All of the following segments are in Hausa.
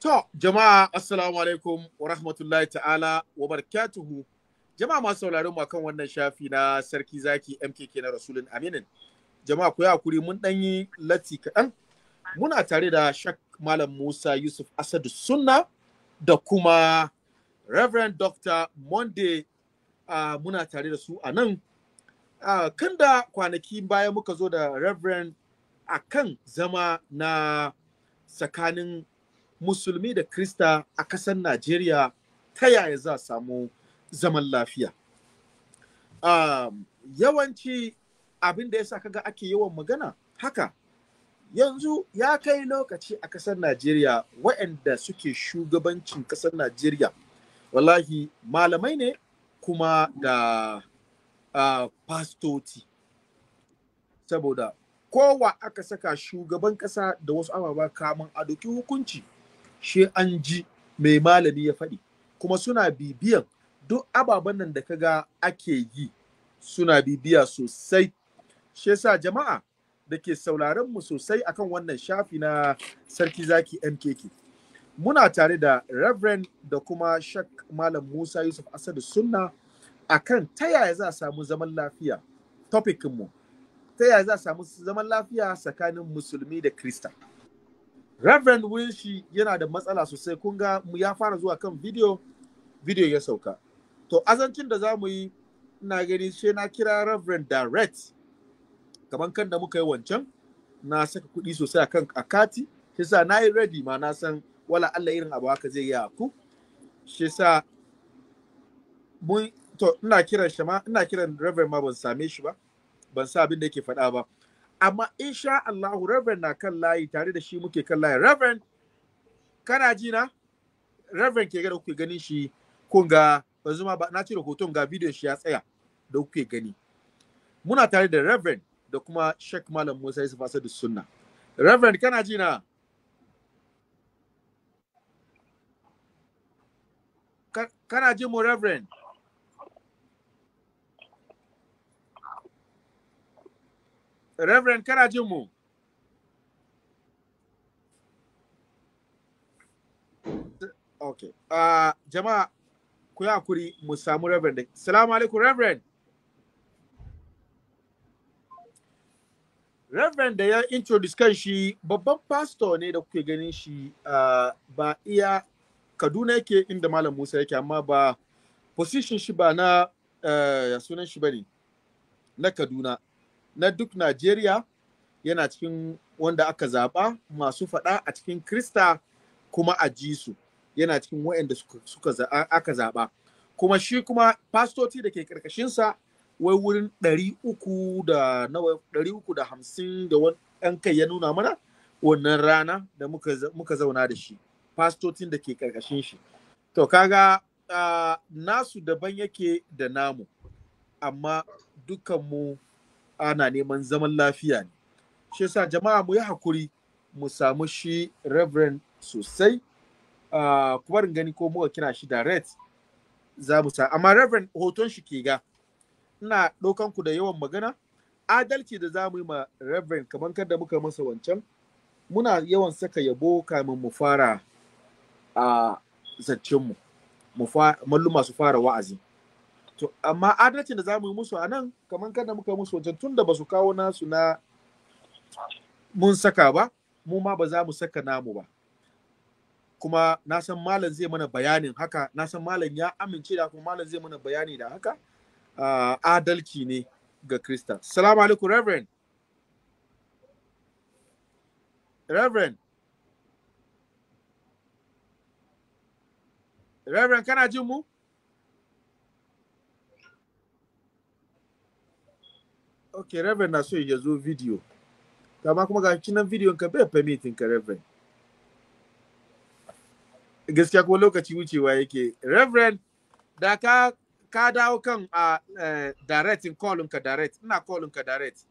To, jama'a assalamu alaikum wa rahmatullahi ta'ala wa barakatuhu. Jama'a masu sauraron mu kan wannan shafi na Sarki Zaki MKK na Rasulun Aminin. Jama'a ku hakuri mun dan yi lati kaɗan. Muna tare da Shak Malam Musa Yusuf Asadu Sunna da kuma Reverend Dr. Monday uh, muna tare da su a nan. Uh, kan da kwanaki bayan muka zo da Reverend akan zama na tsakanin musulmi da krista a ƙasar najeriya ta yaya za samu zaman lafiya um, yawanci abin da ya sa kaga ake yawan magana haka yanzu ya kai lokaci a ƙasar najeriya waɗanda suke shugabancin ƙasar najeriya wallahi malamai ne kuma da uh, pastoti saboda kowa aka saka shugaban ƙasa da wasu ababa kamun a doki hukunci shi an ji mai malami ya faɗi kuma suna bibiyan duk ababen nan da kaga ake yi suna bibiya sosai she sa jama'a da ke sauraron mu sosai akan wannan shafi na sarki zaki mkk muna tare da reverend da kuma shak malam musa yusuf asadu sunna akan ta yaya za a samu zaman lafiya topikinmu ta yaya za a samu zaman lafiya tsakanin musulmi da krista Reverend Winshi yana da matsala sosai kun ga ya fara zuwa kan video video ya sauka. To azancin da za mu yi ina gani she na kira Reverend Direct kamar kan da muka yi wancan na saka kuɗi sosai akan akati shi sa na yi ready ma na san wala Allah irin abu haka zai yi a ku shi sa mun to ina kiran shi ma ina kiran Reverend ma ban same shi ba ban sa abin da yake faɗa ba. amma insha Allahu Reverend na kan layi tare da shi muke kan layi Reverend kana ji na Reverend ke ga kuke ganin shi kun ga yanzu ma na cire hoton ga bidiyon shi ya tsaya da kuke gani muna tare da Reverend da kuma Sheikh Malam Musa Yusuf Asadu Sunna Reverend kana ji na kana ji mu Reverend Reverend kana jin mu? Okay. Uh, jama'a ku yi hakuri mu samu Reverend. Salamu alaikum Reverend. Reverend da ya introduce kan shi babban pastor ne da kuke ganin shi uh, ba iya Kaduna yake inda Malam Musa yake amma ba position shi ba na uh, sunan shi bane na Kaduna na duk Najeriya yana cikin wanda aka zaɓa masu faɗa a cikin Krista kuma a jisu yana cikin waɗanda suka aka zaɓa kuma shi kuma fastoci da ke ƙarƙashinsa wai wurin ɗari uku da nawa ɗari da hamsin ɗan kai ya nuna mana wannan rana da muka, zauna da shi fastocin da ke ƙarƙashin shi to kaga ah, nasu daban yake da namu amma dukanmu ana neman zaman lafiya ne shi yasa jama'a mu yi hakuri mu samu shi reverend sosai uh, ah, kuma gani ko muka kira shi direct za mu sa amma reverend hoton shi ke ga ina ɗaukan ku da yawan magana adalci da za mu yi ma reverend kamar kada muka masa wancan muna yawan saka yabo kamin mu fara a ah, zancenmu mu masu su fara wa'azi to amma adalcin da za mu yi musu a nan kamar kada muka musu wajen tun da ba su kawo nasu na mun saka ba mu ma ba za mu saka namu ba kuma na san malam zai mana bayanin haka na san malam ya amince da kuma malam zai mana bayani da haka uh, adalci ne ga krista salamu alaikum reverend reverend reverend kana jin mu ok reverend na so ya zo video kama kuma ga nan video ka bai permitting ka reverend gaskiya ko lokaci wucewa yake reverend da ka ka dawo kan a uh, direct in call ka direct ina call ka direct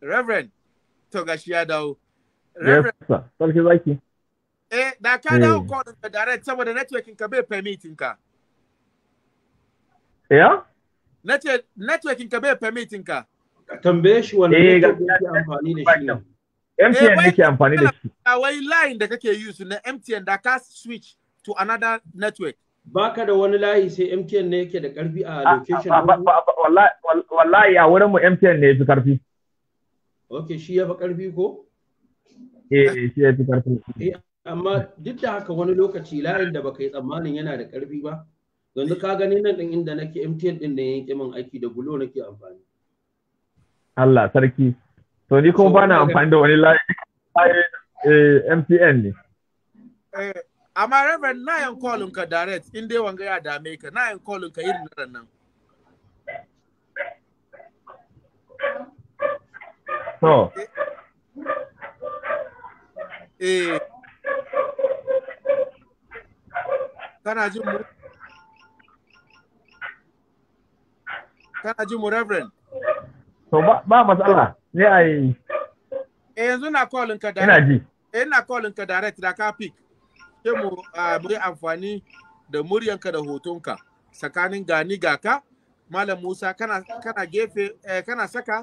reverend to gashi ya dawo reverend sarki zaki eh da ka dawo eh. call ka direct saboda networking ka bai permitting ka Ya? Networking ka bai permitting ka. Tambaye shi wanda ne kake amfani da shi ne. MTN ke amfani da shi. Wai line da kake use na MTN da ka switch to another network. Baka da wani layi sai MTN ne yake da karfi a location. Wallahi a wurin mu MTN ne yafi karfi. Ok, shi ya fi karfi ko? Eh, eh shi ya fi karfi. Eh, amma duk da haka wani lokaci layin da baka yi tsammanin yana da karfi ba, yanzu ka gani nan din inda nake MTN din da yanke min aiki da gulo nake amfani Allah sarki to ni kuma bana amfani da wani layi eh, MTN ne eh, amma Reverend na yan kolin ka direct in dai wanga ya dame ka na yan kolin ka irin nan To. Eh, eh. Kana jin mu? kana ji mu reverend to ba matsala ne ai eh yanzu na calling ka direct ina ji eh ina calling ka direct da ka pick sai mu ah, mu yi amfani da muryanka da hotonka tsakanin gani ga ka malam Musa kana kana gefe eh, kana saka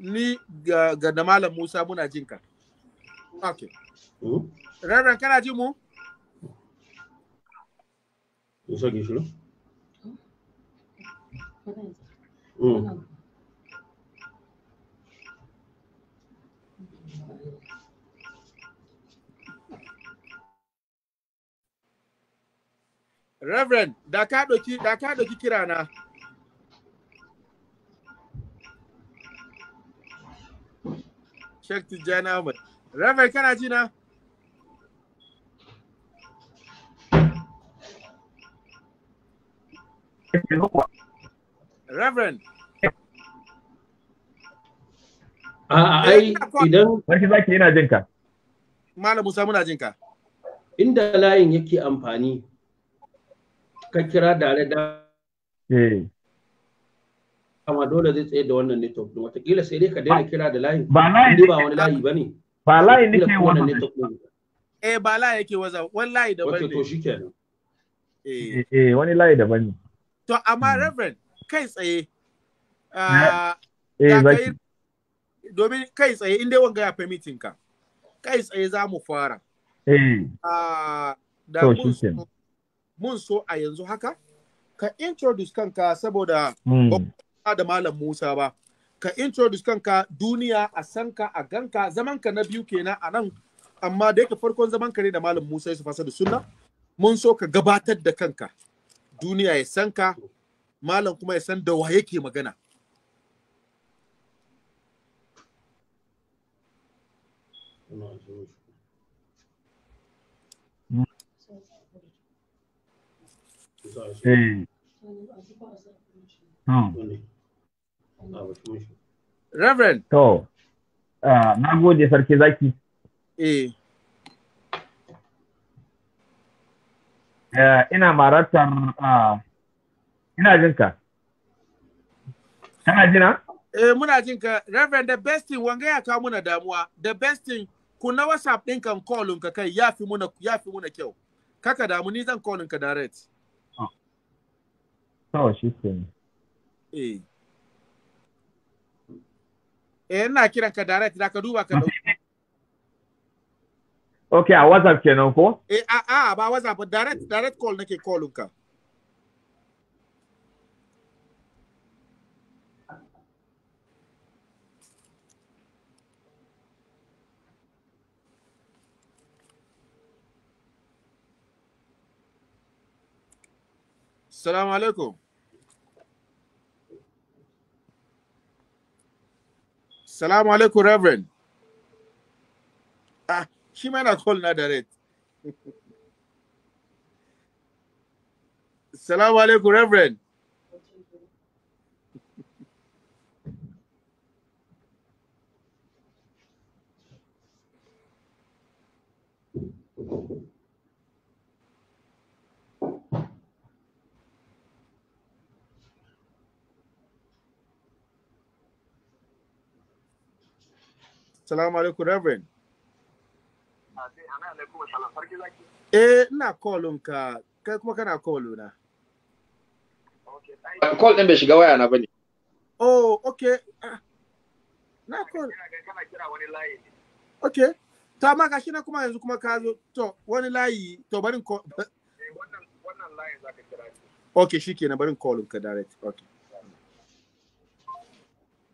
ni ga, ga da malam Musa muna jin ka okay mm. Reverend kana ji mu Musa gishiru Mm. Reverend, da ka ɗauki da ka ɗauki kira na. Check to Jana Ahmed. Reverend kana ji na? Thank you. Reverend. A'a ai idan Sarki zaki yana jin ka. Malam Musa muna jinka. Inda layin yake amfani ka kira dare da Eh. Amma dole zai tsaye da wannan network din watakila sai dai ka daina kira da layin. Ba layin ne ba wani layi bane. Ba layin ne ke wannan network din. Eh ba layi yake waza wani layi daban ne. Wato to shi eh. eh eh wani layi daban ne. To amma hmm. Reverend kai tsaye ah, eh, domin kai tsaye inda wanga ya permitting ka kai tsaye za mu fara eh. ah, da mun so a yanzu haka ka introduce kanka saboda hmm. da malam Musa ba ka introduce kanka duniya a sanka a ganka ka na biyu kenan a nan amma da yake farkon zaman ka ne da malam Musa fasa da Sunna mun so ka gabatar da kanka duniya ya sanka malam kuma ya san da wa yake magana Reverend. To, na gode sarki zaki. Eh. eh ina maratar Ina jin ka. Kana jina? Eh muna jin ka. Reverend the best thing wanga ya kawo muna damuwa. The best thing na WhatsApp din kan call ka kai ya fi muna yafi muna kyau. Kaka damu ni zan call ka direct. Oh, shi ke. Eh. Eh ina kiran ka direct da ka duba ka dauki. Okay, a WhatsApp kenan ko? Eh a a ba WhatsApp direct direct call nake call ka. Assalamu alaikum. Assalamu alaikum, Reverend. Ah, she might not call another it. Assalamu alaikum, Reverend. Salamu alaikum Reverend. Eh ina kolin ka kai kuma kana kolo na. Kol ɗin bai shiga waya na bane. Oh, okay. Ah. Na kol. Okay. Ta ma gashi na kuma yanzu kuma ka zo to wani layi to barin ko eh, wannan layin zaka kira shi. Okay, shikenan barin kolin ka direct. Okay.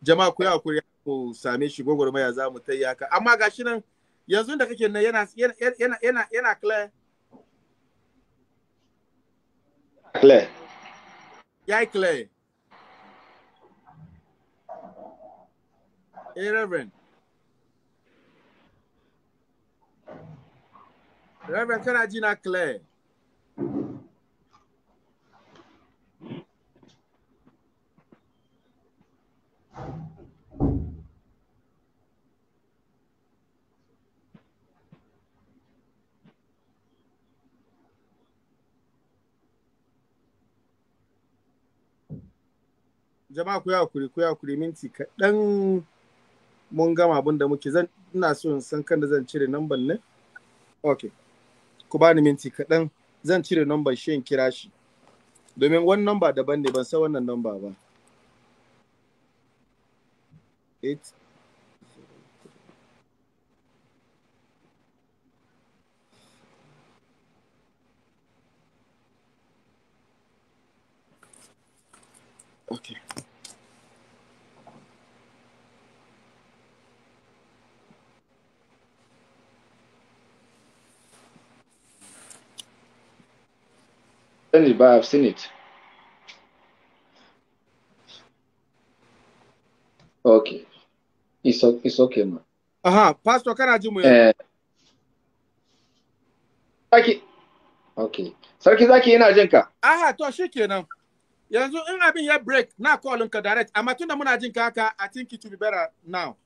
Jama'a ku yi hakuri ku same shi gwagwarmaya za mu ta haka amma ga shi nan yanzu da kake nan yana yana yana yana clear clear yayi clear Hey, Reverend. Reverend, I do not clear? jama'a ku ya kuri ku ya kuri minti kaɗan mun gama abin da muke zan ina so in san kan da zan cire namban ne okay ku bani minti kaɗan zan cire namban shi in kira shi domin wani number daban ne ban san wannan number ba Eight. Okay. sani ba I've seen it. Okay. It's, it's okay, ma. Aha, pastor kana ji mu yanzu. Eh. Sarki. Okay. Sarki zaki yana jin ka. Aha, to kenan, Yanzu in abin ya break na call ka direct, amma tunda muna jin ka haka, I think it will be better now.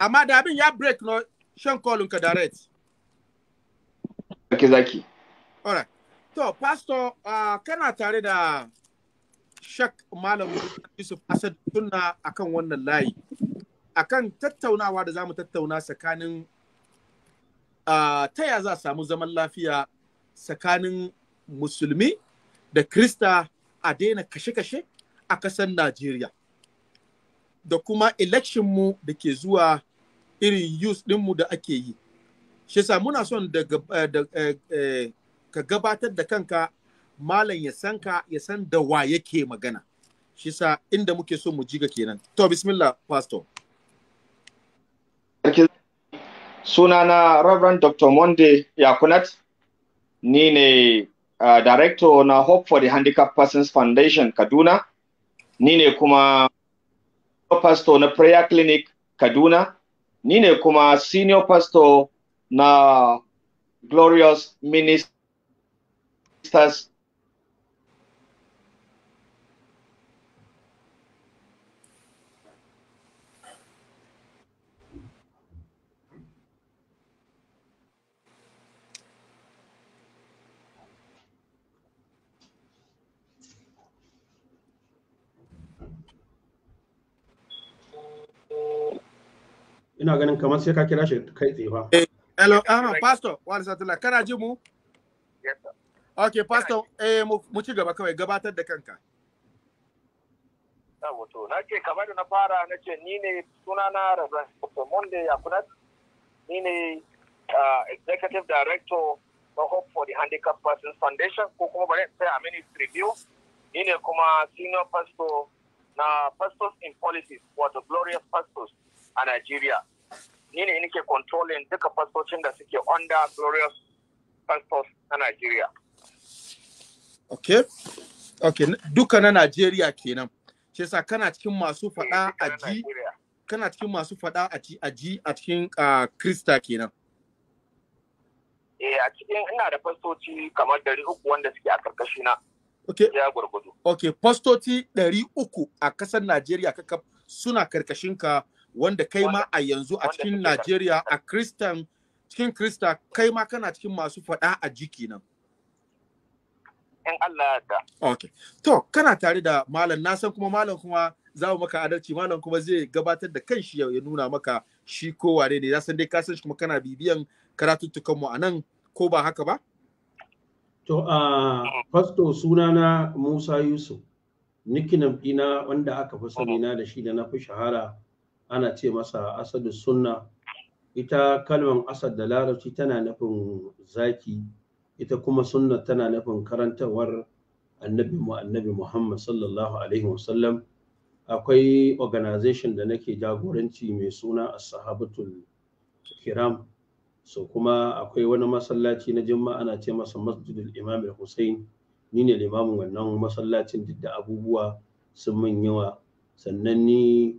Amma da abin ya break no shan call ka direct. Sarki zaki. All right. To, Pastor, uh, kana tare da Shak Malam Yusuf Asad a kan wannan layi. a kan tattaunawa da za mu tattauna tsakanin uh, ta ya za samu zaman lafiya tsakanin musulmi da Krista a daina kashe-kashe a ƙasar Najeriya. Da kuma election mu da ke zuwa irin use ɗinmu da ake yi. Shi muna son daga uh, uh, uh, ka gabatar da kanka malam ya san ka ya san da wa yake magana shi sa inda muke so mu jiga kenan to bismillah pastor na Reverend Dr. Monday Yakunat ni ne uh, director na Hope for the Handicap Persons Foundation Kaduna ni ne kuma pastor na Prayer Clinic Kaduna ni ne kuma senior pastor na Glorious Ministry estás? ina ganin kamar sai ka kira shi kai tsaye ba. Eh, hello, Ahmad, Pastor, wani satula, kana ji mu? Yes, sir. Okay, pastor, eh mu ci gaba kawai gabatar da kanka. na ce kamar na fara na ce ni ne sunana Reverend Monday Yakunat ni ne uh, executive director na Hope for the Handicap Persons Foundation ko kuma bari sai a ministry biyu ni ne kuma senior pastor na pastors in policies wato glorious pastors a Nigeria ni ne ke controlling duka pastocin da suke under glorious pastors na Nigeria. okay okay duka na Nigeria kenan shi yasa kana cikin masu eh, faɗa a ji kana cikin masu faɗa a ji a ji a cikin krista kenan eh a cikin ina da fastoci kamar dari uku wanda suke a karkashi na okay ya gurgudu okay fastoci dari uku a kasar Najeriya kaka suna karkashin ka wanda kai ma a yanzu a cikin Najeriya a kristan cikin krista kai ma kana cikin masu faɗa a ji kenan in Allah ya Okay. To, kana tare da malam na san kuma malam kuma za mu maka adalci malam kuma zai gabatar da kanshi yau ya nuna maka shi ko ware ne. ya san dai ka san shi kuma kana bibiyan karatuttukan mu anan, ko ba haka ba? To, a fasto sunana Musa Yusuf. Nikinam ɗina wanda aka fi sani na da shi da na fi shahara ana ce masa asadu sunna ita kalmar asad da larabci tana nufin zaki ita kuma sunna tana nufin karantawar annabi mu annabi Muhammad sallallahu alaihi wasallam akwai organization da nake jagoranci mai suna a sahabatul kiram so kuma akwai wani masallaci na jimma ana ce masa masjidul imam al ni ne limamin wannan masallacin duk da abubuwa sun min yawa sannan ni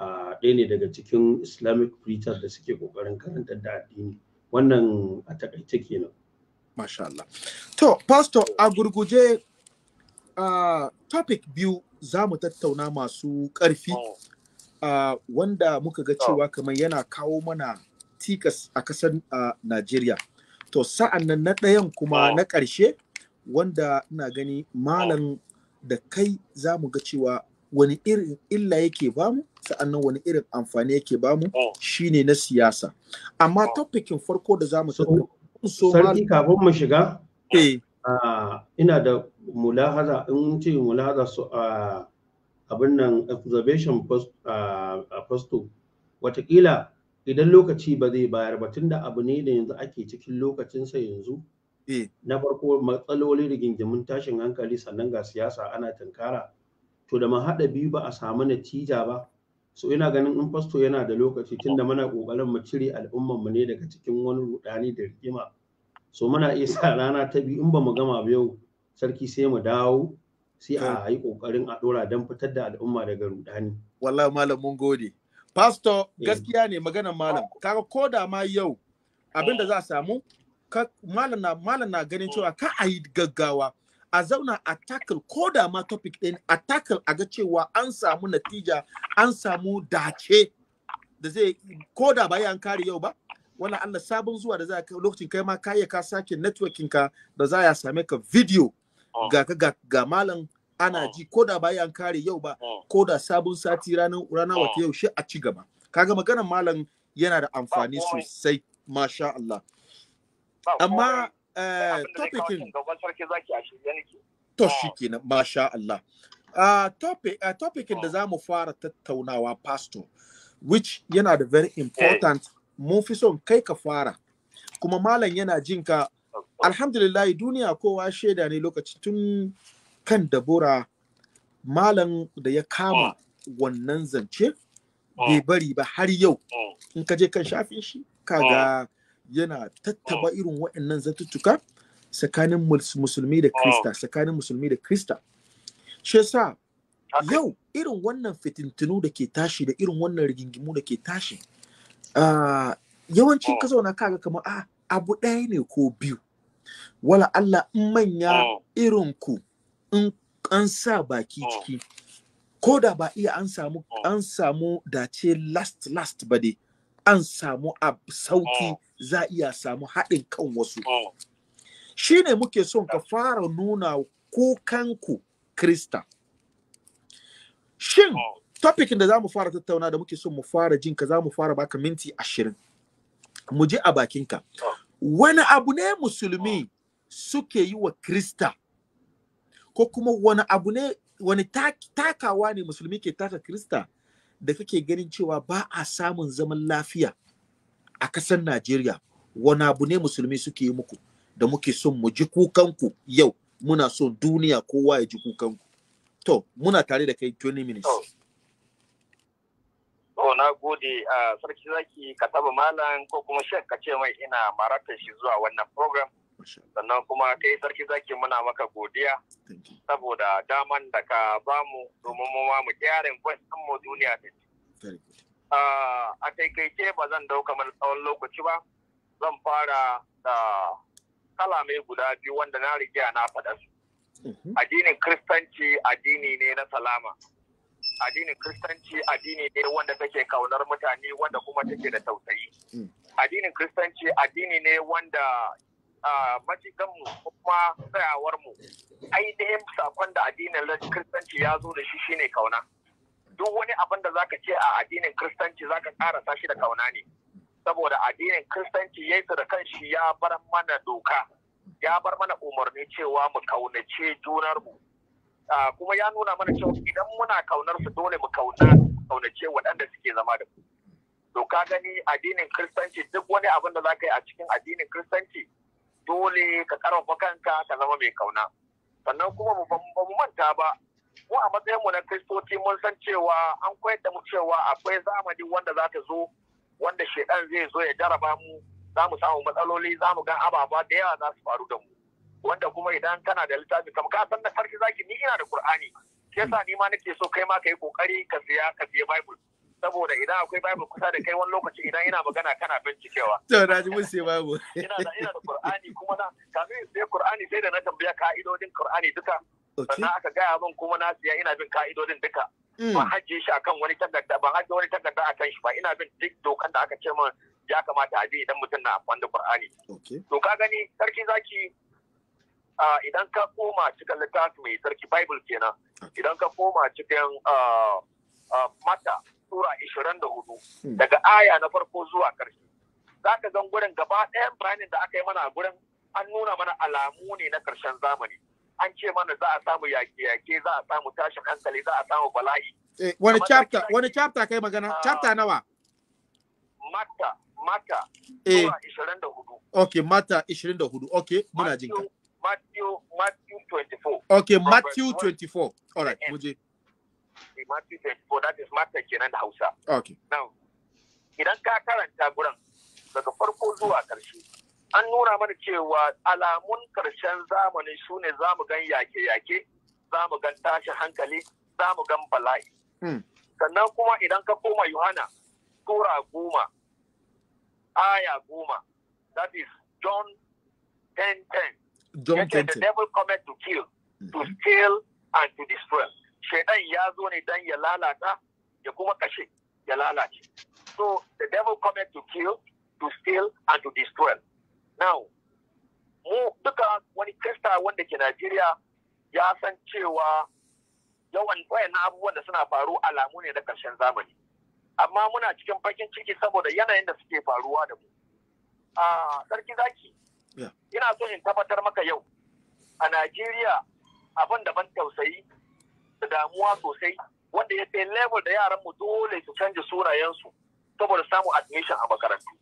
a ɗaya ne daga cikin islamic preachers da suke ƙoƙarin karanta da addini wannan a takaice kenan Masha Allah. To, Pastor, a gurguje uh, topic biyu za mu tattauna masu ƙarfi uh, wanda muka ga cewa oh. kamar yana kawo mana tikas a ƙasar uh, Najeriya. To, sa'an nan na ɗayan kuma oh. na ƙarshe wanda ina gani malam da kai za mu ga cewa wani irin illa yake bamu sa'annan wani irin amfani yake bamu shine na siyasa amma topikin farko da za mu sarki kafin mu shiga eh. ina da mulahaza in ce mulahaza su a abin nan observation fasto watakila idan lokaci ba zai bayar ba tunda abu ne da yanzu ake cikin lokacinsa yanzu eh. na farko matsaloli gingimin tashin hankali sannan ga siyasa ana tunkara to da mahaɗa biyu ba a samu natija ba so ina ganin in fasto yana da lokaci tunda muna ƙoƙarin mu cire al'ummar mu ne daga cikin wani rudani da rigima so muna iya sa rana ta biyu in ba mu gama ba yau sarki sai mu dawo sai a yi kokarin a dora don fitar da al'umma daga rudani wallahi malam mun gode pastor eh. gaskiya ne magana malam kaga ko da ma yau abinda za a samu malam na malam na ganin cewa ka a yi gaggawa a zauna a tackle ko da ma topic ɗin a tackle a ga cewa an samu natija an samu dace da zai ko da bayan kare yau ba wala Allah sabon zuwa da za ka lokacin kai ma ka iya ka sake networking ka da za ya same ka video oh. ga ga ga malam ana oh. ji ko da ba an kare yau ba oh. ko da sabon sati ranar rana wata yau shi a ci gaba kaga maganar malam yana da amfani sosai masha Allah amma eh, topicin to shi kenan masha Allah Topikin ah, topic eh, topicin da za mu fara tattaunawa pastor which yana da very important mun fi son kai ka fara kuma malam yana jin ka alhamdulillah duniya kowa shaida ne lokaci tun kan dabura malam da ya kama ah. wannan zance ah. bai bari ba har yau ah. in ka je kan shafin shi kaga yana tattaba irin waɗannan zatuttuka tsakanin musulmi da krista tsakanin musulmi da krista shi yau irin wannan fitintinu da ke tashi da irin wannan rigingimu da ke tashi Ah, yawanci ka oh. zauna kaga kamar ah, abu ɗaya ne ko biyu wala Allah in manya oh. irin ku in an sa baki oh. ciki ko da ba iya an samu an samu dace last last ba dai an samu abu sauki za iya samu haɗin kan wasu shi ne muke son ka fara nuna kukanku krista shin topic da za fara tattauna da muke son mu fara jin za mu fara baka minti ashirin mu ji a ka wani abu ne musulmi suke yi wa krista ko kuma wani abu ne wani takawa ne musulmi ke taka krista da kake ganin cewa ba a samun zaman lafiya a ƙasar najeriya wani abu ne musulmi suke yi muku da muke son mu ji kukanku yau muna son duniya kowa ya ji kukanku to muna tare da kai 20 minutes oh. To na gode a sarki zaki ka taba malam ko kuma shek ka ce mai ina maratar shi zuwa wannan program. Sannan kuma kai sarki zaki muna maka godiya saboda daman da ka bamu domin mu ma mu kyarin kwasan mu duniya ta ce. A ke ba zan dauka mana tsawon lokaci ba zan fara da kalamai guda biyu wanda na riga na faɗa su. Mm-hmm. Addinin Kiristanci addini ne na salama. addinin kristanci addini ne wanda take kaunar mutane wanda kuma take da tausayi mm. addinin kristanci addini ne wanda majiganmu kuma tsayawarmu ainihin sakon da addinin kristanci ya zo da shi shine kauna duk wani abin da zaka ce a addinin kristanci zaka karasa shi da kauna ne saboda addinin kristanci ya da kanshi ya bar mana doka ya bar mana umarni cewa mu kaunace junarmu Ah, kuma ya nuna mana cewa idan muna kaunar su dole mu kauna kaunace waɗanda suke zama da mu to ka gani addinin kiristanci duk wani abin da zaka yi a cikin addinin kiristanci dole ka karfafa kanka ka zama mai kauna sannan kuma ba mu manta ba mu a matsayin mu na kiristoci mun san cewa an koyar da mu cewa akwai zamani wanda za ta zo wanda shedan zai zo ya jaraba mu za mu samu matsaloli za mu ga ababa da yawa za su faru da mu wanda kuma idan kana da littafi kam ka san na farki zaki ni ina da Qur'ani yasa ni ma nake so kai ma yi kokari ka siya ka siya Bible saboda idan akwai Bible kusa da kai wani lokaci idan ina magana kana bincikewa to da ji mun sai Bible ina da ina Qur'ani kuma na kamin sai Qur'ani sai da na tambaya ka'idodin Qur'ani duka sannan aka gaya min kuma na siya ina bin ka'idodin duka mm. Ba hajji shi akan wani takarda ba hajje wani takarda akan shi ba ina bin duk dokan da aka ce min ya kamata a bi idan mutum na amfani da Qur'ani to ka gani sarki zaki idan ka koma cikin littafi mai sarki bible kenan idan ka koma cikin mata tura 24 daga aya na farko zuwa ƙarshe za ka gan gurin gaba ɗayan birnin da aka yi mana gurin an nuna mana alamu ne na ƙarshen zamani an ce mana za a samu yaƙe-yaƙe za a samu tashin hankali za a samu bala'i eh, wani chapter wani chapter kai magana chapter nawa mata mata eh 24 okay mata 24 okay muna jinka Matthew, Matthew 24. Okay, Matthew 24. All right, Muje. Matthew 24, that is Matthew kenan da Hausa. Okay. Now, idan ka karanta guran daga farko zuwa ƙarshe, an nuna mana cewa alamun ƙarshen zamani su ne za mu gan yake-yake, za mu gan tashin hankali, za mu gan bala'i. Hmm. Sannan kuma idan ka koma Yohana, Sura goma, aya goma, that is John 10, 10. don the devil cometh to kill to mm-hmm. steal and to destroy shaitan ya zo ne dan ya lalata ya kuma kashe ya lalace so the devil cometh to kill to steal and to destroy now mu duka wani kirista wanda ke Najeriya ya san cewa yawan wayannan abubuwan da suna faru alamu ne na karshen zamani amma muna cikin bakin ciki saboda yanayin da suke faruwa da mu a ah, sarki zaki ina so in tabbatar maka yau a Najeriya abin da ban tausayi da damuwa sosai wanda ya kai level da yaran mu dole su canja sunayensu saboda samun admission a makarantu.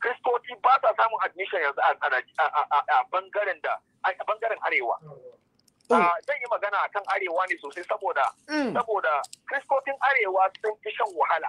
Kristoci ba sa samun admission yanzu a bangaren da a bangaren arewa. Oh. Ah, zan yi magana a kan arewa ne sosai saboda mm. saboda kristocin arewa sun fi shan wahala.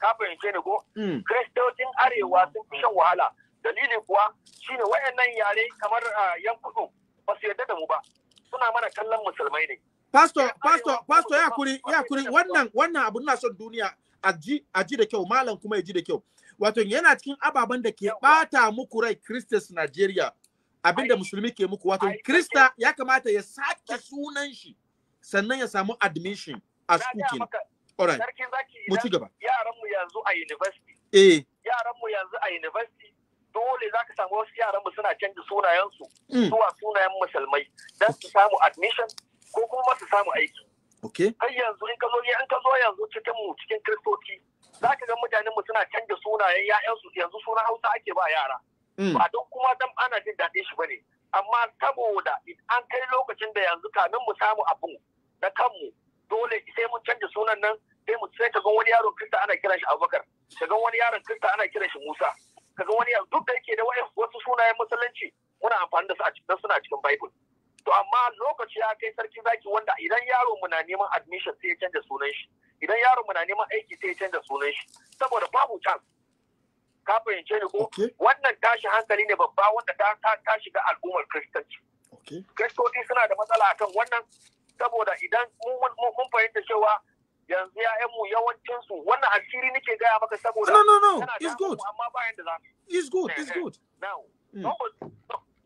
Ka fahimce ni ko? Mm. Kristocin arewa sun fi shan wahala. dalili kuwa shine wayannan yare kamar yan kudu ba su yarda da mu ba suna mana kallon musulmai ne pastor pastor pastor ya kuri ya kuri wannan wannan abu na son duniya aji aji da kyau malam kuma ya ji da kyau wato yana cikin ababen da ke bata muku rai Christus Nigeria abinda musulmi ke muku wato Krista ya kamata ya sake sunan shi sannan ya samu admission a school kenan alright mu ci gaba yaran mu yanzu a university eh yaran mu yanzu a university dole za ka samu wasu yaran mu suna canza sunayensu mm. zuwa sunayen musulmai don su samu admission ko kuma su samu aiki. Kai yanzu in ka zo in ka zo yanzu cikin mu cikin kristoci za ka ga mutanen mu suna canza sunayen ya'yansu yanzu sunan Hausa ake ba yara. Mm. Ba don kuma dan ana jin daɗin shi bane amma saboda an kai lokacin da yanzu kamin mu samu abu da kanmu dole sai mun canza sunan nan sai mu sai ka ga wani yaron Kirista ana kiran shi Abubakar ka ga wani yaron Kirista ana kiran shi Musa kaga wani yau duk da yake da wasu sunayen musulunci muna amfani da su a cikin suna cikin bible to amma lokaci ya kai sarki zaki wanda idan yaro mu na neman admission sai ya canza sunan shi idan yaro mu na neman aiki sai ya canza sunan shi saboda babu chance ka fahimce ni ko wannan tashi hankali ne babba wanda ta ta shiga al'ummar kristanci kristoci suna da matsala akan wannan saboda idan mun fahimta cewa yanzu mu yawancinsu wannan asiri nake gaya maka saboda no no no it's good amma ba yanda za it's good it's eh, eh. good now hmm.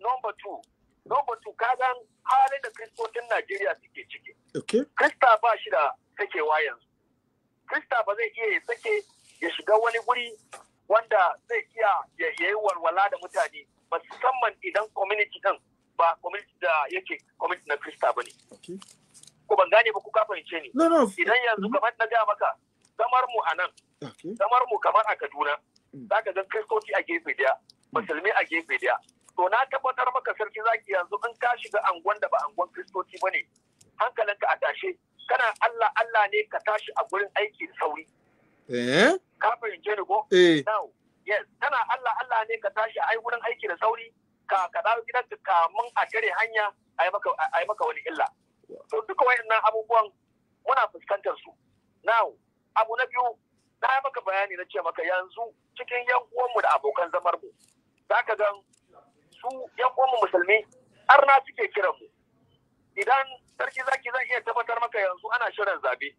number two number two kagan halin da kristocin Najeriya suke ciki okay krista ba shi da sakewa yanzu krista ba zai iya ya sake ya shiga wani guri wanda zai iya ya yi walwala da mutane musamman idan community din ba community da yake community na krista ba ne ko ban gane ba ku ka fahimce ni idan yanzu kamar na gaya maka kamar mu a nan kamar mu kamar a Kaduna mm. za ka ga kristoci a gefe daya mm. musulmi a gefe daya to na tabbatar maka sarki zaki yanzu in ka shiga angon da ba angon kristoci hankalin hankalinka a tashe kana Allah Allah ne ka tashi a gurin aiki da sauri eh ka fahimce ni ko eh. yes kana Allah Allah ne ka tashi a gurin aiki da sauri ka ka dawo gidanka kamun a tare hanya a yi maka wani illa to duka nan abubuwan muna fuskantar su now abu na biyu na maka bayani na ce maka yanzu cikin yan uwanmu da abokan zamar mu Za ka gan su yan uwanmu musulmi har na suke kiran mu idan sarki zaki zan iya tabbatar maka yanzu ana shirin zabe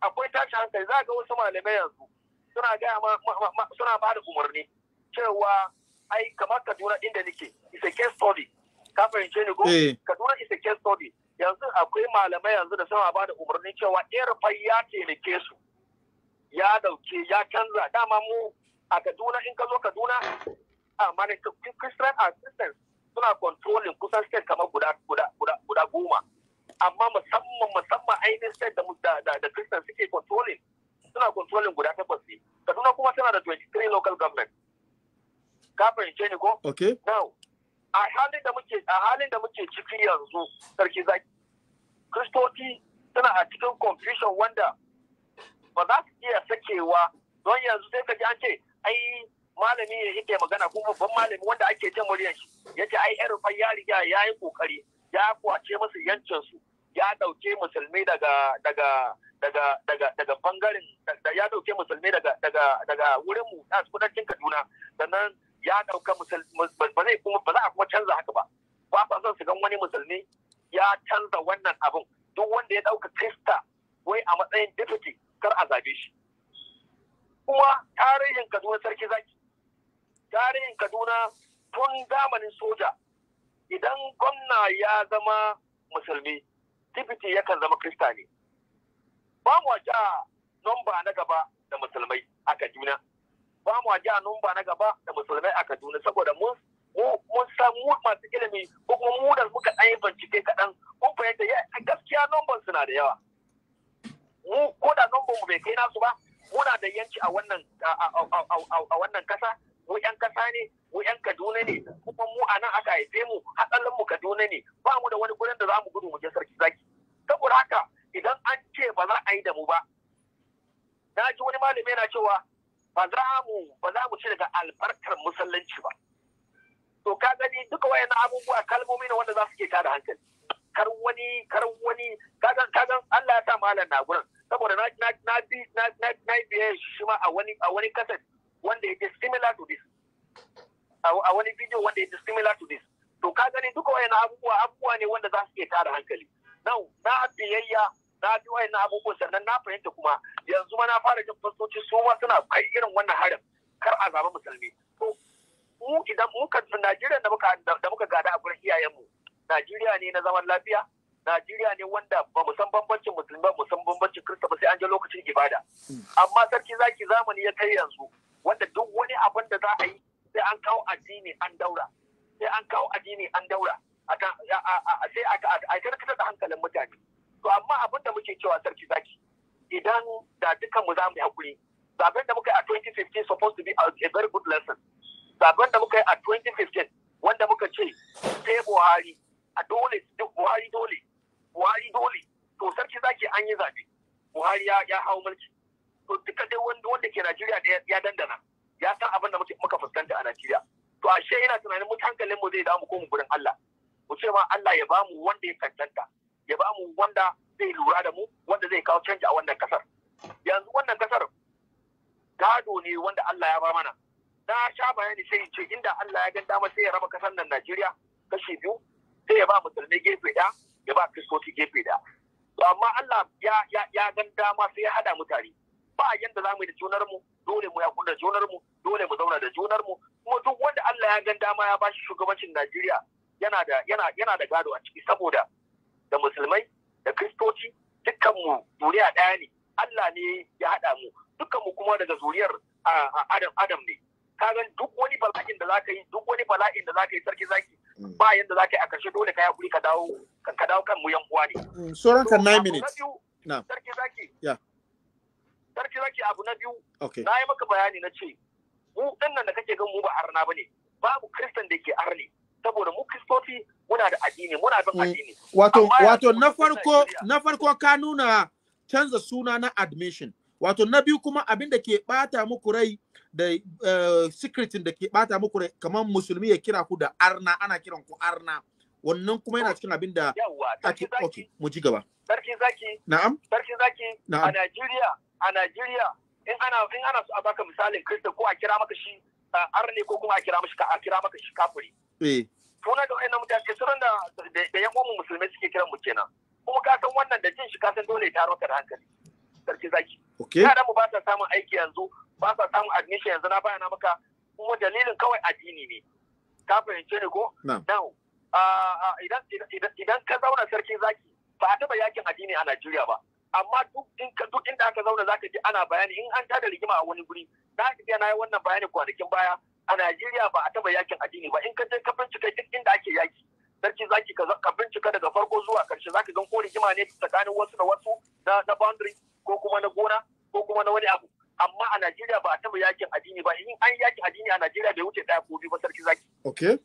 akwai tashi hankali za ga wasu malamai yanzu suna gaya suna ba da umarni cewa ai kamar kaduna inda nake is a case study ka fahimce ni ko eh. kaduna is a case study yanzu akwai malamai yanzu da sama ba da umarnin cewa erfai ya taimake su ya dauke ya canza dama mu a kaduna in ka zo kaduna a manikin christian assistance suna controlling kusan state kamar guda guda goma amma musamman musamman ainihin state da da da christian suke controlling suna controlling guda takwas ne kaduna kuma tana da 23 local government ka fahimce ni ko okay now a halin da muke a halin da muke ciki yanzu sarki zaki kristoci suna a cikin confusion wanda ba za su iya sakewa don yanzu sai ka ji an ce ai malami ya yake magana ko babban malami wanda ake jin muryar shi ya ce ai irin ya riga ya yi kokari ya kwace musu su ya dauke musulmi daga daga daga daga daga bangaren ya dauke musulmi daga daga daga wurin mu na kudancin Kaduna sannan ya dauka musulmi ba zai kuma ba za a kuma canza haka ba ba sa son su gan wani musulmi ya canza wannan abin duk wanda ya ɗauka krista wai a matsayin deputy kar a zabe shi kuma tarihin kaduna sarki zaki tarihin kaduna tun zamanin soja idan gwamna ya zama musulmi deputy yakan zama krista ne ba mu ja nomba na gaba da musulmai a kaduna ba mu ja nomba na gaba da musulmai a kaduna saboda mun mun san mu masu ilimi ko kuma mu da muka ɗan yi bincike kaɗan mun fahimta ya gaskiya nomban suna da yawa mu ko da nomban mu bai kai nasu ba muna da yanci a wannan a wannan kasa mu yan kasa ne mu ƴan Kaduna ne kuma mu a nan aka haife mu hatsalin mu Kaduna ne ba mu da wani gurin da za mu gudu mu je sarki zaki saboda haka idan an ce ba za a yi da mu ba na ji wani malami yana cewa ba za mu ba za mu ci daga albarkar musulunci ba to ka gani duka wayannan abubuwa kalmomi ne wanda za su ke tada hankali kar wani kar wani kagan Allah ya sa malam na gurin saboda na na na na na na biye shi ma a wani a wani kasar wanda yake similar to this a wani video wanda yake similar to this to ka gani duka wayannan abubuwa abubuwa ne wanda za su ke tada hankali nau na biyayya na bi wayannan abubuwa sannan na fahimta kuma yanzu ma na fara jin fasoci su ma suna kai irin wannan harin kar a zaba musulmi mu idan muka Najeriya da muka da muka gada a gurin iyayenmu Najeriya ne na zaman lafiya Najeriya ne wanda ba mu san bambancin musulmi ba mu san bambancin Kirista ba sai an je lokacin ibada amma sarki zaki zamani ya kai yanzu wanda duk wani abin da za a yi sai an kawo addini an daura sai an kawo addini an daura sai a karkatar da hankalin mutane to amma abin da muke cewa sarki zaki idan da dukkan mu za mu yi hakuri zaben da muka yi a 2015 supposed to be a very good lesson zaben da muka yi a 2015 wanda muka ce sai buhari a dole buhari dole buhari dole to sarki zaki an yi zabe buhari ya hau mulki to duka dai wanda wanda ke najeriya da ya dandana ya san abin da muka fuskanta a najeriya to ashe yana tunanin mu hankalin mu zai damu ko mu gurin allah mu ce ma allah ya bamu wanda ya cancanta ya bamu wanda zai lura da mu wanda zai kawo canji a wannan kasar yanzu wannan kasar gado ne wanda allah ya ba mana na sha bayani sai ce inda Allah ya gan dama sai ya raba kasar nan Najeriya kashi biyu sai ya ba musulmi gefe da ya ba kristoci gefe da to amma Allah ya ya ya gan dama sai ya hada mutane, ba yanda za mu yi da junar mu dole mu ya kula junar mu dole mu zauna da junar mu kuma duk wanda Allah ya gan dama ya ba bashi shugabancin Najeriya yana da yana yana da gado a ciki saboda da musulmai da kristoci dukkan mu duniya ɗaya ne Allah ne ya haɗa mu dukkan mu kuma daga zuriyar Adam Adam ne kagan duk wani bala'in da zaka yi duk wani bala'in da zaka yi sarki zaki mm. ba yanda zaka yi a karshe dole ka yakuri ka dawo kan ka dawo kan mu yan uwa ne mm, sauran ka 9 minutes na sarki zaki ya sarki zaki abu na biyu na yi maka bayani na ce mu nan da kake gan mu ba arna bane babu kristan da ke arne saboda mu kristofi muna da addini muna bin mm. addini wato wato na farko na farko ka nuna canza suna na admission wato na biyu kuma abin da ke bata muku rai da uh, eh, secretin da ke bata muku rai kamar musulmi ya kira ku da arna ana kiran ku arna wannan kuma yana cikin abin da ake ok mu ji gaba sarki zaki na'am sarki zaki na'am a Najeriya a Najeriya in ana in ana so a baka misalin Kirista ko a kira maka shi arne ko kuma a kira maka a kira maka shi kafiri eh tuna da wannan mutane suran da da yan uwan musulmai suke kiran mu kenan kuma ka san wannan da jin shi ka san dole ya taro ka da hankali karshe zaki yaran mu ba sa samun aiki yanzu ba sa samun admission yanzu na bayana maka kuma dalilin kawai addini ne ka fahimce ni ko now idan ka zauna sarki zaki ba a taba yakin addini a Najeriya ba amma duk inda aka zauna zaka ji ana bayani in an tada rigima a wani guri za ka ji na yi wannan bayani kwanakin baya a Najeriya ba a taba yakin addini ba in ka je ka bincika duk inda ake yaki sarki zaki ka bincika daga farko zuwa karshe zaka ga ko rigima ne tsakanin wasu da wasu na boundary ko kuma na gona ko kuma na wani abu amma a Najeriya ba a taba yakin addini ba in an yakin addini a Najeriya bai wuce daya ko biyu ba sarki zaki okay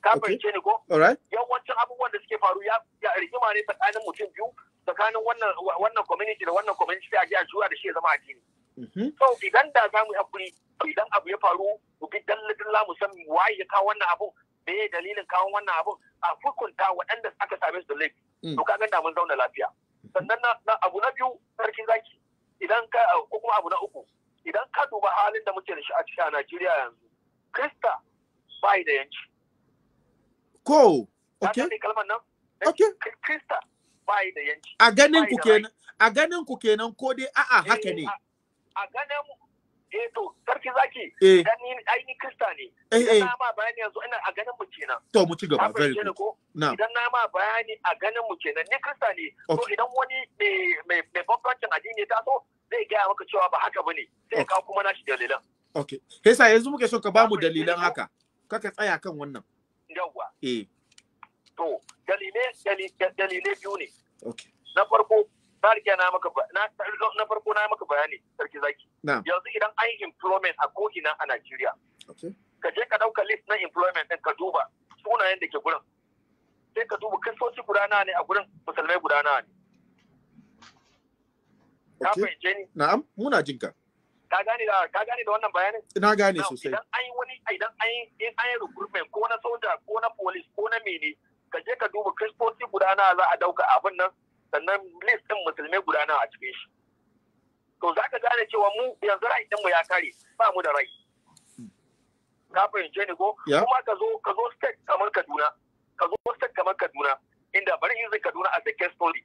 ka fahimce ni ko yawancin abubuwan da suke faru ya rigima ne tsakanin mutum biyu tsakanin wannan wannan community da wannan community sai a je a juya da shi ya zama addini mhm. so idan da za mu hakuri idan abu ya faru mu bi dalla mu san waye ya kawo wannan abun, me dalilin kawo wannan abun, a hukunta waɗanda aka same su da laifi mm. to ka ga da mun zauna lafiya sannan na abu na biyu sarkin zaki idan ka ko kuma abu na uku idan ka duba halin da muke da shi a cikin Najeriya yanzu krista bai da yanci ko okay kalmar nan okay krista bai da yanci a ganin ku kenan a ganin ku kenan ko dai a'a haka eh, ne a ganin mu eh to sarki zaki eh dan ni ai ni krista ne eh eh na ma bayani yanzu ina a ganin mu kenan to mu ci gaba very good idan na ma bayani a ganin mu kenan ni krista ne to idan wani mai mai bambancin addini ta so zai gaya maka cewa ba haka bane sai ka kuma nashi dalilan okay yasa yanzu muke so ka ba mu dalilan haka kaka tsaya kan wannan yawwa eh to dalilai dalilai biyu ne okay na farko na maka na maka na farko na maka bayani sarki zaki yanzu idan an employment a ko ina a Najeriya ka je ka dauka list na employment din ka duba sunayen da ke gurin sai ka duba kristoci guda nawa ne a gurin musulmai guda nawa ne ka fahimce ni na'am muna jin ka ka gane da ka gane da wannan bayanin na gane sosai idan an yi wani idan an yi in an yi recruitment ko na soja ko na police ko na mene ka je ka duba kristoci guda nawa za a dauka abin nan sannan listin ɗin musulmai guda nawa a cikin shi to za ka gane cewa mu yanzu ra'ayin mu ya kare ba mu da rai ka fahimce ni ko kuma ka zo ka zo state kamar Kaduna ka zo state kamar Kaduna inda bari in zai Kaduna a the story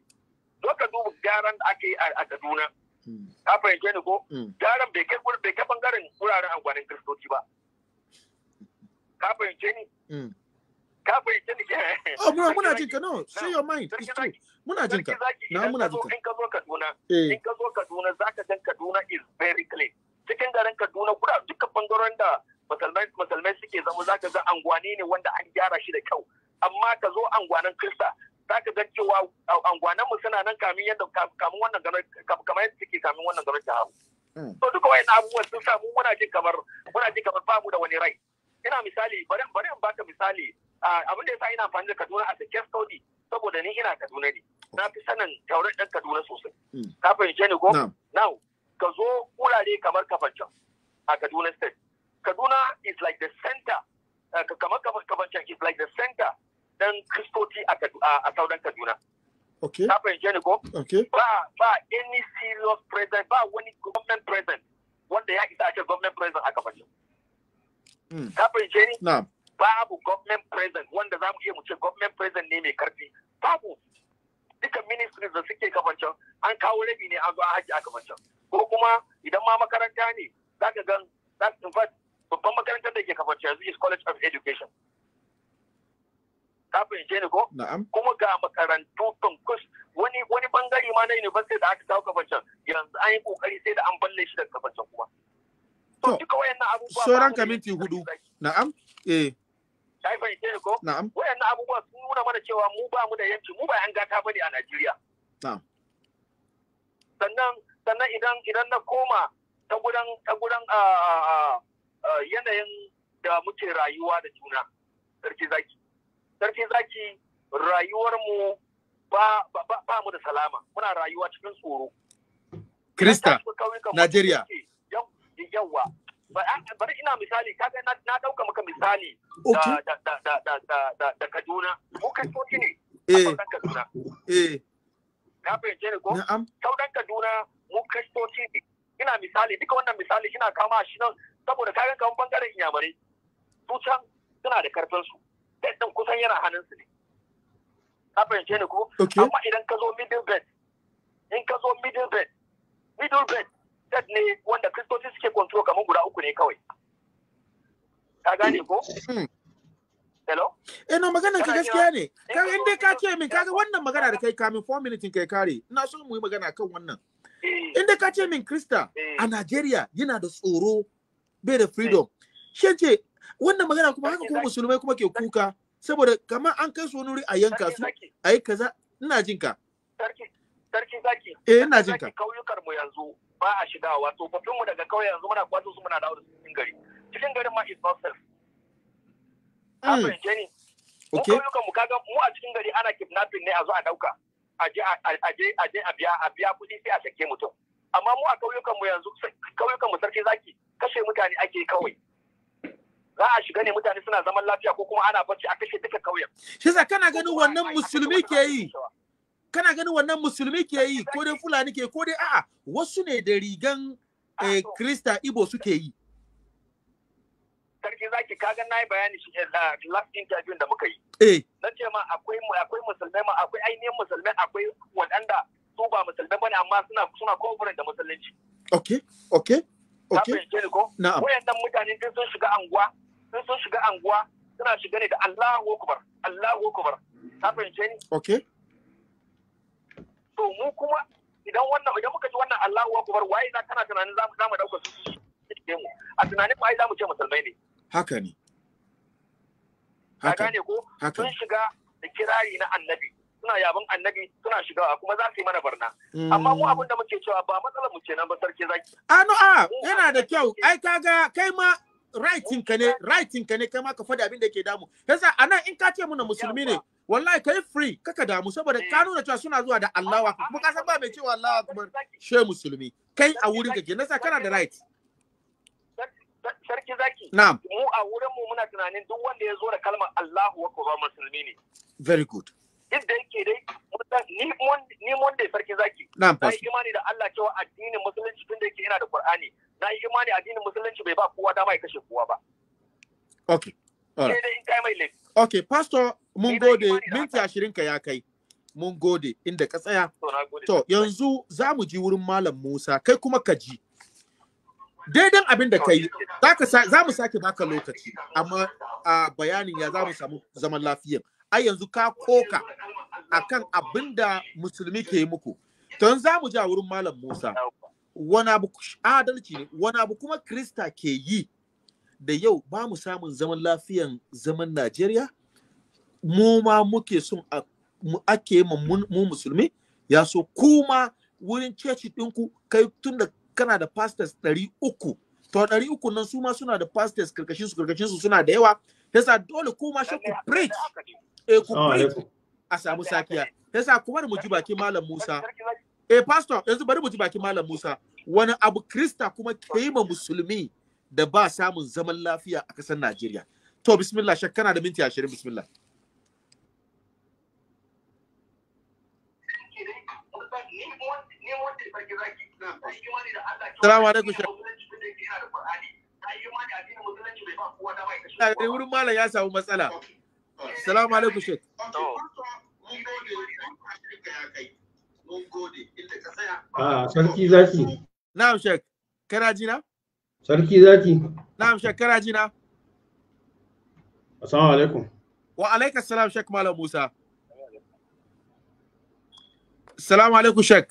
zo ka duba gyaran da ake a Kaduna hmm. ka fahimce ni ko hmm. gyaran bai kai bai kai bangaren wuraren angwanin kristoci ba ka fahimce ni hmm. ka fahimce ni ke oh, muna muna jin ka no say your mind it's true muna jin ka na muna jin ka in ka zo Kaduna eh. in ka zo Kaduna zaka gan Kaduna is very clean cikin garin Kaduna kuda duka bangaren da musulmai musulmai suke zama zaka ga angwani ne wanda an gyara shi da kyau amma ka zo angwanan Kirista zaka ga cewa angwanan mu suna nan kamin yadda kamin wannan garin kamar yadda suke kamin wannan garin ta hawo hmm. to duka wayan abubuwan sun samu muna jin kamar muna jin kamar bamu da wani rai ina misali bari bari in baka misali abin da ya sa ina amfani da Kaduna a Sikes Saudi saboda ni ina Kaduna ne. Na fi sanin taurin ɗan Kaduna sosai. Hmm. Ka fahimce ni ko? Now, ka zo wurare kamar Kafancan a Kaduna State. Kaduna is like the center, eh, kamar Kafancan is like the center dan Kristoci a saudan Kaduna. Okay. Ka fahimce ni ko? Okay. Ba ba any serious president ba wani government president wanda ya isa a ce government president a Kafancan. Hmm. Ka fahimce ni? Na'am. babu government present wanda za mu iya mu ce government present ne mai karfi babu duka ministry da suke kafancan an kawo rabi ne an zo an haji a kafancan ko kuma idan ma makaranta ne za ka gan in fact babban makarantar da ke kafancan yanzu is college of education ka fahimce ne ko kuma ga makarantu tunkus wani wani bangare ma na university da aka kawo kafancan yanzu an yi kokari sai da an balle shi daga kafancan kuma to so wayannan abubuwa sauran kaminti hudu na'am eh ta yi fahimce ni ko wayannan abubuwa sun nuna mana cewa mu ba mu da yanci mu ba yan gata bane a Najeriya sannan sannan idan idan na koma ta gudan ta gudan yanayin da muke rayuwa da juna sarki zaki sarki zaki rayuwar mu ba ba mu da salama muna rayuwa cikin tsoro Krista Najeriya yawa bari ina misali kaga na dauka maka misali da Kaduna mu kasoci ne a eh. Kaduna eh ka fahimce ni ko sauran Kaduna mu kasoci ne ina misali duka wannan misali ina kama shi nan saboda kaga kaman bangaren inyamare su can suna da karfin su dan kusan yana hannun su ne na fahimce ne ko amma idan ka zo middle bed in ka zo middle bed middle bed state ne wanda kristoci suke control kamar guda uku ne kawai ka gane ko hmm. hello eh na magana ka gaskiya ne eh, Ka in dai ka ce min kaga wannan magana da kai kamin 4 minutes kai kare ina so mu yi magana kan wannan eh. in dai ka ce min krista eh. a Nigeria yana da tsoro bai da freedom Shi ce wannan magana kuma haka kuma musulmai kuma ke kuka saboda kamar an kai su wani a yanka su ayi kaza ina jinka sarki sarki sarki. eh ina jinka kauyukar mu yanzu ba a shigawa tsofaffin mu daga kawai yanzu muna kwato su muna da wurin cikin gari cikin garin ma is not safe ka hmm. fahimce ni mu kauyukan mu kaga mu a cikin gari ana kidnapping ne a zo a dauka a je a je a biya a biya kuɗi sai a sake mutum amma mu a kauyukan mu yanzu kauyukan mu sarki zaki kashe mutane ake kawai za a shiga ne mutane suna zaman lafiya ko kuma ana bacci a kashe duka kauyen shi kana ganin wannan musulmi ke yi kana ganin wannan musulmi ke yi ko dai fulani ke ko dai a'a wasu ne da rigan eh, krista ibo suke yi sarki zaki kaga na yi bayani shi eh, last interview da muka yi eh. na ce ma akwai akwai musulmai ma akwai ainihin musulmai akwai waɗanda su ba musulmai bane amma suna suna kofurin da musulunci okay okay okay na'am wayannan mutane sun shiga anguwa sun shiga anguwa suna shiga ne da Allahu akbar Allahu akbar ta fahimce ni okay to mu kuma idan wannan idan muka ji wannan Allahu akbar waye za kana tunanin za mu za mu dauka su cikin mu a tunanin mu ai za mu ce musulmai ne haka ne haka ne ko sun shiga da kirari na annabi suna yabon annabi suna shigawa kuma za su yi mana barna. Mm. Amma mu abin da muke cewa ba matsalar mu nan ba sarki zaki. A ah, no a ah, yana da kyau ai kaga kai ma writing ka ne writing ka ne kai ma ka faɗi abin da ke damu. Yasa anan in ka ce muna musulmi ne wallahi kai free kaka damu saboda ka eh. nuna cewa suna zuwa da Allahu akbar kuma ka san ba mai cewa Allahu akbar she musulmi kai a wurin kake nasa kana da right sarki zaki na'am mu a wurin mu muna tunanin duk wanda ya zo da kalmar Allahu akbar musulmi ne very good duk da yake dai ni dai sarki zaki na yi imani da Allah cewa addinin musulunci tun da yake yana da Qur'ani na yi imani addinin musulunci bai ba kowa dama ya kashe kowa ba okay ok Okay, Pastor, mun gode, minti ashirin ka ya kai. Mun gode, inda ka tsaya. To, yanzu za mu ji wurin Malam Musa, kai kuma ka ji. Daidan abin da ka yi, za mu sake baka lokaci, amma a bayanin ya za mu samu zaman lafiya. Ai yanzu ka koka akan abin da musulmi ke yi muku. Don za mu ji a wurin Malam Musa, wani abu adalci ne, wani abu kuma Krista ke yi da yau ba mu samun zaman lafiyan zaman Najeriya mu ma muke son ake mu musulmi ya so kuma wurin ceci ɗinku kai tun da kana da pastors ɗari uku to ɗari uku nan su ma suna da pastors karkashin su karkashin su suna da yawa yasa dole kuma shi ku preach eh ku preach a samu sakiya yasa ku bari mu ji baki malam Musa eh pastor yanzu bari mu ji baki malam Musa wani abu krista kuma kai ma musulmi da ba samun zaman lafiya a ƙasar Najeriya. To bismillah shak da minti ashirin bismillah. Salamu alaikum shak. Ɗari wurin malam ya samu matsala. Salamu alaikum shak. Ah, sarki zaki. Na'am shak, kana ji na? Sarki zaki. Na'am Sheikh kana na? Assalamu alaikum. Wa alaika salam Sheikh Malam Musa. Assalamu alaikum Sheikh.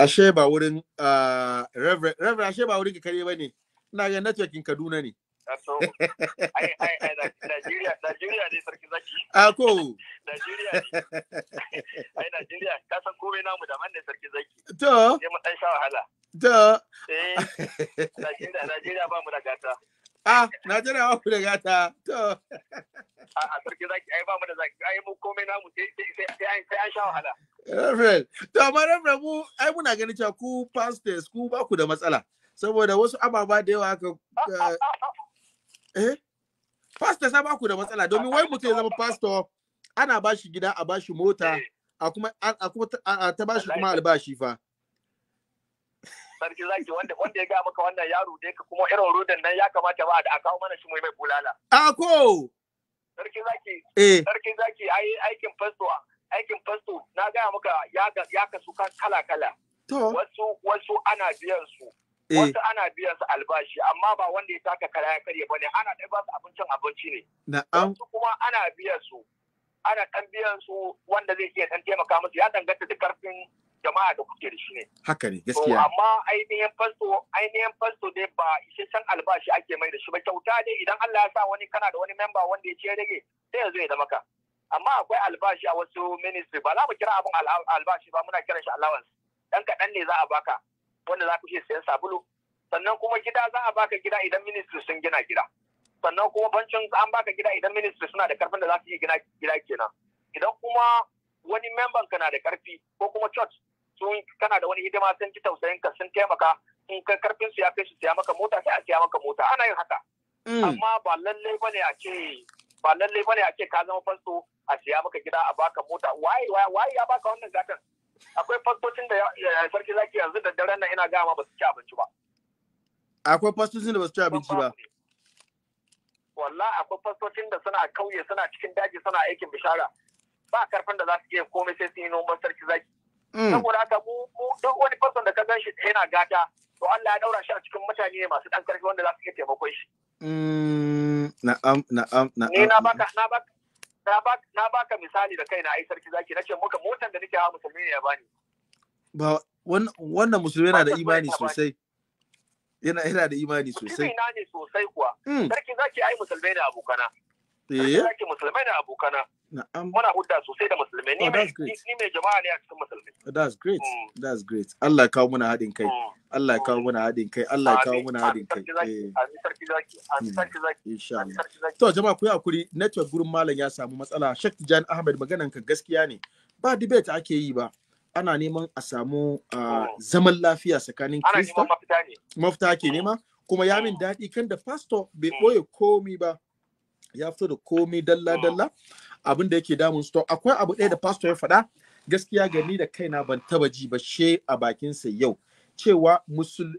Ashe ba wurin uh, Reverend, Reverend ashe ba wurin kare ba ne. Ina ga networking Kaduna ne. Najeriya ne sarki zaki. Ako. Ah, Najeriya ai Najeriya ka san komai namu da manne sarki zaki to sai mu dan sha wahala to eh Najeriya Najeriya ba mu da gata ah Najeriya ba mu da gata to a sarki zaki ai ba mu da zaki ai mu komai namu sai sai sai an sha wahala Reverend, to amma Reverend mu ai muna ganin cewa ku pastors ku ba ku da matsala saboda wasu ababa da yawa haka eh, eh Pastors ba ku da matsala domin wai mutum ya zama pastor ana ba shi gida a ba shi mota eh. a kuma a ta ba shi kuma albashi fa sarki zaki wanda wanda ya ga maka wannan yaro dai ka kuma irin rudan nan ya kamata ba da kawo mana shi mai mai bulala a ko sarki zaki eh. sarki zaki ai aikin fasto aikin fasto na ga maka ya suka kala kala wasu wasu ana biyan su eh. wasu ana biyan su albashi amma ba wanda ya taka karaya ya karye bane ana dai ba su abincin abinci ne wasu kuma ana biyan su ana kan biyan su wanda zai iya kan taimaka musu ya danganta da karfin jama'a da kuke da shi ne. Haka ne gaskiya. amma ainihin fasto ainihin fasto dai ba isasshen albashi ake mai da shi ba kyauta dai idan Allah ya sa wani kana da wani memba wanda ya ce rage sai ya zo ya zama ka. Amma akwai albashi a wasu ministry ba za mu kira abin albashi ba muna kiran shi allowance. Dan kaɗan ne za a baka wanda za ku iya sayan sabulu. Sannan kuma gida za a baka gida idan ministry sun gina gida. sannan kuma bancin an baka gida idan ministry suna da karfin da za su yi gida kenan idan kuma wani memban na da karfi ko kuma church sun kana da wani hidima sun ji tausayin ka sun taimaka in kai karfin su ya kai su siya maka mota sai a siya maka mota ana yin haka mm. amma ba lallai bane a ce ba lallai bane a ce ka zama fasto a siya maka gida a baka mota waye waye ya baka wannan gatan akwai fastocin da sarki zaki yanzu da daren nan ina gama ba su ci abinci ba akwai fastocin da ba su ci abinci ba Walla akwai fastocin da suna kauye suna cikin daji suna aikin bishara ba karfin da za su iya komai sai sun yi noman sarki zaki mm. saboda haka mu duk wani fason da ka gan shi yana gata to Allah ya daura shi a cikin mutane masu dan karfi wanda za su iya taimakon shi mm, na'am ni na baka na baka na baka misali da kaina ai sarki zaki nace muka motan da nake hawa musulmi ne ya bani ba wannan musulmi yana da imani sosai yana yana da imani sosai mutumina ne sosai kuwa hmm. sarki zaki ai musulmai da abokana sarki eh? zaki musulmai da abokana muna hudda sosai da musulmai ni oh, mai ni mai jama'a ne a cikin musulmai oh, that's great hmm. that's great Allah ya kawo muna haɗin kai hmm. Allah ya kawo muna haɗin kai Allah ya kawo muna haɗin kai sarki zaki eh. sarki zaki insha Allah to jama'a ku yi hakuri network gurin malam ya samu matsala Sheikh Jan Ahmed maganan ka gaskiya ne ba debate ake yi ba ana neman a samu ah, oh. zaman lafiya tsakanin Kirista. Mafita ke oh. nema. Kuma ya min daɗi kan da pastor bai mm. ɓoye komi ba. Ya fito da komi dalla-dalla mm. abin da yake damun su. Akwai abu ɗaya da fasto ya faɗa gaskiya ga ni da kaina ban taba ji ba she a bakinsa yau. Cewa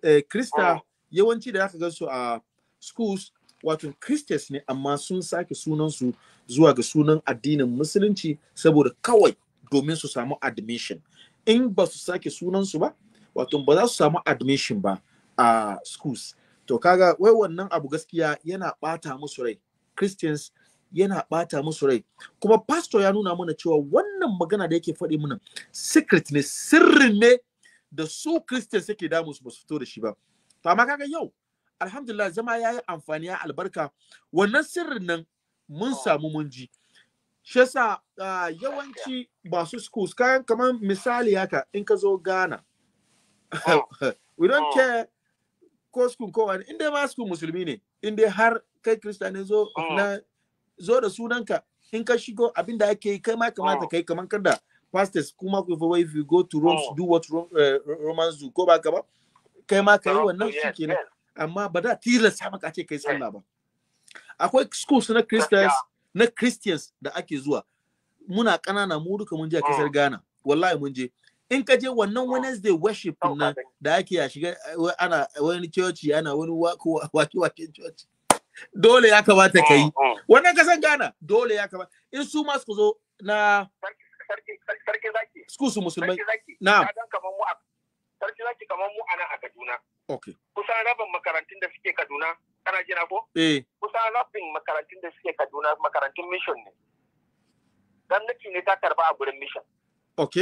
eh, Kirista mm. yawanci da aka gan su a schools wato Christians ne amma sun sake sunansu zuwa ga sunan addinin musulunci saboda kawai domin su samu admission in ba su sake sunansu ba wato ba za su samu admission ba a schools to kaga wai wannan abu gaskiya yana bata musu rai christians yana bata musu rai kuma pastor ya nuna mana cewa wannan magana da yake faɗi mana secret ne sirri ne da su christians yake damu su fito da shi ba to amma kaga yau alhamdulillah zama ya yi amfani ya albarka wannan sirrin nan mun ah. samu mun ji Shasa yawanci masu schools kayan kamar misali haka in ka zo Ghana. Oh. We don't oh. care ko school ko wani inda ma school musulmi ne inda har kai kristanin zo oh. na zo da sunanka in ka shigo abinda ake yi kai ma kamata kai kamar kada pastors kuma ku fa if you go to Rome to do what eh, Romans do ko ba ka ba kai ma kai wannan shi kenan amma ba da tilasta maka ce kai sallah ba akwai schools na Christians na Christians da ake zuwa muna ƙanana mu duka mun je a kasar mm. Ghana wallahi mun je in ka je wannan mm. Wednesday worship nan da ake a shiga eh, ana wani church ana wani wake wake church dole ya kamata ka yi mm, wannan kasar Ghana dole ya kamata in su ma su zo na sarki zaki su su musulmai na'am sarki zaki kamar mu a nan a Kaduna okay kusan rabin makarantun da suke Kaduna kana jira ko? Kusa eh. Kusan makarantun da suke Kaduna makarantun mission ne. Gwamnati ne ta karba a gurin mission. Ok.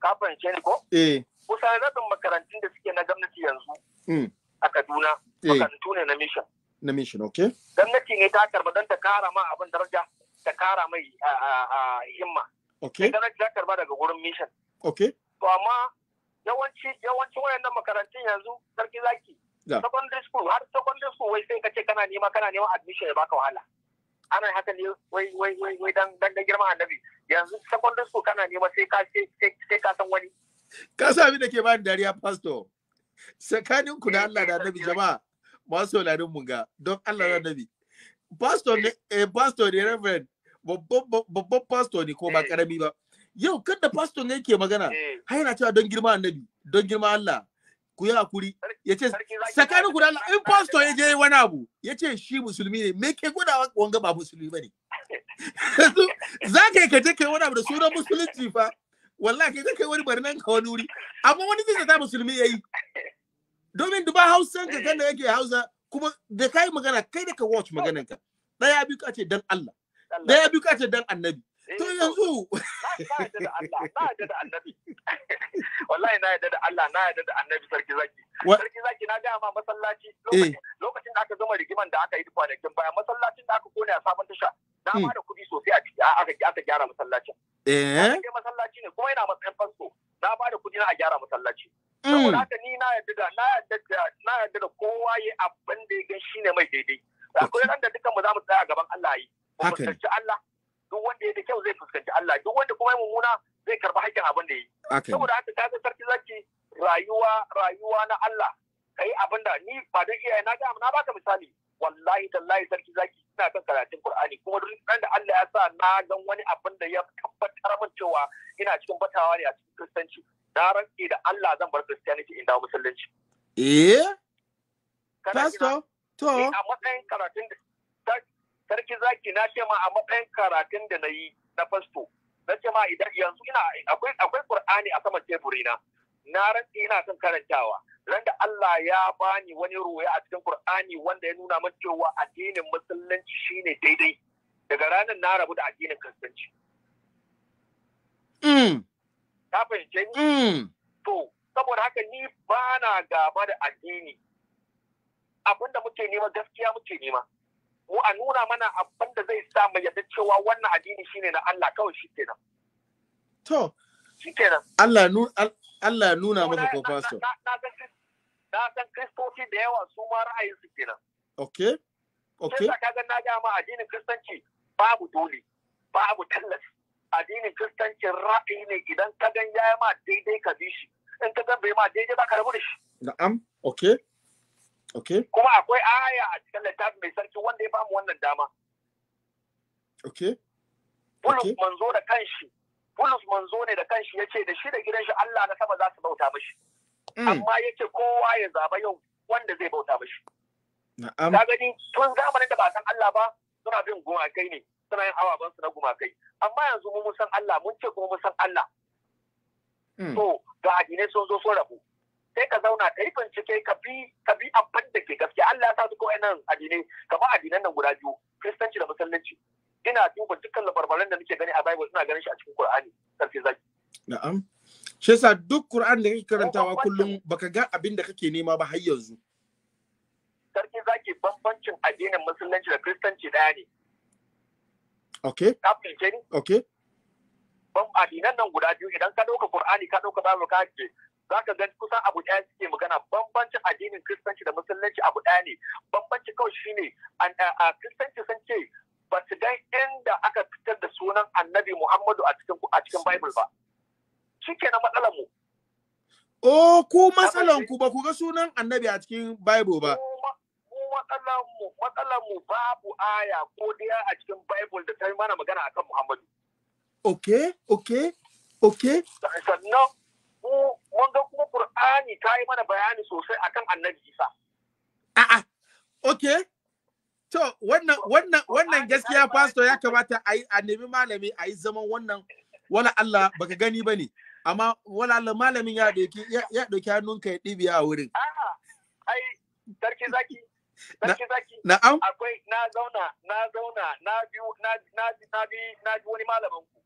Ka fahimce ni ko? Kusa eh. Kusan makarantun da suke na gwamnati yanzu. Hmm. A Kaduna. Eh. Makarantu ne na mission. Na mission, ok. Gwamnati ne ta karba don ta kara ma abin daraja ta kara mai himma. Ok. Gwamnati ta karba daga gurin mission. Ok. To amma yawanci yawancin wayannan makarantun yanzu sarki zaki. secondary school har secondary school wai sai ka ce kana nema kana neman admission ya baka wahala ana haka ne wai wai wai wai dan dan girman annabi yanzu secondary school kana nema sai ka sai ka san wani ka sa abin da ke bani dariya pastor tsakanin ku da Allah da annabi jama'a masu sauraron mu ga don Allah da annabi pastor ne eh pastor ne reverend babban pastor ne ko ba karami eh. ba yau da pastor ne yake magana eh. har yana cewa don girman annabi don girma Allah ku yi hakuri ya ce tsakanin guda in pastor ya je wani abu ya ce shi musulmi ne me ke guda wanga ba musulmi ba ne za ka yi ka wani abu da sunan musulunci fa wallahi kai take wani barnan ka wani wuri amma wani zai zata musulmi ya yi. domin duba hausan ka kan da yake hausa kuma da kai magana kai da ka watch maganan ka daya biyu ka ce dan Allah daya biyu ka ce dan annabi Eh, to yanzu na yadda da Allah na da annabi wallahi na yadda da Allah na yadda da annabi sarki zaki sarki zaki na gaya ma masallaci eh. lokacin da aka zama rigiman da aka yi kwanakin baya masallacin da aka kone a sabon tasha na hmm. ba da kuɗi sosai a ciki aka gyara masallacin eh masallaci ne kuma yana matsayin fasto na ba da kuɗi na a gyara masallaci hmm. saboda haka ni na yadda da na yadda da na yadda da kowa ya abin da ya gan shine mai daidai akwai ran da dukkan mu za mu tsaya gaban Allah yi mu Allah duk wanda ya da kyau zai fuskanci Allah duk wanda kuma ya mummuna zai karba haƙƙin abin da yi saboda haka kaga sarki zaki rayuwa rayuwa na Allah kai abinda ni ba da iyaye na ga na baka misali wallahi tallahi sarki zaki ina kan karatun Qur'ani kuma duk dan da Allah ya sa na ga wani abin da ya tabbatar min cewa ina cikin batawa ne a cikin kristanci na rantsi da Allah zan bar kristanci in dawo musulunci eh Pastor, to. Eh, a matsayin karatun sarki zaki na ce ma a matsayin karatun da na yi na fasto na ce ma idan yanzu ina akwai akwai qur'ani a saman teburina. na na rantsi ina son karantawa ran da Allah ya bani wani ruwaya a cikin Kur'ani, wanda ya nuna min cewa addinin musulunci shine daidai daga ranar na rabu da addinin kiristanci mm ta fahimce ni mm. to saboda haka ni bana gaba da addini abinda muke nema gaskiya muke nema mu a nuna mana abin da zai sa mu yadda cewa wannan addini shine na Allah kawai shi kenan to shi kenan Allah ya Allah nuna maka ko pastor na san kristoci da yawa su ma ra'ayin su kenan Ok. Ok. sai kaga na ga ma addinin kristanci babu dole babu tallafi. addinin kristanci ra'ayi ne idan ka gan ya ma daidai ka bi shi in ka gan bai ma daidai ba ka rabu da shi na'am okay Okay. Kuma akwai aya a cikin littafin mai sarki wanda ya bamu wannan dama. Okay. Bulus manzo da kanshi, Bulus manzo ne da kanshi ya ce da shi da gidan shi Allah na sama za su bauta mishi. Mm. Amma ya ce kowa ya zaba yau wanda zai bauta mishi. Na'am. Ka gani tun zamanin da ba san Allah ba suna bin gumakai ne, suna yin awabansu na gumakai. Amma yanzu mun san Allah, mun ce kuma mun san Allah. Mm. To ga addinai sun zo sun rabu. sai ka zauna ka yi bincike ka bi ka abin da ke gaske. Allah ya sa su kawai nan addinai kamar addinan nan guda biyu kristanci da musulunci ina duba dukkan labarbaran da muke gani a bible suna ganin shi a cikin qur'ani Karfe zaki na'am shi yasa duk qur'an da kake karantawa kullum baka ga abin da kake nema ba har yanzu sarki zaki bambancin addinin musulunci da kristanci daya ne okay okay bam addinan nan guda biyu idan ka dauka qur'ani ka dauka bible ka za ka gani kusan abu ɗaya suke magana bambancin addinin kristanci da musulunci abu ɗaya ne Bambancin kawai shine a kristanci sun ce ba su dan inda aka fitar da sunan annabi muhammadu a cikin a cikin bible ba shi ke na matsalar mu Oh, ku matsalan ku ba ku ga sunan annabi a cikin Bible ba. Matsalanmu, matsalanmu babu aya ko daya a cikin Bible da ta yi mana magana akan Muhammadu. Okay, okay, okay. Sannan mun ga kuma Qur'ani ta yi mana bayani sosai akan Annabi Isa a'a okay To, wannan wannan wannan gaskiya pastor ya kamata a yi a nemi malami a yi zaman wannan wala Allah baka gani ba ne, amma wala Allah malamin ya ɗauki ya ɗauki hannunka ya ɗibiya a wurin. A'a, Ai, sarki zaki, sarki zaki. Na'am. Akwai na zauna, na zauna, na biyu, na bi na bi na bi wani malamin ku.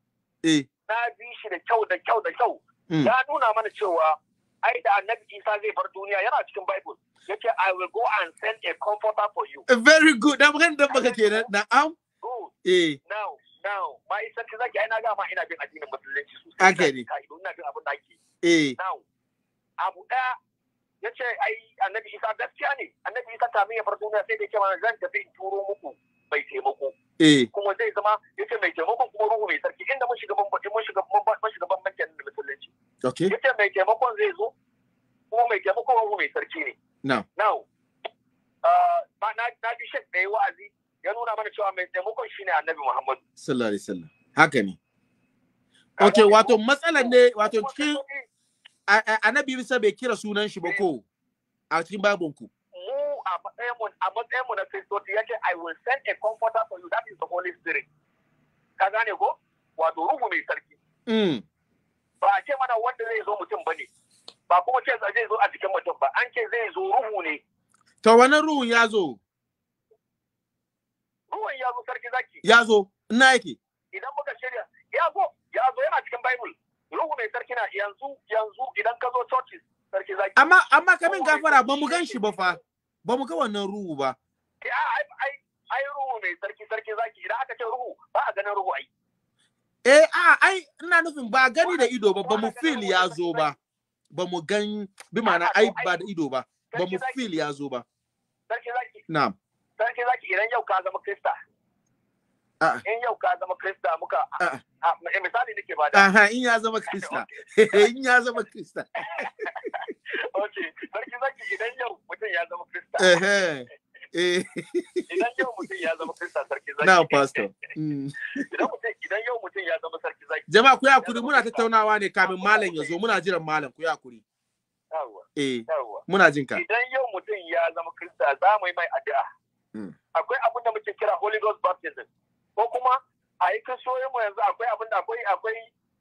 Eh. Na bi shi da kyau da kyau da kyau. Mm. ya nuna mana cewa ai da annabi isa zai bar duniya yana cikin bible yake i will go and send a comforter for you very good da magana dan baka kenan na'am eh now now ba isa ki zaki ai na ga ma ina bin addinin musulunci sosai aka ne ina bin abin da ake eh now abu da yace ai annabi isa gaskiya ne annabi isa ta mai bar duniya sai da yake mana zan tafi in turo muku mai taimako eh. kuma zai zama yace mai taimakon kuma ruhu mai sarki inda mun shiga bambanci mun shiga mun shiga bambanci da musulunci yace mai taimakon zai zo kuma mai taimakon ruhu mai sarki ne now ah, na fi shan shek da wa'azi ya nuna mana cewa mai taimakon shine annabi Muhammad sallallahu alaihi wasallam haka ne Ok, wato matsalar ne, wato cikin annabi bisa bai kira sunan shi ba eh. ko a cikin babonku. a matsayinmu na Kiristoci yake I will send a comforter for you that is the Holy Spirit. Ka gane ko? Wato ruhu mai sarki. Hmm. Ba a ce mana wanda zai zo mutum ba ne. Ba kuma ce zai zo a cikin mutum ba. An ce zai zo ruhu ne. To wani ruhun ya zo? Ruhun ya zo sarki zaki. Ya zo. Ina yake. Idan muka shirya. Ya zo. Ya zo yana cikin Bible. Ruhu mai sarki na yanzu yanzu idan ka zo churches. Sarki zaki. Amma amma kamin gafara ba mu gan shi ba fa. ba mu ga wannan ruhu ba eh, ai ruhu mai sarki sarki zaki idan aka ce ruhu ba a ganin ruhu ai eh a ai ina nufin ba gani da ido ba ba mu fil ya zo ba ba mu gan bi ma'ana ai ba da ido ba ba mu fil ya zo ba sarki zaki na'am sarki zaki idan yau ka zama krista in yau ka zama krista muka misali nake ba da in ya zama krista in ya zama krista okay sarki zaki idan yau mutum ya zama krista eh. idan yau mutum ya zama krista sarki zaki na pastor mm. idan yau mutum ya zama sarki zaki jama'a ku yakuri muna tattaunawa ne kamin malam ya zo muna jiran malam ku yakuri eh muna jin ka idan yau mutum ya zama krista za mu yi mai addu'a mm. akwai abin da muke kira holy ghost baptism ko kuma a yi kristoyin mu yanzu akwai abin da akwai akwai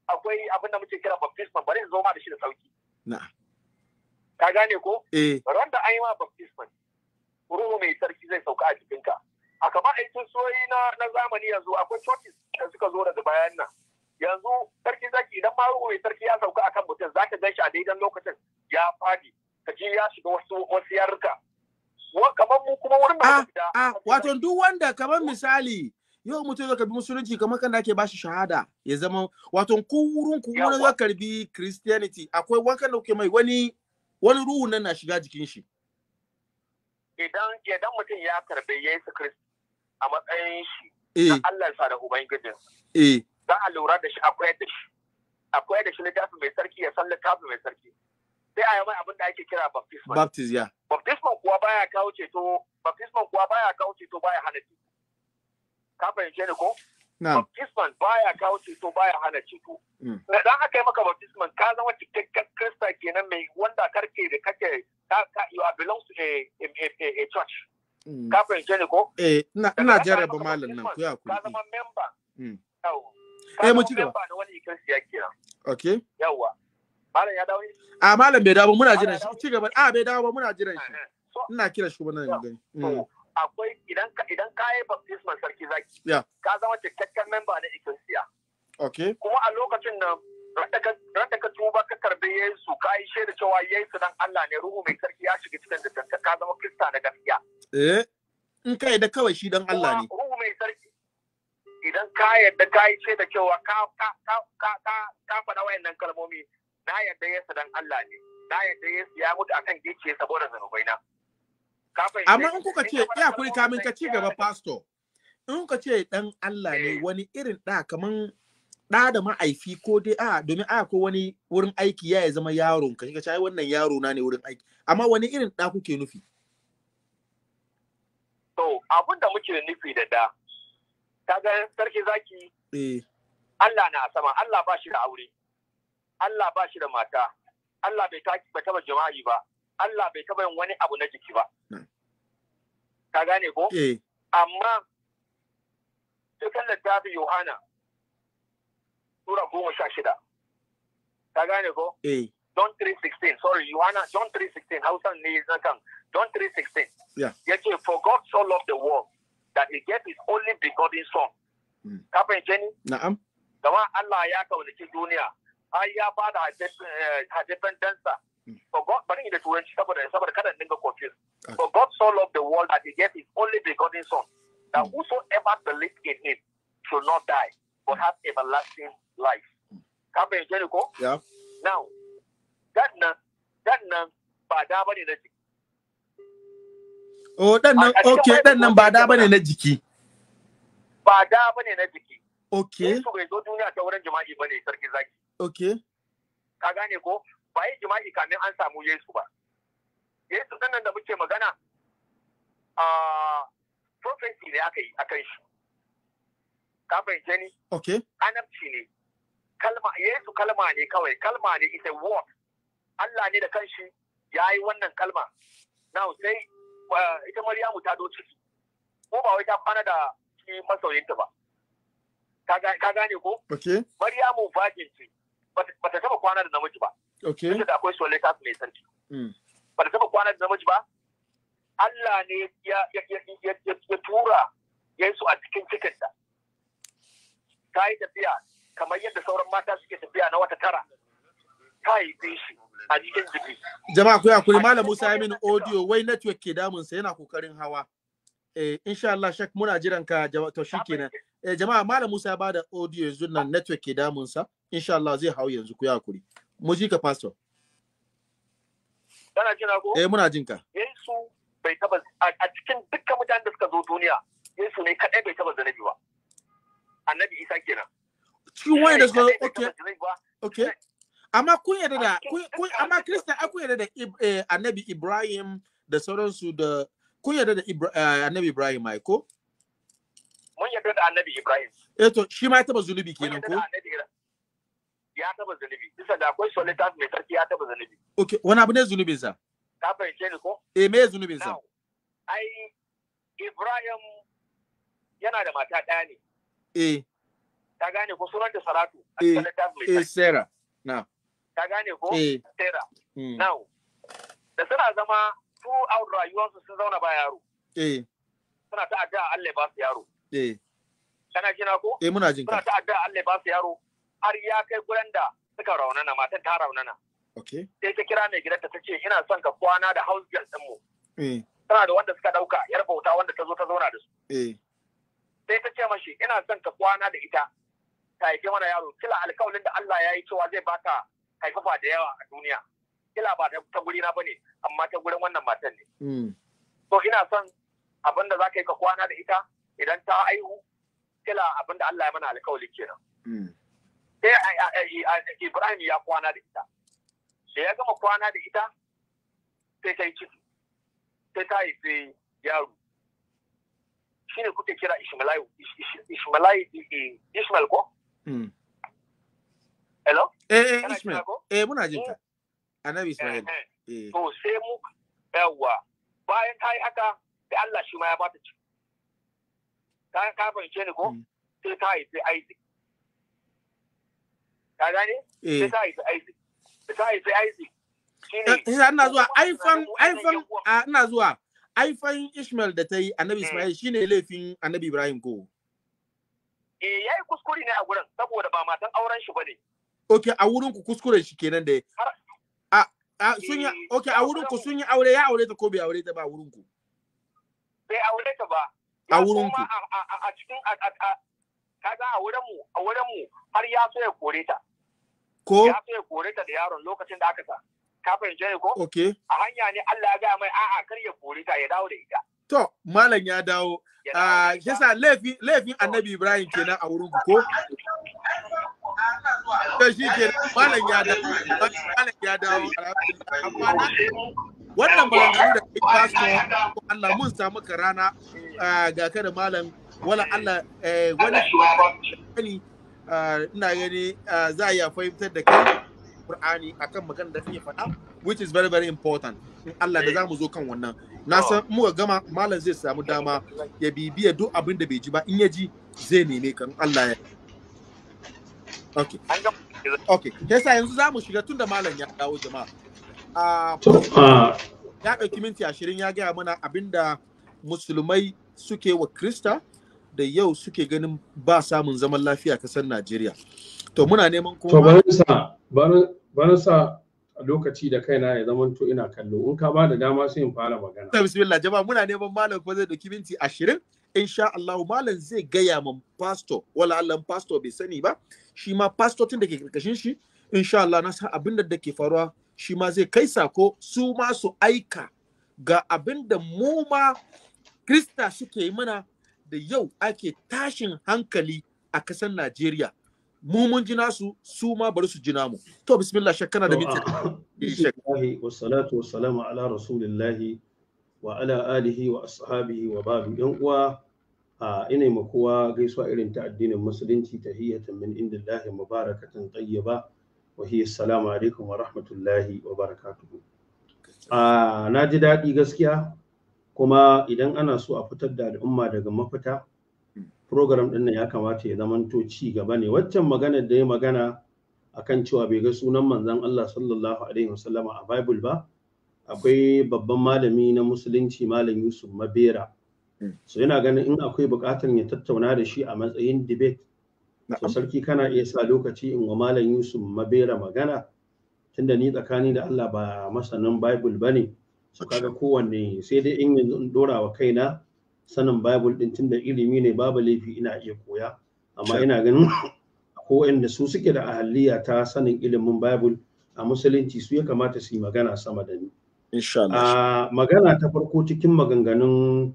akwai abin da muke kira baptism bari in zo ma da shi da sauki na'am ka gane ko eh. randa an yi ma baptisman ruhu mai sarki zai sauka a jikinka a kama aikin soyi na zamani yanzu akwai churches da suka zo daga bayan nan yanzu sarki zaki idan ma ruhu mai sarki ya sauka akan mutum zaka gan gaishe a daidan lokacin ya fadi ka ji ya shiga wasu wasu yarka kamar mu kuma wurin da ah, a ah, wato duk wanda kamar misali yau mutum zai karbi musulunci kamar kan da ake bashi shahada ya zama wato ku wurin ku wurin zai karbi christianity akwai wankan da kuke mai wani wani ruhun nan na shiga jikin shi idan idan mutum ya karbe Yesu Kristi a matsayin shi eh. na Allah sa da ubangijin eh za a lura da shi akwai da shi akwai da shi littafin mai sarki ya san littafi mai sarki sai a yi mai abin da ake kira baptism baptism ya baptism kuwa baya kawo ceto baptism kuwa baya kawo ceto baya hana ka fahimce ni ko baptisman baya kawo ceto baya hana ceto na mm. dan aka yi maka baptisman ka zama cikakken krista kenan mai wanda karke da kake ka you are belong to a, a, a, a church mm. ka fahimce ne ko eh ina ina ba malam nan ku ya ku ka zama member mm. eh mu ci gaba member na wani krista kenan okay yawa malam ya dawo a ah, malam bai dawo muna jiran shi ci gaba a ah, bai dawo ba muna jiran shi ina kira shi wannan gani akwai idan ka idan ka yi baptism sarki zaki ka zama cikakken memba na ikkilisiya okay kuma a lokacin nan ranta ka tuba ka karbe Yesu ka yi shaida cewa Yesu dan Allah ne ruhu mai sarki ya shiga cikin da ka zama krista na gaskiya eh in ka yi da kawai shi dan Allah ne ruhu mai sarki idan ka yadda ka yi shaida cewa ka ka ka ka ka faɗa wayannan kalmomi na yadda Yesu dan Allah ne na yadda Yesu ya mutu akan gece saboda zanubai na amma in kuka ce ya kuri kamin ka ci gaba pastor in kuka ce dan Allah ne eh. wani irin da kaman da da ma'aifi ko dai a domin a ko wani wurin aiki ya zama yaron ka shiga cewa wannan yaro na ne wurin aiki amma wani irin da kuke nufi to abin da muke nufi da da kaga sarki zaki eh Allah na sama Allah ba shi da aure Allah ba shi da mata Allah bai taba jama'i ba Allah bai taɓa yin wani abu na jiki ba. Hmm. Ka gane ko? Eh. Amma cikin littafin Yohana Sura goma sha shida. Ka gane ko? Eh. John 3.16, sorry, Yohana, John 3.16, Hausan ne na kan, John 3.16. Ya ce, for God so loved the world that he gave his only begotten son. Hmm. Ka fahimce ni? Na'am. Gama Allah ya kaunaci duniya, har ya ba da haifafen eh, dansa For God, but in the French, somebody, somebody can't think of confused. For ah. God so loved the world that he gave his only begotten Son, that mm. whosoever believes in him should not die, but have everlasting life. Kambe hmm. Jericho. Yeah. Now, that nan, that nan, ba da bane na jiki. Oh, dan nan, okay, dan nan ba da bane na jiki. Ba da bane na jiki. Okay. Yesu bai zo duniya ta wurin jima'i bane sarki zaki. Okay. Ka gane ko? ba yi jima'i kamin an samu Yesu ba. Yesu nan da muke magana a prophecy ne aka yi a kan shi. Ka fahimce ni? Okay. Anabci ne. Kalma Yesu kalma ne kawai, kalma ne ita word. Allah ne da kanshi ya yi wannan kalma. Now sai ita Maryamu ta doci ko ba wai ta kwana da shi masoyinta ba. Ka gane ko? Okay. Maryamu virgin ce. ba ta taba kwana da namiji ba okay da akwai sole kasu mai sarki hmm. ba ta taba kwana da namiji ba Allah ne ya tura ya su a cikin cikin ta yi tafiya kamar yadda sauran mata suke tafiya na wata tara ta yi shi a cikin jiki jama'a ku yakuri malam Musa ya mini audio wai network ke damunsa yana kokarin hawa eh insha Allah shak muna jiran ka to shikenan eh, jama'a malam Musa ya bada audio yanzu nan network ke damun sa insha Allah zai hau yanzu ku ya hakuri mu ji ka pastor kana jin ko eh muna jin ka Yesu bai taba a cikin dukkan mutanen da suka zo duniya Yesu ne kadai bai taba zanabi ba annabi Isa kenan cikin wani da suka zo okay okay amma kun yarda da kun amma Kirista kun yarda da eh, annabi Ibrahim da sauransu da kun yarda da eh, annabi Ibrahim ai ko mun yarda da annabi Ibrahim eh to shi ma ya taba zunubi kenan ko ya taba zunubi bisa da akwai solitas mai sarki ya taba zunubi ok wani abu ne zunubin za? ka fahimce ni ko eh me zunubin za? ai Ibrahim yana da mata ɗaya ne eh ta gane ko sunan da Saratu a cikin eh, littafin mai eh, sarki eh Sarah na ta gane ko Sarah Na. da suna zama throughout rayuwarsu sun zauna ba yaro. Eh. Suna ta addu'a Allah ya ba su yaro. eh kana jina ko eh muna jin ka ta adda Allah ba su yaro har ya kai gurin da suka raunana matan ta raunana okay sai ta kira mai gidanta ta ce ina son ka kwana da house girl din mu eh tana da wanda suka dauka yar bauta wanda ta zo ta zauna da su eh sai ta ce mashi ina son ka kwana da ita ta haifi mana yaro kila alkawalin da Allah ya yi cewa zai baka haifafa da yawa a duniya kila ba ta guri na bane amma ta gurin wannan matan ne hmm. so ina son abin da zaka yi ka kwana da ita idan ta aihu kila abinda Allah ya mana alkawali kenan hmm. sai Ibrahim ya kwana da ita da ya gama kwana da ita sai ta yi ciki sai ta haifi yaro shi ne kuke kira Ishmalai Ishmal ko? Hmm. Hello? Eh, eh, Ishmael. Eh, muna jin ka. Annabi Ismail. Eh, eh. eh. To sai mu yawa bayan ta yi haka sai Allah shi ma ya bata ciki. ka ka fahimce ni ko mm. sai ka haifi Isaac ka gane eh. sai ka haifi Isaac sai ka haifi Isaac Shisa eh, ina zuwa aifan ah, ina zuwa Ishmael da ta yi Annabi mm. Ismail shine laifin Annabi Ibrahim ko eh yayi kuskure ne a gurin saboda ba matan auren shi bane okay a wurin ku kuskuren shi kenan da a ah, ah, sun yi eh, okay a wurin ku sun yi aure ya aure ta ko bai aure ta ba a wurin ku bai aure ta ba a wurin ku a cikin kaga a wurin mu a wurin mu har ya so ya kore ta ko ya so ya kore ta da yaron lokacin da aka sa ka fahimce ne ko okay a hanya ne Allah ya ga mai a'a kar ya kore ta ya dawo da ita To, malam ya dawo. Ah, yasa laifin laifin Annabi Ibrahim kenan a wurin ko? To shi kenan malam ya dawo. Malam ya dawo. Amma wannan maganganu da kai ko Allah mun samu ka rana ga ka da malam wala Allah eh, wani ina gani za a iya fahimtar da kai Qur'ani akan magana da kake faɗa which is very very important in Allah da zamu zo kan wannan na san muka gama malam zai samu dama ya bibiya duk abin da bai ji ba in ya ji zai neme kan Allah ya okay okay yasa yanzu mu shiga da malam ya dawo jama'a ya ɗauki minti ashirin ya gaya mana abinda musulmai suke wa krista da yau suke ganin ba samun zaman lafiya kasar najeriya to muna neman kuma bari sa lokaci da kaina ya zama to ina kallo in ka ba da dama sai in fara magana ta bismillah jama'a muna neman malam ko zai dauki minti 20 insha Allah malam zai gaya min pastor wala Allah pastor bai sani ba shi ma pastor tun da ke karkashin shi insha Allah na san abin da ke faruwa shi ma zai kai sako su ma su aika ga abin da mu ma krista suke yi mana da yau ake tashin hankali a kasar najeriya mu mun ji nasu su ma bari su ji namu to bismillah shakkana da mintin ah, eh, wa wassalamu ala rasulillahi wa ala alihi wa ashabihi wa babu yan uwa a ina ma kowa gaisuwa irin ta addinin musulunci tahiyatan min indillahi mubarakatan tayyiba wahi assalamu alaikum wa rahmatullahi wa barakatuhu ah, na ji daɗi gaskiya kuma idan ana so a fitar da al'umma daga mafita program ɗin nan ya kamata ya zamanto ci gaba ne waccan magana da ya magana akan cewa bai ga sunan manzon Allah sallallahu alaihi wasallama a bible ba akwai babban malami na musulunci malam Yusuf Mabera hmm. so yana ganin in akwai buƙatar ya tattauna da shi a matsayin debate to sarki kana iya sa lokaci in wa malam yusuf mabera magana tunda ni tsakani da allah ba masanin bible ba ne su kaga kowanne sai dai in yanzu in dora wa kaina sanin bible din tunda ilimi ne babu laifi ina iya koya amma ina ganin ko inda su suke da ahaliya ta sanin ilimin bible a musulunci su ya kamata su yi magana sama da ni insha Allah ah, magana ta farko cikin maganganun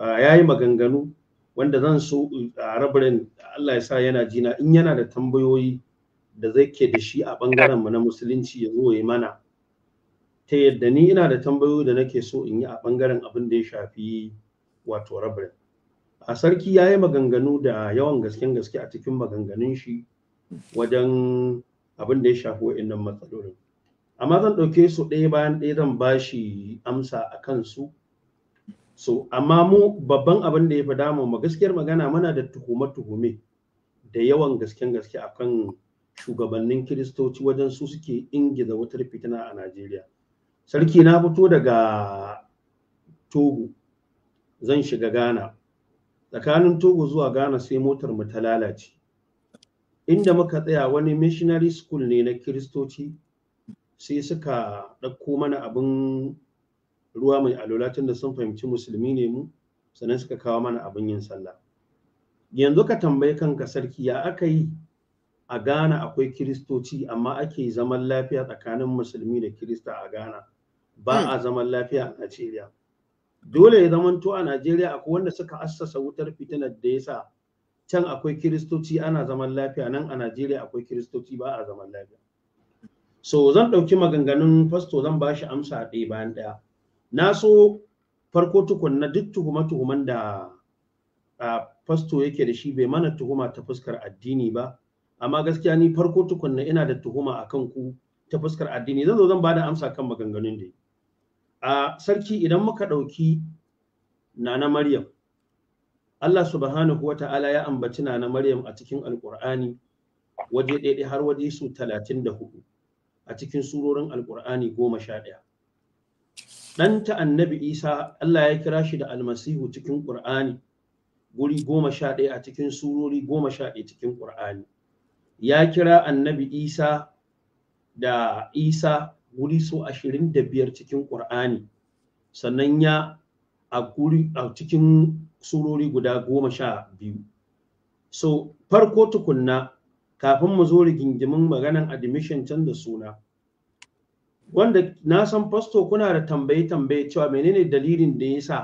ah, yayi maganganu wanda zan so a rabarin Allah ya sa yana jina in yana da tambayoyi da zai ke da shi a ɓangaren mu na musulunci ya zo mana ta yadda ni ina da tambayoyi da nake so in yi a bangaren abin da ya shafi wato rabarin a sarki ya yi maganganu da yawan gasken gaske a cikin maganganun shi wajen abin da ya shafi wa'innan matsalolin amma zan ɗauke su ɗaya bayan ɗaya zan ba shi amsa a su so amma mu babban abin da ya fi damu ma gaskiyar magana muna da tuhume-tuhume da yawan gasken gaske a kan shugabannin kiristoci wajen su suke ingiza wutar fitina a najeriya sarki na fito daga togo zan shiga ghana tsakanin togo zuwa ghana sai motar mu ta lalace inda muka tsaya wani missionary school ne na kiristoci sai suka ɗauko mana abin ruwa mai alwala tun da sun fahimci musulmi ne mu sannan suka kawo mana abin yin sallah yanzu ka tambayi kanka sarki ya aka yi a Ghana akwai kiristoci amma ake zaman lafiya tsakanin musulmi da kirista a Ghana ba a zaman lafiya a Najeriya dole ya zamanto a Najeriya akwai wanda suka assasa wutar fitilar da yasa can akwai kiristoci ana zaman lafiya nan a Najeriya akwai kiristoci ba a zaman lafiya so zan ɗauki maganganun fasto zan ba shi amsa ɗaya bayan ɗaya na so farko tukunna duk tuhuma-tuhuman da a fasto yake da shi bai mana tuhuma ta fuskar addini ba amma gaskiya ni farko tukunna ina da tuhuma a kan ku ta fuskar addini zan zo zan bada amsa kan maganganun da a sarki idan muka ɗauki nana maryam Allah subhanahu wa ta'ala ya ambaci nana maryam a cikin alƙur'ani waje ɗaiɗai har waje su talatin da hudu a cikin surorin alƙur'ani goma sha ɗaya Dan ta annabi isa Allah ya kira shi da almasihu cikin ƙur'ani guri goma sha ɗaya a cikin surori goma sha ɗaya cikin ƙur'ani ya kira annabi isa da isa guri so ashirin da biyar cikin ƙur'ani sannan ya a guri a cikin surori guda goma sha biyu so farko tukunna kafin mu zo rigingimin maganan admission can da suna wanda na san fasto kuna da tambaye tambaye cewa menene dalilin da yasa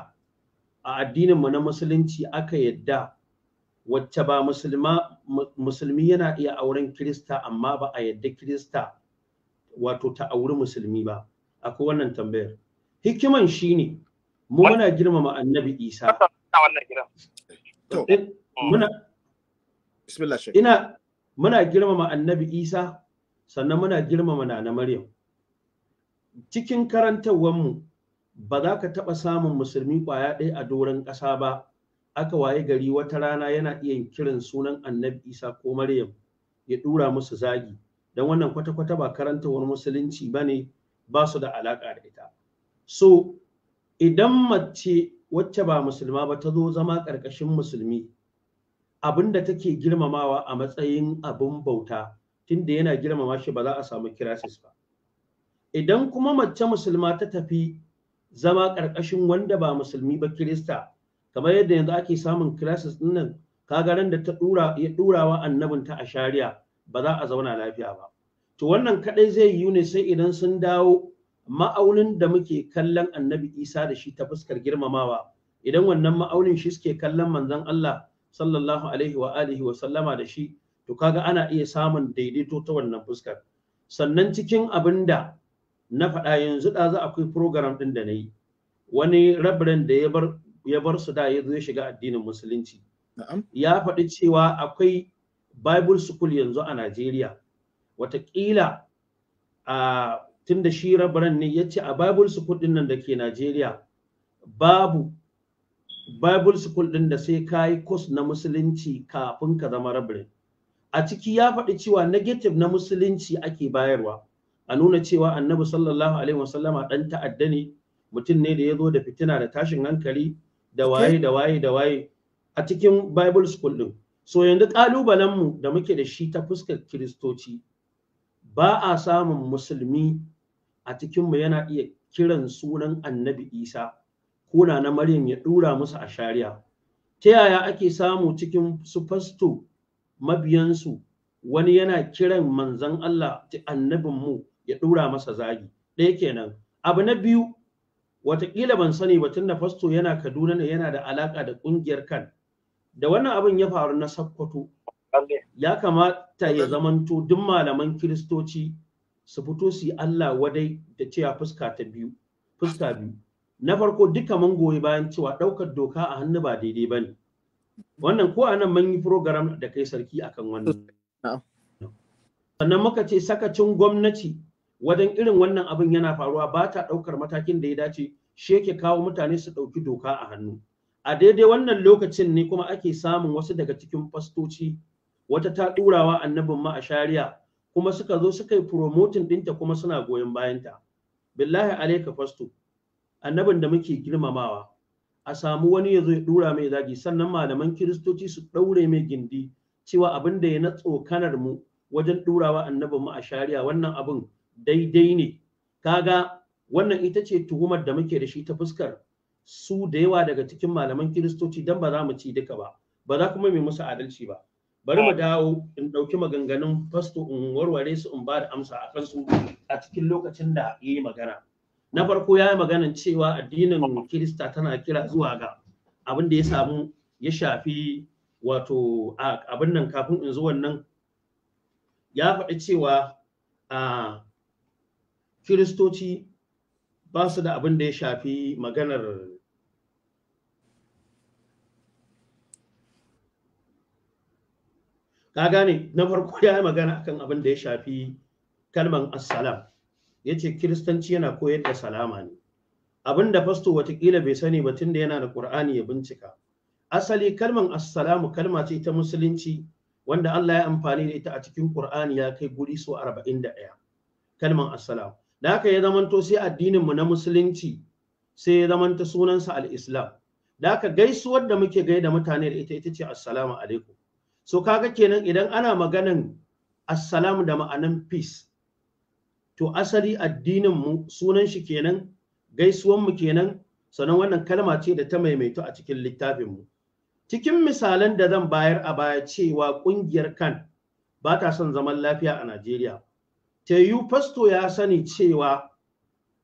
a addinin mu na musulunci aka yadda wacce ba musulma musulmi yana iya auren kirista amma ba a yadda kirista wato ta auri musulmi ba akwai wannan tambayar hikiman shine mu muna girmama annabi isa muna eh, ina muna girmama annabi isa sannan muna girmama nana maryam cikin karantarwarmu ba za ka taɓa samun musulmi kwaya ɗaya a doron ƙasa ba aka waye gari wata rana yana iya kiran sunan annabi isa ko maryam ya ɗura musu zagi don wannan kwata-kwata ba karantawar musulunci ba ne ba su da alaƙa da ita so idan mace wacce ba musulma ba ta zo zama ƙarƙashin musulmi abin da take girmamawa a matsayin abin bauta tunda yana girmama shi ba za a samu kirasis ba idan kuma mace musulma ta tafi zama ƙarƙashin wanda ba musulmi ba kirista kamar yadda yanzu ake samun classes ɗin nan kaga ran da ta dura ya durawa annabin ta a shari'a ba za a zauna lafiya ba to wannan kadai zai yiwu ne sai idan sun dawo ma'aunin da muke kallon annabi isa da shi ta fuskar girmamawa idan wannan ma'aunin shi suke kallon manzon Allah sallallahu alaihi wa alihi wa sallama da shi to kaga ana iya samun daidaito ta wannan fuskar sannan cikin abinda na faɗa yanzu da za akwai program ɗin da na yi wani rabirin da ya bar su da ya zo ya shiga addinin musulunci ya faɗi cewa akwai bible school yanzu a najeriya watakila a tun da shi rabirin ne ya ce a bible school ɗin nan da ke najeriya babu bible school ɗin da sai ka yi course na musulunci kafin ka zama rabirin. a ciki ya faɗi cewa negative na musulunci ake bayarwa a nuna cewa annabi sallallahu alaihi wasallama dan ta'adda ne mutum ne da ya zo da fitina da tashin hankali da waye da waye da waye a cikin bible school din so yanzu kalubalen mu da muke da shi ta fuskar kiristoci ba a samun musulmi a cikinmu yana iya kiran sunan annabi isa ko na maryam ya dura musu a shari'a ta yaya ake samu cikin su fasto mabiyansu wani yana kiran manzan Allah ta annabinmu? mu ya ɗura masa zagi ɗaya kenan abu na biyu watakila ban sani ba tunda fasto yana kaduna ne yana da alaka da ƙungiyar kan da wannan abin ya faru na sakkwato ya kamata ya zamanto duk malaman kiristoci su fito su yi allah wadai da cewa fuska ta biyu fuska biyu na farko duka mun goyi bayan cewa ɗaukar doka a hannu ba daidai ba ne wannan ko a nan mun yi program da kai sarki akan wannan sannan muka ce sakacin gwamnati wajen irin wannan abin yana faruwa ba ta ɗaukar matakin da ya dace shi yake kawo mutane su ɗauki doka a hannu a daidai wannan lokacin ne kuma ake samun wasu daga cikin fastoci wata ta ɗurawa annabin ma a shari'a kuma suka zo suka yi promoting ɗinta kuma suna goyon bayanta billahi alaika fasto annabin da muke girmamawa a samu wani ya zo ya ɗura mai zagi sannan malaman kiristoci su ɗaure mai gindi cewa abin da ya na tsokanar mu wajen ɗurawa annabin mu a shari'a wannan abin daidai ne kaga wannan ita ce tuhumar da muke da shi ta fuskar su da yawa daga cikin malaman kiristoci dan ba za mu ci duka ba ba za kuma mai musu adalci ba bari mu dawo in ɗauki maganganun fasto in warware su in ba da amsa a kansu a cikin lokacin da ya yi magana na farko ya yi maganan cewa addinin kirista tana kira zuwa ga abin da ya samu ya shafi wato abin nan kafin in zo wannan ya faɗi cewa a ah, kiristoci ba su da abin da ya shafi maganar ka gane na farko ya yi magana akan abin da ya shafi kalman assalam ya ce kiristanci yana koyar da salama ne abin da fasto watakila bai sani ba tunda yana da ƙur'ani ya bincika asali kalman assalamu kalma ce ta musulunci wanda Allah ya amfani da ita a cikin ƙur'ani ya kai guri so 41 kalman assalamu da haka ya zamanto sai addinin mu na musulunci sai ya zamanta sunansa al-islam da haka gaisuwar da muke gaida mutane da ita ita ce assalamu alaikum so kaga kenan idan ana maganan assalamu da ma'anan peace to asali addinin mu sunan shi kenan gaisuwan mu kenan sannan wannan kalma ce da ta maimaito a cikin littafin mu cikin misalan da zan bayar a baya cewa kungiyar kan ba ta son zaman lafiya a Najeriya ta yu fasto ya sani cewa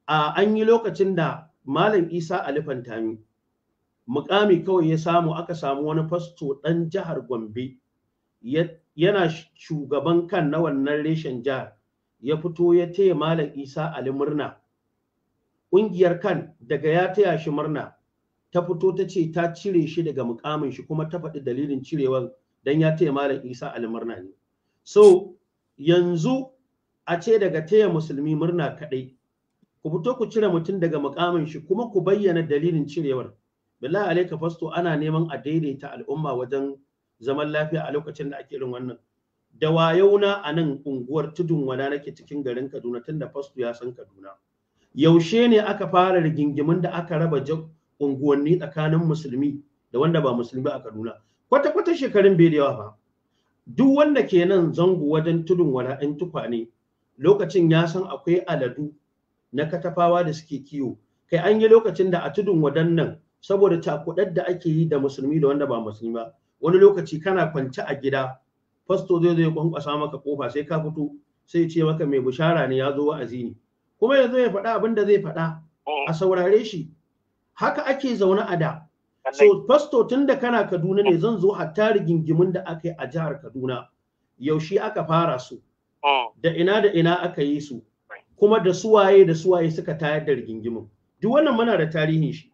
a an yi lokacin da malam isa alifantami mukami kawai ya samu aka samu wani fasto ɗan jihar gombe yana shugaban kan na wannan reshen jihar ya fito ya taya malam isa ali murna ƙungiyar kan daga ya taya shi murna ta fito ta ce ta cire shi daga mukamin shi kuma ta faɗi dalilin cirewar don ya taya malam isa ali murna ne so yanzu a ce daga taya musulmi murna kaɗai ku fito ku cire mutum daga mukamin shi kuma ku bayyana dalilin cirewar billahi alaika fasto ana neman a daidaita al'umma wajen zaman lafiya a lokacin da ake irin wannan da wayauna a nan unguwar tudun wana nake cikin garin kaduna tunda fasto ya san kaduna yaushe ne aka fara rigingimin da aka raba unguwanni tsakanin musulmi da wanda ba musulmi a kaduna kwata-kwata shekarun bai da yawa ba duk wanda ke nan zango wajen tudun wada in tukwane lokacin ya san akwai aladu na katafawa da suke kiwo kai an yi lokacin da a tudun wadannan saboda takudar da ake yi da musulmi da wanda ba musulmi ba wani lokaci kana kwance a gida fasto zai zai kwankwasa maka kofa sai ka fito sai ce maka mai bushara ne ya zo wa'azi ne kuma yanzu ya faɗa abin da zai faɗa a saurare shi haka ake zaune a da so fasto tun da kana kaduna ne zan zo hatta rigingimin da aka yi a jihar kaduna yaushe aka fara su Oh. da ina da ina aka yi su kuma da suwaye da suwaye suka tayar da rigingimin duk wannan muna da tarihin shi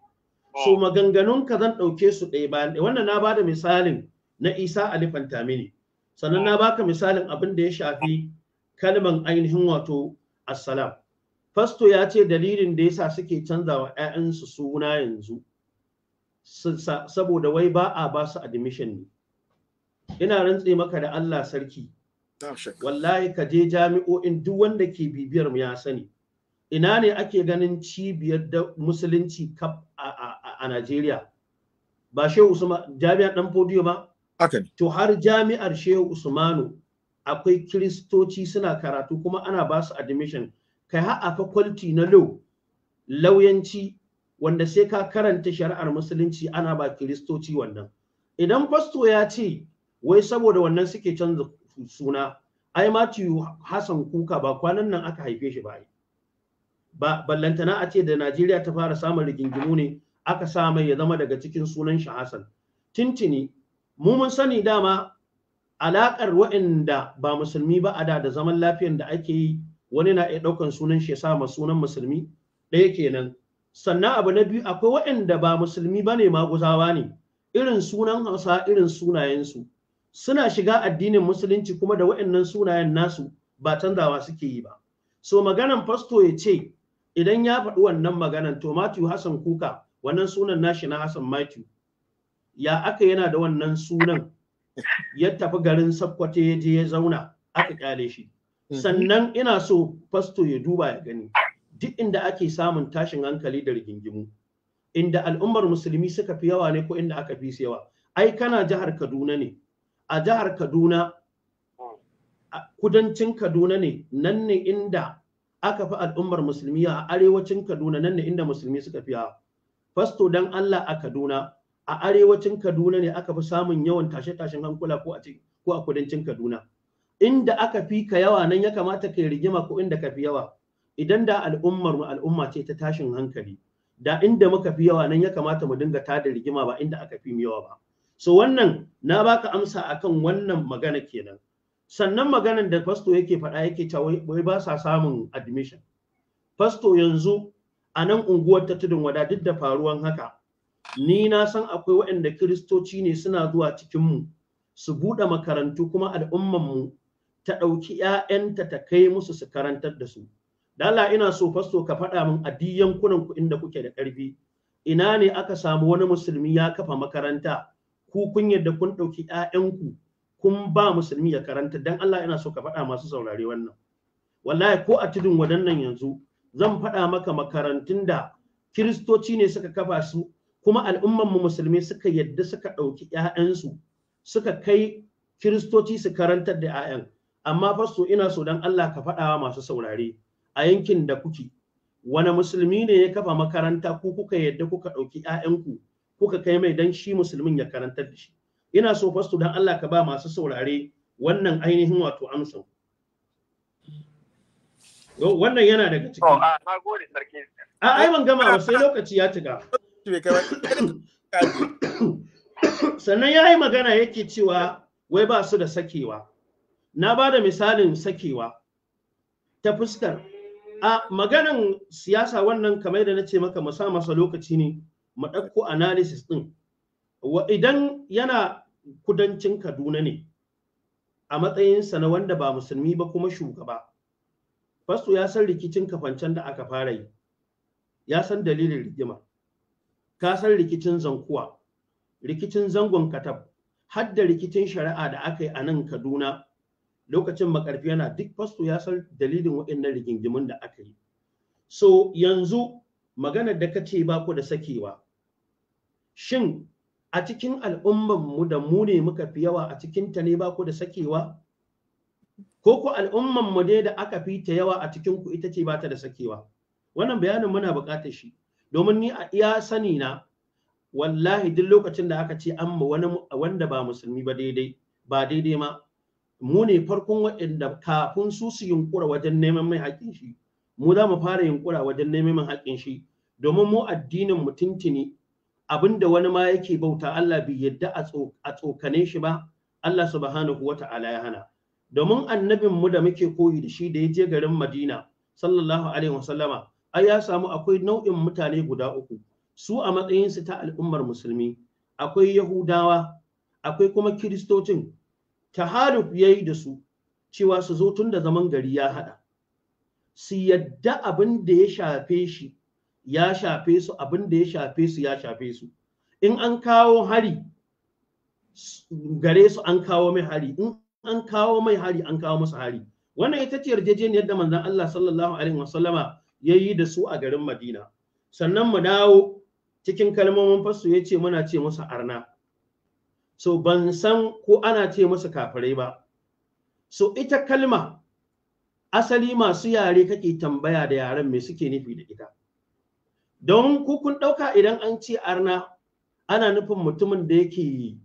so oh. maganganun ka zan ɗauke su ɗaya bayan ɗaya wannan na bada misalin na isa alifan tamini sannan na oh. baka misalin abin da ya shafi kalman ainihin wato assalam fasto ya ce dalilin da yasa suke canza wa 'ya'yansu suna yanzu saboda wai ba a ba su admission ne ina rantse maka da Allah sarki wallahi ka je jami'o'in duk wanda ke bibiyar mu ya sani ina ne ake ganin cibiyar da musulunci kaf a Najeriya ba Shehu Usman jami'ar dan fodiyo ba to har jami'ar Shehu Usmanu akwai kiristoci suna karatu kuma ana ba su admission kai har a faculty na law lauyanci wanda sai ka karanta shari'ar musulunci ana ba kiristoci wannan idan fasto ya ce wai saboda wannan suke canza suna ai Matthew Hassan Kuka ba kwanan nan aka haife shi ba ba ballantana a ce da Najeriya ta fara samun rigingimu ne aka sa mai ya zama daga cikin sunan shi Hassan tintini mu mun sani dama Alakar wa'inda ba musulmi ba a da da zaman lafiyar da ake yi wani na iya ɗaukan sunan shi ya sa sunan musulmi ɗaya kenan sannan abu na biyu akwai waɗanda ba musulmi ba ne maguzawa ne irin sunan hausa irin sunayensu suna shiga addinin musulunci kuma da waɗannan sunayen nasu ba canzawa suke yi ba so maganan fasto ya ce idan ya faɗi wannan maganan to Matthew Hassan Kuka wannan sunan nashi na Hassan Matthew ya aka yana da wannan sunan ya tafi garin Sokoto ya je ya zauna aka kyale shi hmm. sannan ina so fasto ya duba ya gani duk inda ake samun tashin hankali da rigingimu inda al'ummar musulmi suka fi yawa ne ko inda aka fi yawa ai kana jihar Kaduna ne a jihar Kaduna hmm. kudancin Kaduna ne nan ne inda aka fi al'ummar musulmi a arewacin Kaduna nan ne inda musulmi suka fi fasto dan Allah a Kaduna a arewacin Kaduna ne aka fi samun yawan tashe-tashen hankula ko a ko a kudancin Kaduna inda aka fi ka yawa nan ya kamata kai rigima ko inda ka fi yawa idan da al'ummar mu al'umma ce ta tashin hankali da inda muka fi yawa nan ya kamata mu dinga tada rigima ba inda aka fi mu yawa ba so wannan na baka amsa akan wannan magana kenan sannan maganan da fasto yake faɗa yake ta wai ba sa samun admission fasto yanzu a nan unguwar ta tudun wada duk da faruwan haka ni na san akwai waɗanda kiristoci ne suna zuwa cikinmu su buɗe makarantu kuma mu ta ɗauki ‘ya'yanta ta kai musu su karantar da su. Dala ina so fasto ka faɗa min a kunan yankunan ku inda kuke da ƙarfi. Ina ne aka samu wani musulmi ya kafa makaranta ku kun yarda kun ɗauki ‘ya'yanku kun ba musulmi ya karanta dan Allah ina so ka faɗa masu saurare wannan wallahi ko a tudun wadannan yanzu zan faɗa maka makarantun da kiristoci ne suka kafa su kuma al'umman musulmi suka yadda suka ɗauki ‘ya'yansu suka kai kiristoci su karantar da ‘ya'yan amma fasto ina so dan Allah ka faɗawa masu saurare a yankin da kuke wani musulmi ne ya kafa makaranta ku kuka yadda kuka ɗauki ‘ya'yanku kuka kai mai dan shi musulmin ya karantar da shi ina so fasto dan Allah ka ba masu saurare wannan ainihin wato amsa wannan yana daga ciki oh, ah, a ai ban gama ba sai lokaci ya tiga sannan ya yi magana yake cewa wai ba su da sakewa na ba da misalin sakewa ta fuskar a maganan siyasa wannan kamar da na ce maka masa masa lokaci ne mu ɗauko analysis ɗin idan yana kudancin kaduna ne a matsayinsa na wanda ba musulmi ba kuma shugaba fasto ya san rikicin kafancen da aka fara yi ya san dalilin rigima ka san rikicin zankuwa rikicin zangon katab har da rikicin shari'a da aka yi a nan kaduna lokacin makarfi yana duk fasto ya san dalilin waɗannan rigingimun da aka yi so yanzu maganar da ka ce ba ku da sakewa shin a cikin al'umman mu da mu ne muka fi yawa a cikin ta ne ba ku da sakewa ko ku al'umman mu ne da aka fi ta yawa a cikin ku ita ce ba ta da sakewa wannan bayanin muna buƙatar shi domin ni a iya sani na wallahi duk lokacin da aka ce an ma wani wanda ba musulmi ba daidai ba daidai ma mu ne farkon waɗanda kafin su su yunkura wajen neman mai haƙƙin shi mu za mu fara yunkura wajen neman mai haƙƙin shi domin mu addinin mu tuntuni abinda wani ma yake bauta Allah bai yadda a tsokane shi ba Allah subhanahu wa ya hana domin annabin mu da muke koyi da shi da ya je garin Madina sallallahu alaihi wasallama ai ya samu akwai nau'in mutane guda uku su a matsayinsu ta al'ummar musulmi akwai yahudawa akwai kuma kiristocin taharuf yayi da su cewa su zo tun da zaman gari ya haɗa su yadda abin da ya shafe shi ya shafe su abin da ya shafe su ya shafe su in an kawo hari gare su an kawo mai hari in an kawo mai hari an kawo musu hari wannan ita ce yarjejeniyar da manzon Allah sallallahu alaihi wasallama ya yi da su a garin Madina sannan mu dawo cikin kalmomin fasu ya ce muna ce musu arna so ban san ko ana ce musu kafirai ba so ita kalma asali masu yare kake tambaya da yaren me suke nufi da ita don kukun kun ɗauka idan an ce arna ana nufin mutumin da yake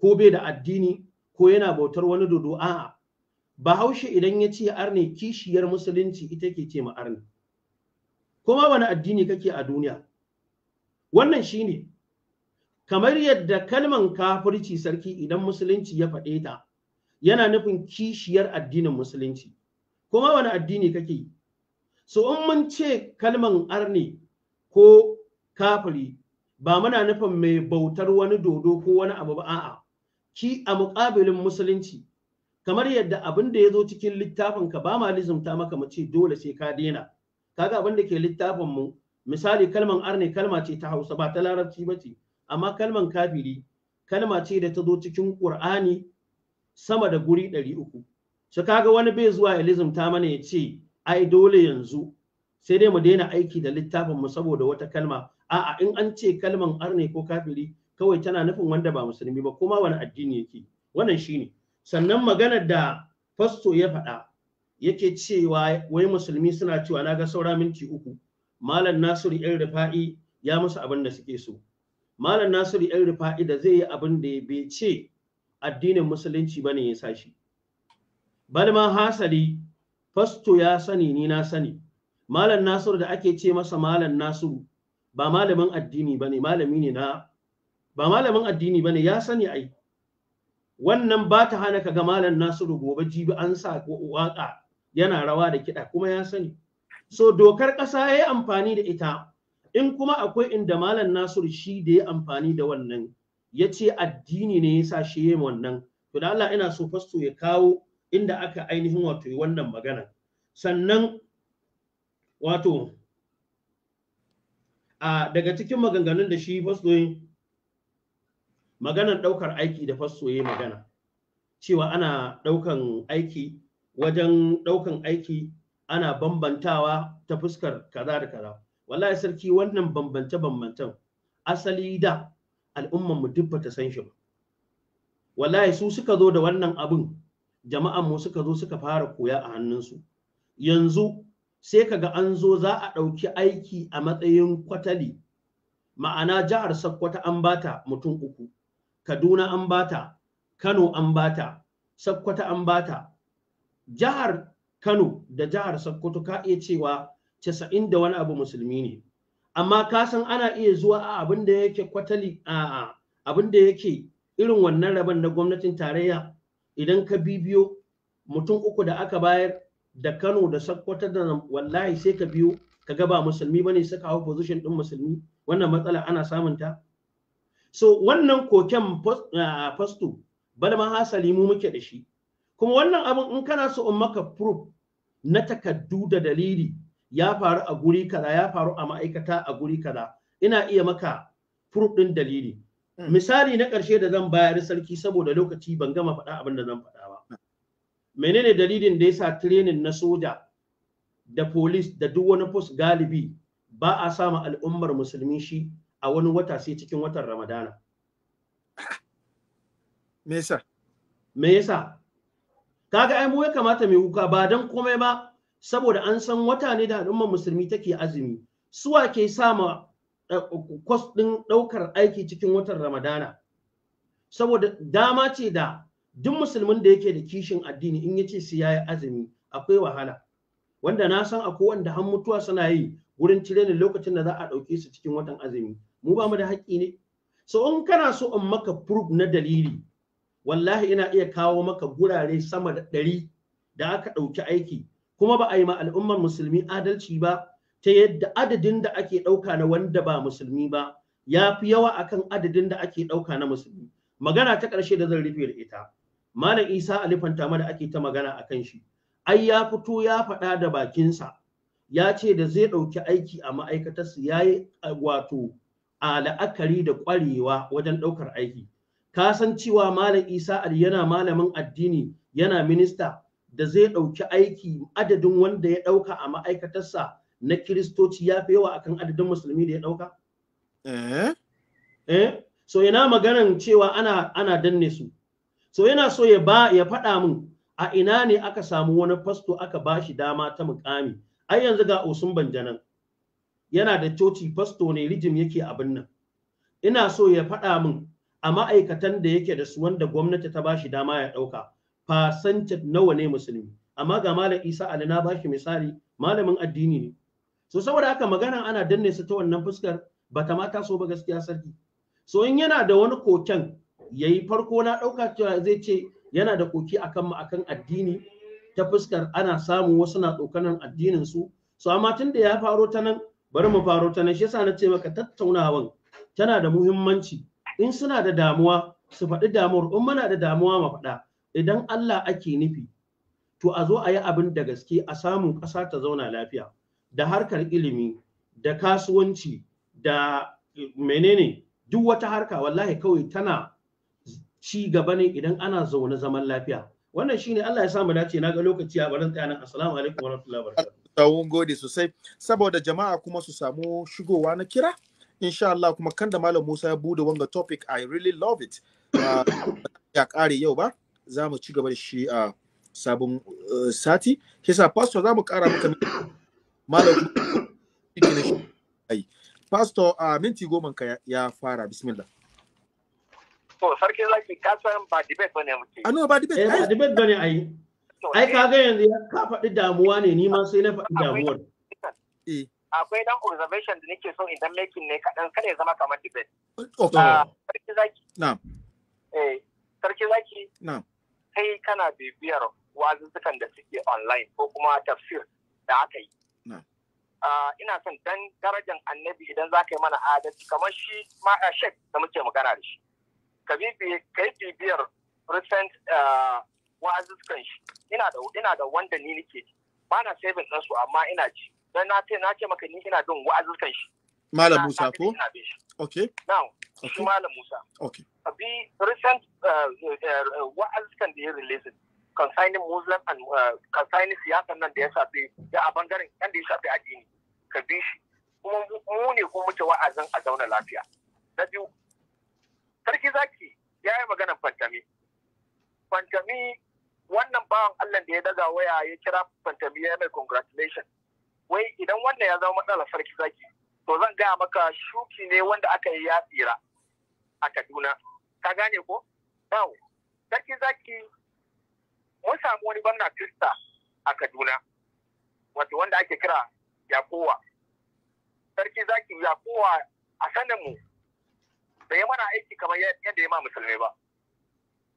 ko bai da addini ko yana bautar wani dodo a'a bahaushe idan ya ce arne kishiyar musulunci ita ke ce ma arne kuma wani addini kake a duniya wannan shine kamar yadda kalman kafirci sarki idan musulunci ya faɗe ta yana nufin kishiyar addinin musulunci kuma wani addini kake so in mun ce kalman arne ko kafiri ba muna nufin mai bautar wani dodo ko wani abu ba a'a ki a muƙabilin musulunci kamar yadda abin da ya zo cikin littafin ka ba ma lizumta maka mu dole sai ka daina kaga abin da ke littafin mu misali kalman arne kalma ce ta Hausa ba ta Larabci ba ce amma kalman kafiri kalma ce da ta zo cikin Ƙur'ani sama da guri ɗari uku. So kaga wani bai zuwa ya lizumta mana ya ce ai dole yanzu sai dai mu daina aiki da littafin mu saboda wata kalma a'a in an ce kalman arne ko kafiri kawai tana nufin wanda ba musulmi ba kuma wani addini yake wannan shine sannan maganar da fasto ya faɗa yake cewa wai musulmi suna cewa na ga saura minti uku malam nasiru yan rufa'i ya musu abin da suke so malam nasiru yan rifa'i da zai yi abin da bai ce addinin musulunci bane ya sashi Balma ma hasali fasto ya sani ni na sani malam nasiru da ake ce masa malam nasiru ba malamin addini bane malami ne na ba malamin addini bane ya sani ai wannan ba ta hana ga malam nasiru gobe jibi an sa waka yana rawa da kiɗa kuma ya sani so dokar ƙasa ya yi amfani da ita in kuma akwai inda malam nasiru shi da ya amfani da wannan ya ce addini ne ya sa shi ya wannan to da Allah ina so fasto ya kawo inda aka ainihin wato yi wannan magana sannan wato a daga cikin maganganun da shi fasoyi maganar ɗaukar aiki da fasoye magana cewa ana ɗaukan aiki wajen ɗaukan aiki ana bambantawa ta fuskar kaza da kaza wallahi sarki wannan bambance bambancen asali da al'umman mu duk ta san shi ba wallahi su suka zo da wannan abin jama'an mu suka zo suka fara koya a hannunsu yanzu sai kaga an zo za a ɗauki aiki a matsayin kwatali ma'ana jihar Sakkwata an bata mutum uku Kaduna an bata Kano an bata Sakkwata an bata jihar Kano da jihar sakkwato ka iya cewa casa'in da wani abu musulmi ne amma ka san ana iya zuwa a abin da yake kwatali a abin da yake irin wannan rabon na gwamnatin tarayya idan ka bibiyo mutum uku da aka bayar da Kano da Sokoto da wallahi sai ka biyo ka ga ba musulmi bane suka hau position din musulmi wannan matsala ana samun ta so wannan koken ah, fasto bal ma hasali mu muke da shi kuma wannan abin in kana so in maka proof na takaddu da dalili ya faru a guri kaza ya faru a ma'aikata a guri kaza ina iya maka proof din dalili hmm. misali na ƙarshe da zan bayar sarki saboda lokaci ban gama faɗa abin da zan faɗa menene dalilin da yasa training na soja da police da duk wani post galibi ba a samu al'ummar musulmi shi a wani wata sai cikin watan ramadana me yasa me yasa kaga ai mu ya kamata mai wuka ba dan komai ba saboda an san wata ne da al'ummar musulmi take azumi suwa ke sama kwas eh, ɗin ɗaukar aiki cikin watan ramadana saboda dama ce da duk musulmin da yake da kishin addini in yace sai yayi azumi akwai wahala wanda na san akwai wanda har mutuwa suna yi wurin tirenin lokacin da za a dauke su cikin watan azumi mu ba mu da haƙƙi ne so in kana so in maka proof na dalili wallahi ina iya kawo maka gurare sama da ɗari da aka ɗauki aiki kuma ba a yi ma al'ummar musulmi adalci ba ta yadda adadin da ake ɗauka na wanda ba musulmi ba ya fi yawa akan adadin da ake ɗauka na musulmi magana ta ƙarshe da zan rufe da ita malam isa alifanta da ake ta magana a kan shi ai ya fito ya faɗa da bakinsa ya ce da zai ɗauki aiki a ma'aikatarsa ya yi wato a la'akari da ƙwarewa wajen ɗaukar aiki ka san cewa malam isa ali yana malamin addini yana minista da zai ɗauki aiki adadin wanda ya ɗauka a ma'aikatarsa na kiristoci ya fi yawa akan adadin musulmi da ya ɗauka? Eh? Eh? So ina maganan cewa ana ana danne su. so yana so ya ba ya faɗa min a ina ne aka samu wani fasto aka ba shi dama ta mukami ai yanzu ga osun banjanan yana da coci fasto ne rijim yake abin nan ina so ya faɗa min a ma'aikatan da yake da su wanda gwamnati ta ba shi dama ya ɗauka fasancat nawa ne musulmi amma ga malam isa ali na ba shi misali malamin addini ne so saboda haka magana ana danne su ta wannan fuskar ba ta mata so ba gaskiya sarki so in yana da wani koken yayi farko na ɗauka cewa zai ce yana da koki akan mu akan addini ta fuskar ana samu wasu na ɗaukanan addinin su so amma tun da ya faro ta nan bari mu faro ta nan shi yasa na ce maka tattaunawan tana da muhimmanci in suna da damuwa su faɗi damuwar in muna da damuwa mu faɗa idan Allah ake nufi to a zo a yi abin da gaske a samu ƙasa ta zauna lafiya da harkar ilimi da kasuwanci da menene duk wata harka wallahi kawai tana ci gaba ne idan ana zaune zaman lafiya wannan shine Allah ya sa mu dace na ga lokaci a barin tsayanan assalamu alaikum warahmatullahi wabarakatuh gode sosai saboda jama'a kuma su samu shigowa na kira insha Allah kuma kan da malam Musa ya bude wanga topic I really love it ah, ya kare yau ba za mu ci gaba da shi a sabon eh, sati kisa pastor za mu kara maka malam pastor a ah, minti goma ka ya fara bismillah to sarki zaki ka san ba debate bane muke a ah, ba debate eh, ba debate bane ai ai eh. ka ga yanzu ka faɗi damuwa ne ni ma sai na faɗi damuwar eh akwai dan observation da nake so idan making ne kaɗan kada ya zama kamar debate ah, sarki zaki na'am eh sarki zaki na'am kai kana bibiyar wazuzzukan da suke online ko kuma tafsir da aka yi ah, ina son dan darajar annabi idan za ka yi mana adalci kamar shi ma shek da muke magana da shi ka yi bibiyar recent ah, wa'azuzkan shi ina da ina da wanda ni nake ba na saving din su amma ina ji dan na ce na ce maka ni ina bin wa'azuzkan shi Malam Musa ko? Okay. Now, shi Malam Musa. Okay. Abi recent ah, eh, eh, wa'azuzkan da ya release concerning Muslim and ah, concerning siyasan nan da ya shafi da a bangaren kan da ya shafi addini. Ka bi shi. Kuma mu ne ko muke wa'azin a zauna lafiya. Na biyu, sarki zaki ya yi maganar fantami fantami wannan bawan allah da ya daga waya ya kira fantami ya mai congratulation wai idan wannan ya zama matsalar sarki zaki to zan gaya maka shuki ne wanda aka yi ya tsira a kaduna ka gane ko yau sarki zaki mun samu wani barna krista a kaduna wato wanda ake kira yakowa sarki zaki yakowa a sanin mu bai mana aiki kamar yadda ya ma musulmi ba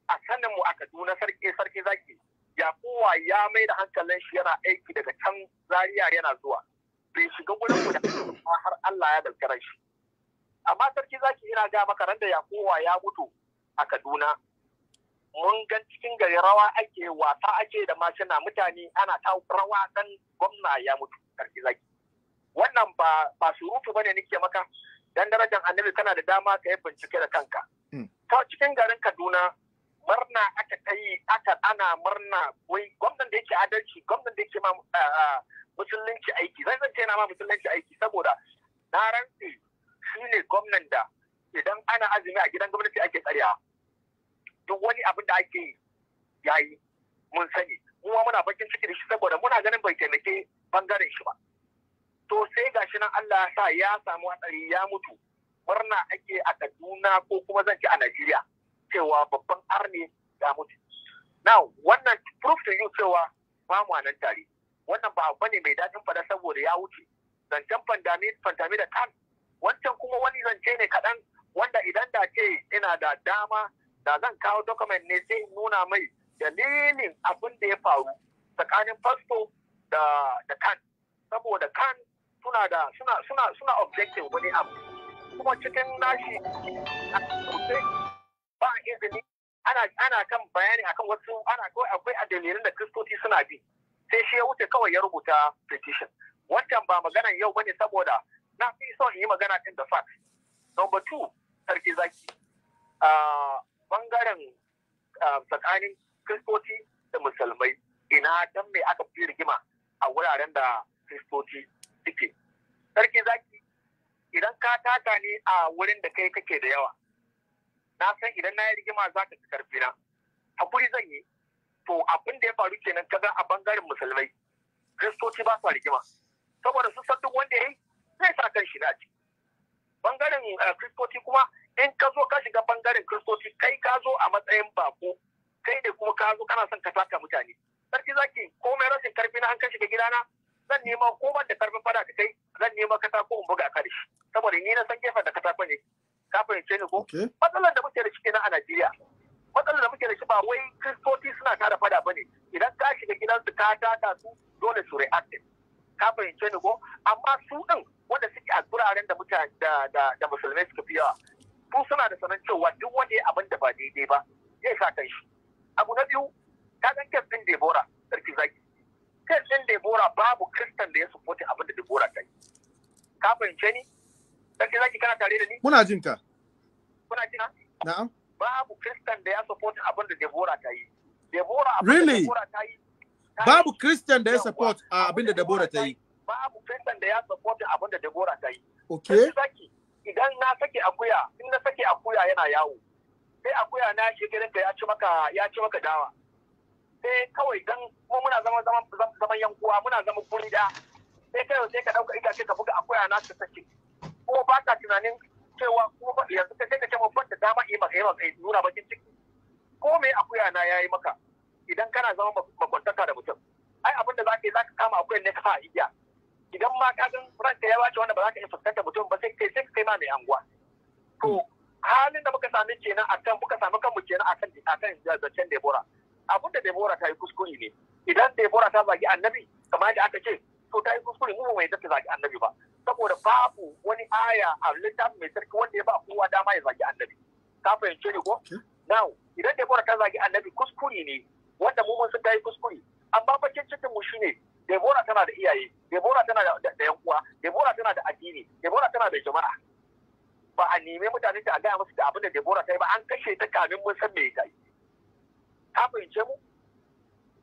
a sanin mu a Kaduna sarki sarki zaki ya kowa ya mai da hankalin shi yana aiki daga can zariya yana zuwa bai shiga gudun mu da har Allah ya dalkara shi amma sarki zaki yana ga maka ran da ya kowa ya mutu a Kaduna mun gan cikin gari rawa ake wasa ake da mashina mutane ana ta rawa dan gwamna ya mutu sarki zaki wannan ba ba surutu bane nake maka dan darajar annabi kana da dama ka yi bincike da kanka ta hmm. cikin garin kaduna murna aka ta aka ana murna wai gwamnan da yake adalci gwamnan da yake ma musulunci aiki zai zance yana ma musulunci aiki saboda na rantsi shi ne gwamnan da idan ana azumi a gidan gwamnati ake tsariya duk wani abin da ake yi yayi mun sani mu muna bakin ciki da shi saboda muna ganin bai taimake bangaren shi ba to sai gashi nan Allah ya sa ya samu hatsari ya mutu murna ake a Kaduna ko kuma zan ci a Najeriya cewa babban arne ya mutu now wannan proof to you cewa ba mu nan tare wannan ba abu ne mai dadin fada saboda ya wuce zancen fandami pandami da kan wancan kuma wani zance ne kaɗan wanda idan da ce ina da dama da zan kawo document ne sai nuna mai dalilin abin da ya faru tsakanin da da kan saboda kan suna da suna suna suna objective wani abu kuma cikin nashi ba izini ana ana kan bayani akan wasu ana kawai akwai adalilan da kristoci suna bi sai shi ya wuce kawai ya rubuta petition wancan ba maganan yau bane saboda na fi son yi magana din da fact number two sarki zaki bangaren tsakanin kristoci da musulmai ina dan mai aka fi rigima a wuraren da kristoci suke sarki zaki idan ka taka ne a wurin da kai kake da yawa na san idan na yi rigima za ka fi karfi na hakuri zan yi to abin da ya faru kenan ka ga a bangaren musulmai kristoci ba su rigima saboda su san duk wanda ya yi zai sa kan shi naci bangaren eh, kristoci kuma in ka zo ka shiga bangaren kristoci kai ka zo a matsayin bako kai ne kuma ka zo kana son ka taka mutane sarki zaki komai rashin karfi na an ka shiga gidana zan nema ko da karfin fada da kai zan nema katako in buga a kare. saboda ni na san gefen da katako ne ka fahimce ni ko matsalar da muke da shi kenan a Najeriya matsalar da muke da shi ba wai kristoci suna tara fada bane idan ka shiga gidansu ka taka su dole su react ka fahimce ni ko amma su din wanda suke a guraren da mutane da musulmai suka fi yawa su suna da sanin cewa duk wanda ya da ba daidai ba zai sa kai shi abu na biyu ka ɗan kes din Debora sarki zaki kes ɗin Debora babu kristan da ya supporti abin da Debora ta yi. Ka fahimce ni? Sarki zaki kana tare da ni? Muna jin ka. Kuna jina? Na'am. Babu kristan da ya supporti abin da Debora ta yi. Debora abin really? da Debora ta yi. Babu kristan da ya support abin da Debora ta yi. Babu kristan ah, da ya support abin da Debora ta yi. Okay. Zaki idan na sake akuya, in na sake akuya yana yawo. Sai akuya na shi gidanka ya ci maka ya ci maka dawa. sai eh, kawai dan kuma muna zama zaman yankuwa muna zama kungiya sai kai sai ka dauka itace ka buga akuya na ka sake kuma ba ka tunanin cewa kuma yanzu ka kai ka ce babban da dama yi maka yi maka nuna bakin ciki ko me akuya na yayi maka idan kana zama makwantaka da mutum ai abin da zaka yi zaka kama akuyan ne ka igiya idan ma ka san ranka ya wace wanda ba za ka iya fuskanta mutum ba sai kai sai kai ma mai anguwa to halin da muka sami kenan akan muka sami kanmu kenan akan akan zancen Debora abin da Deborah ta yi kuskure ne idan Deborah ta zagi annabi kamar yadda aka ce to ta yi kuskure mu mai zata zagi annabi ba saboda babu wani aya a littafin mai sarki wanda ya ba kowa dama ya zagi annabi ka fahimce ni ko now idan debora ta zagi annabi kuskure ne wanda mu mun ta yi kuskure amma bakin cikin mu shine Deborah tana da iyaye Deborah tana da yan uwa Deborah tana da addini Deborah tana da jama'a ba a nemi mutane da a gaya musu da abin da Deborah ta yi ba an kashe ta kamin mun san me ta yi ka fahimce mu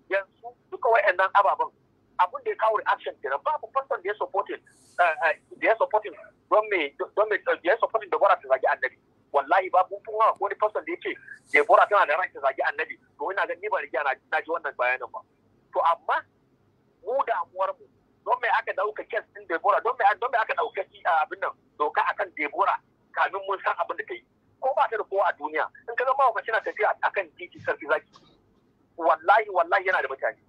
yanzu duka nan ababen abun da ya kawo reaction kenan babu person da ya supporting eh, eh, da ya supporting don me don me da ya supporting da bora ta zagi annabi wallahi babu kun hawa ko ni person da yake da bora tana da ranki zagi annabi to ina ga ni ba rigiya na ji wannan bayanin ba to amma mu amuwar mu don me aka dauka kes din Debora don me don me aka dauka eh, abin nan doka akan Debora kamin mun san abin da ta yi ko ba ta da kowa a duniya in ka zama mace na tafiya kan titi sarki zaki wallahi wallahi yana da mutane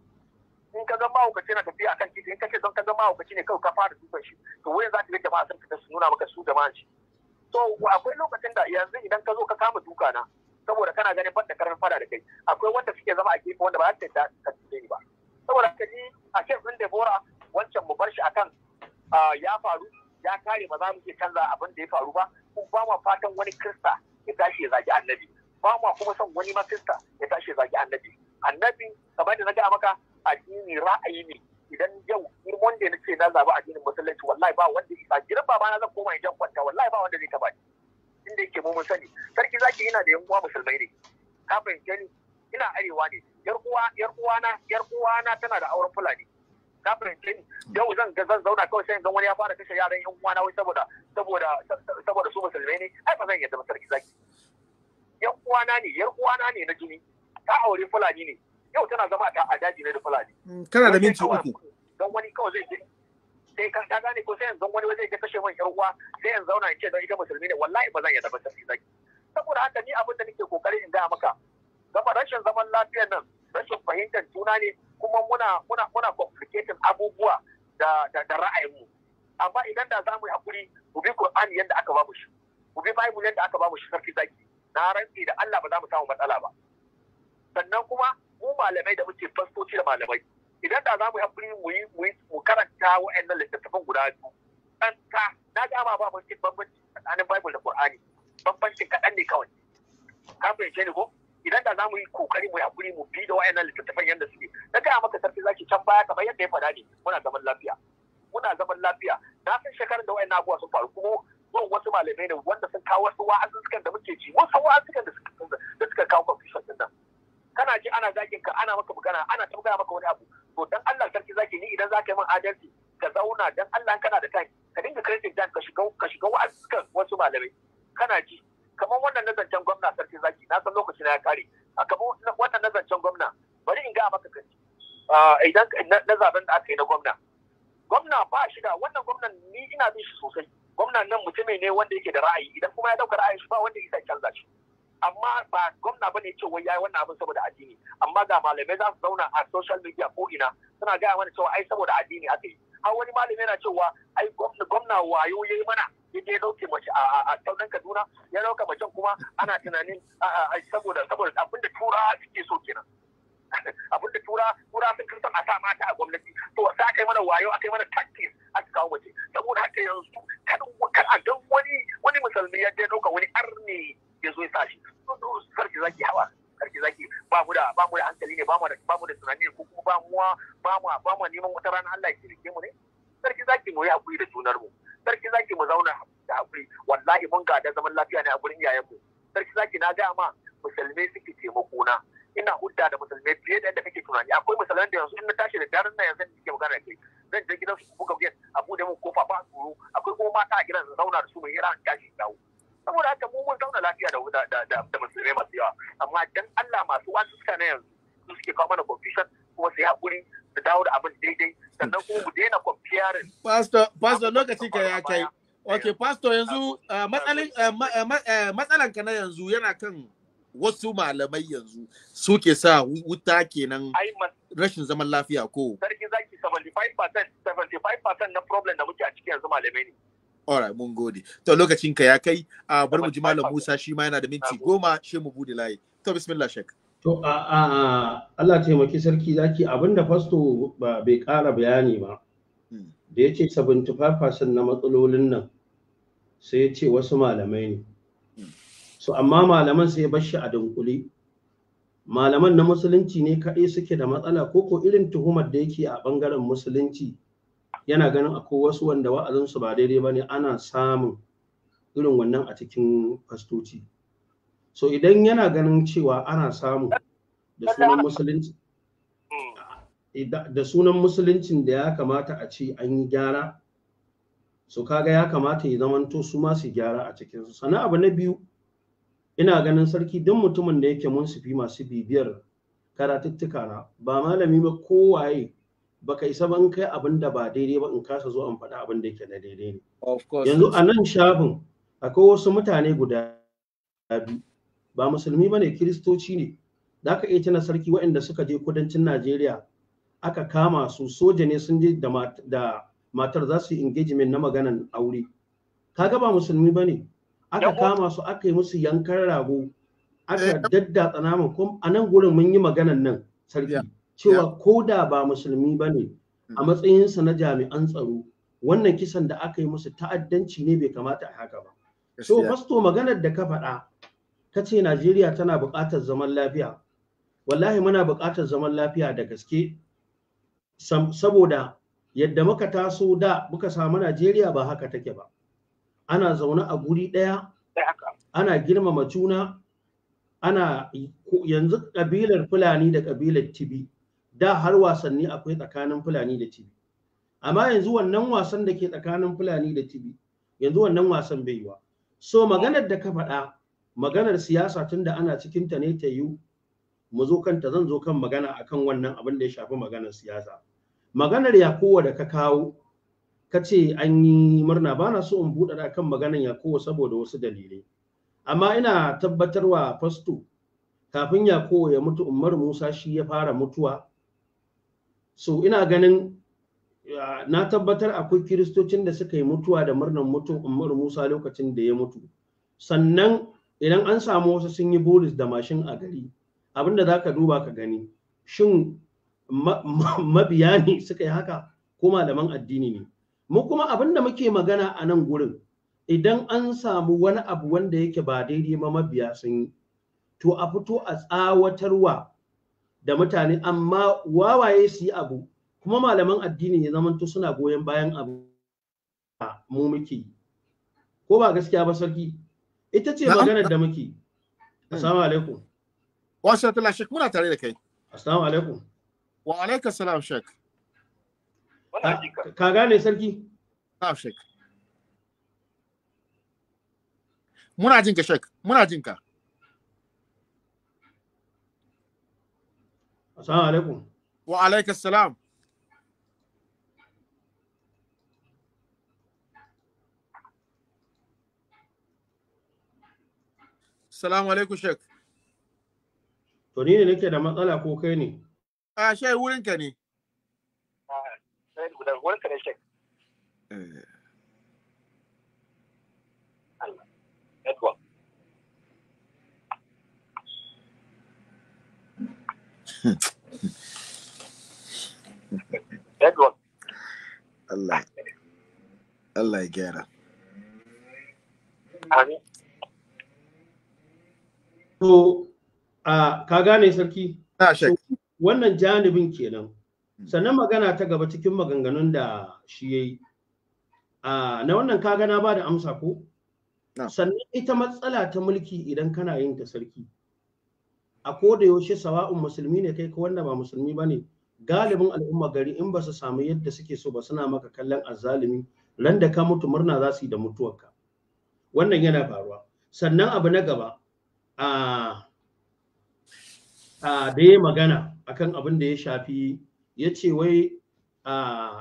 in ka zama mace na tafiya kan titi in ka ce don ka zama mace ne kawai ka fara dukan shi to wurin za ta yi jama'a sun fita su nuna maka su jama'a shi to akwai lokacin da yanzu idan ka zo ka kama duka na saboda kana ganin ban da karin fada da kai akwai wanda suke zama a gefe wanda ba za ta ka ni ba saboda ka ji a ce sun da bora wancan mu bar shi akan ah, ya faru ya kare ba za mu iya canza abin da ya faru ba ko ba ma fatan wani kirista ya tashi ya zagi annabi ba ma kuma son wani ma kirista ya tashi ya zagi annabi annabi kamar da na gaya maka addini ra'ayi ne idan yau irin wanda na ce na zaɓi addinin musulunci wallahi ba wanda isa gidan baba na zan koma idan kwanta wallahi ba wanda zai taba ni inda yake mu mun sani sarki zaki yana da yan uwa musulmai ne ka fahimce ni ina arewa ne yar uwa yar uwa yar uwa na tana da auren fulani Na fahimci ni yau zan ga zan zauna kawai sai wani ya fara kashe yaran yan uwana wai saboda saboda saboda su musulmai ne ai ba zan yarda ba sarki zaki yan uwana ne yar uwana ne na jini ta aure fulani ne yau tana zama a daji ne da fulani mm, kana da minti uku don wani kawai zai je sai kan ta gane ko sai yanzu wani zai ga kashe min yar uwa sai yanzu zauna in ce don ita musulmi ne wallahi ba zan yarda ba sarki zaki saboda haka ni abin da nake kokarin in gaya maka gaba rashin zaman lafiyar nan rashin fahimtar juna ne kuma muna muna muna complicating abubuwa da da, da ra'ayinmu amma idan da zamu yi hakuri mu bi Qur'an yanda aka bamu shi mu bi Bible yanda aka bamu shi sarki zaki na rantsi da Allah ba za mu samu matsala ba sannan kuma mu malamai da muke fastoci da malamai idan da zamu yi hakuri mu yi mu karanta wa'annan littattafan guda biyu ɗanta na gama ba mun bambanci tsakanin Bible da Qur'ani bambancin kaɗan ne kawai ka fahimce ni ko idan da za mu yi kokari mu hakuri mu bi da wayannan littattafan yadda suke na gaya maka sarki zaki can baya kamar yadda ya faɗa ne muna zaman lafiya muna zaman lafiya na san shekarun da wayannan abubuwa sun faru kuma zuwan wasu malamai ne wanda sun kawo wasu wa'azuzzukan da muke ci wasu wa'azuzzukan da suka kawo confusion din nan kana ji ana zagin ka ana maka magana ana ta maka wani abu to dan Allah sarki zaki ni idan zaka yi min adalci ka zauna dan Allah kana da kai ka dinga kirkin dan ka shiga ka shiga wa'azuzzukan wasu malamai kana ji kamar wannan nazancen gwamna sarki zaki na san lokacin ya kare a kamar wannan nazancen gwamna bari in ga maka kanci idan na zaben da aka yi na gwamna gwamna ba shi da wannan gwamnan ni ina bin shi sosai gwamnan nan mutum ne wanda yake da ra'ayi idan kuma ya dauka ra'ayi shi ba wanda yake canza shi amma ba gwamna bane ce wai yayi wannan abin saboda addini amma ga malamai za su zauna a social media ko ina suna gaya mana cewa ai saboda addini aka yi har wani malami yana cewa ai gwamna wayo yayi mana ya dauke mace a sauran kaduna ya dauka macen kuma ana tunanin saboda saboda abin da tura suke so kenan abin da tura tura sun kirtan a sa mata a gwamnati to sai aka yi mana wayo aka yi mana a aka kawo mace saboda haka yanzu kar a dan wani wani musulmi ya je dauka wani arne ya zo ya sa shi sarki zaki hawa sarki zaki ba mu da ba mu da hankali ne ba mu da ba mu da tunani ko kuma ba mu ba mu ba mu neman wata rana Allah ya kirke mu ne sarki zaki mu ya kuyi da tunar mu sarki zaki mu zauna da hakuri wallahi mun ga da zaman lafiya ne a gurin iyayen mu sarki zaki na ga ma musulmai suke taimako na ina hudda da musulmai fiye da yadda kake tunani akwai musulman da yanzu in na tashi da daren nan yanzu nake magana kai zan je gidan su buga gate a bude mun kofa ba tsoro akwai kuma mata a gidan su zauna da su mai hira tashi dawo saboda haka mu mun zauna lafiya da da da da musulmai masu yawa amma dan Allah masu wasu suka na yanzu su suke kawo mana confusion kuma sai yi hakuri su dawo da abin daidai sannan kuma mu daina comparing pastor pastor lokaci ka ya kai okay eh, pastor yanzu eh, matsalin eh, matsalan ka na yanzu yana kan wasu malamai yanzu suke sa wuta kenan rashin zaman lafiya ko sarki zaki 75% 75% na problem da muke a cikin yanzu malamai ne Alright, mun gode. To lokacin ka ya kai, a ah, bar mu ji Malam Musa shi ma yana da minti goma, shi mu bude layi. To bismillah shek. To a a Allah taimaki sarki zaki abinda fasto ba bai ƙara bayani ba. Hmm. Da ya ce 75% na matsalolin nan sai ya ce wasu malamai ne. Hmm. So amma malaman sai ya bashi a dunkule. Malaman na musulunci ne kaɗai suke da matsala ko ko irin tuhumar da yake a ɓangaren musulunci yana ganin akwai wasu wanda wa'azinsu ba daidai ba ne ana samun irin wannan a cikin fastoci. so idan yana ganin cewa ana samu da sunan musulunci da sunan musuluncin da ya kamata a ce an yi gyara so kaga ya kamata ya zamanto su ma su gyara a cikinsu sannan abu na biyu ina ganin sarki don mutumin da yake mun sufi masu bibiyar karatuttuka na ba malami ba kowaye baka isa ban kai abin da ba daidai ba in kasa zo an faɗa abin da yake na daidai ne yanzu a nan shafin akwai wasu mutane guda biyu ba musulmi bane kiristoci ne da aka iya tana sarki waɗanda suka je kudancin najeriya aka kama su soja ne sun je da matar za su yi engagement na maganan aure kaga ba musulmi bane aka kama su aka yi musu yankan rago aka eh. daddatsa naman kuma a nan gurin mun yi maganan nan sarki cewa ko da ba musulmi bane a mm. matsayinsa na jami'an tsaro wannan kisan da aka yi musu ta'addanci ne bai kamata a haka ba so fasto maganar da ka faɗa ta ce Najeriya tana buƙatar zaman lafiya wallahi muna buƙatar zaman lafiya da gaske saboda yadda muka taso da muka samu Najeriya ba haka take ba ana zaune a guri ɗaya ana girmama juna ana yanzu ƙabilar Fulani da ƙabilar Tibi da har wasanni akwai tsakanin Fulani da Tibi amma yanzu wannan wasan da ke tsakanin Fulani da Tibi yanzu wannan wasan bai yiwa so maganar da ka faɗa maganar siyasa tunda ana cikin ta ne ta yiwu mu zo kanta zan zo kan magana akan wannan abin da ya shafi maganar siyasa maganar yakowa da ka kawo kace ce an yi murna ba na so in buɗe da kan maganar yakowa saboda wasu dalilai amma ina tabbatarwa fasto kafin yakowa ya mutu umar musa shi ya fara mutuwa so ina ganin na tabbatar akwai kiristocin da suka yi mutuwa da murnar mutu umar musa lokacin da ya mutu sannan idan an samu wasu sun yi buris da mashin a gari abinda za ka duba ka gani shin mabiya ne suka yi haka ko malaman addini ne mu kuma abinda muke magana a nan gurin idan an samu wani abu wanda yake ba daidai ma mabiya sun yi to a fito a tsawatarwa da mutane amma wawaye su yi abu kuma malaman addini ya zamanto suna goyon bayan abu mu muke ko ba gaskiya ba sarki ita ce maganar da muke assalamu hmm. alaikum wa sallallahu shek muna tare da kai assalamu alaikum wa alaikum salam shek ka gane sarki na'am shek muna jinka shek muna jinka assalamu alaikum wa alaikum salam Salamu alaikum Sheikh. To ni ne nake da matsala ko kai ne? A ah, Sheikh wurin ka ne. Wurin ka ne Sheikh. Allah. Allah. Allah ya gyara. Amin. to a ka gane sarki ah, wannan janibin kenan hmm. sannan magana ta gaba cikin maganganun da shi yayi na wannan kaga na ba da amsa ko sannan ita matsala ta mulki idan kana yin ta sarki a koda yaushe sawa'un musulmi ne kai ko wanda ba musulmi ba ne galibin al'umma gari in ba su samu yadda suke so ba suna maka kallon azzalumi randa ka mutu murna za su yi da mutuwarka wannan yana faruwa sannan abu na gaba da ya magana akan abin da ya shafi ya ce wai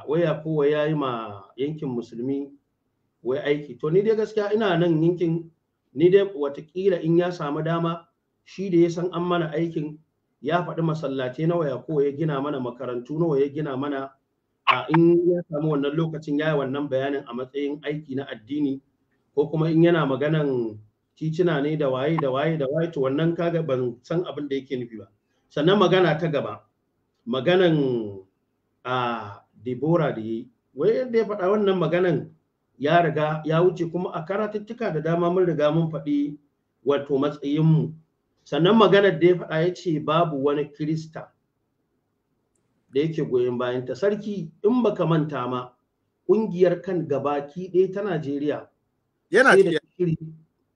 waya kowa ya yi ma yankin musulmi wai aiki to ni dai gaskiya ina nan yankin ni dai watakila in ya samu dama shi da ya san an mana aikin ya faɗi masallaci nawa ya kowa ya gina mana makarantu nawa ya gina mana a in ya samu wannan lokacin ya yi wannan bayanin a matsayin aiki na addini ko kuma in yana maganan tituna ne da waye da waye da waye to wannan kaga ban san abin da yake nufi ba sannan magana ta gaba maganan a Debora da yi wai yadda ya faɗa wannan maganan ya riga ya wuce kuma a karatuttuka da dama mun riga mun faɗi wato matsayinmu sannan maganar da ya faɗa ya ce babu wani kirista da yake goyon bayan ta sarki in baka manta ma ƙungiyar kan gabaki ɗaya ta najeriya yana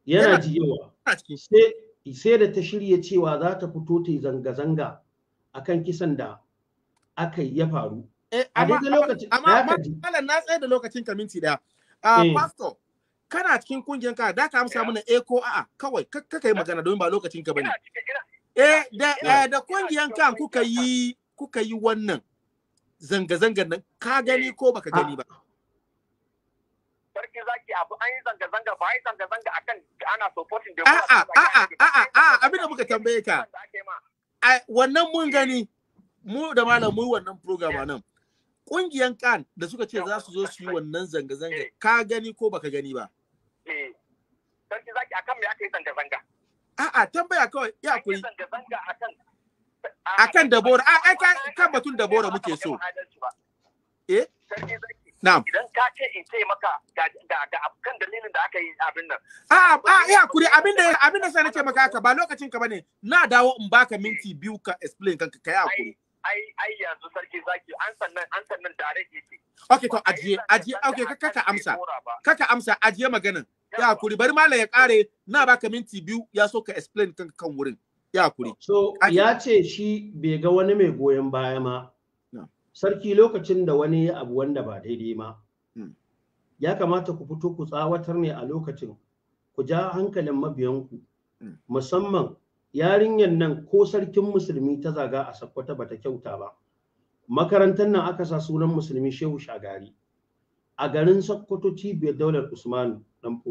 yana ji yawa sai da ta shirya cewa za ta fito ta yi zanga-zanga akan kisan da aka yi, ya faru eh, a lokacin amma na tsaye da lokacin ka minti daya ah, eh. pastor kana cikin kungiyar ka da ka amsa mana eh ko a'a kawai kaka yi magana domin ba lokacin ka bane eh da eh, da ka kuka yi kuka yi wannan zanga zangar nan ka gani ko baka gani ba ah, sarki zaki abu an yi zanga-zanga ba yi zanga-zanga akan ana supporting democracy. A'a a'a a'a a'a abin da muka tambaye ka. Wannan mun gani mu da malam mu wannan program nan. Kungiyan kan da suka ce za su zo su yi wannan zanga-zanga eh. ka gani ko baka gani ba. Eh. Sarki zaki akan me aka yi zanga-zanga? A'a tambaya kawai ya kuri. Zanga-zanga akan akan dabora a kan batun dabora muke so. Eh? Sarki zaki Idan ka ce in ce maka da kan dalilin da aka yi abin nan. A a ya kuri abin da abin da sai na ce maka haka ba lokacin ka bane na dawo in baka minti biyu ka explain kanka kai hakuri. Ai ai yanzu sarki zaki an sannan an sannan direct yake. Okay to ajiye ajiye okay kaka amsa. Kaka amsa ajiye maganan. Ya kuri bari malam ya kare na baka minti biyu ya so ka explain kanka kan wurin. Ya kuri. So ya ce shi bai ga wani mai goyon baya ma sarki lokacin da wani ya abu wanda ba daidai ma hmm. ya kamata ku fito ku tsawatar ne a lokacin ku ja hankalin mabiyanku hmm. musamman yarinyar nan ko sarkin musulmi ta zaga a sakwata bata kyauta ba makarantar nan aka sa sunan musulmi shehu shagari a garin sakwato cibiyar daular usmanu dan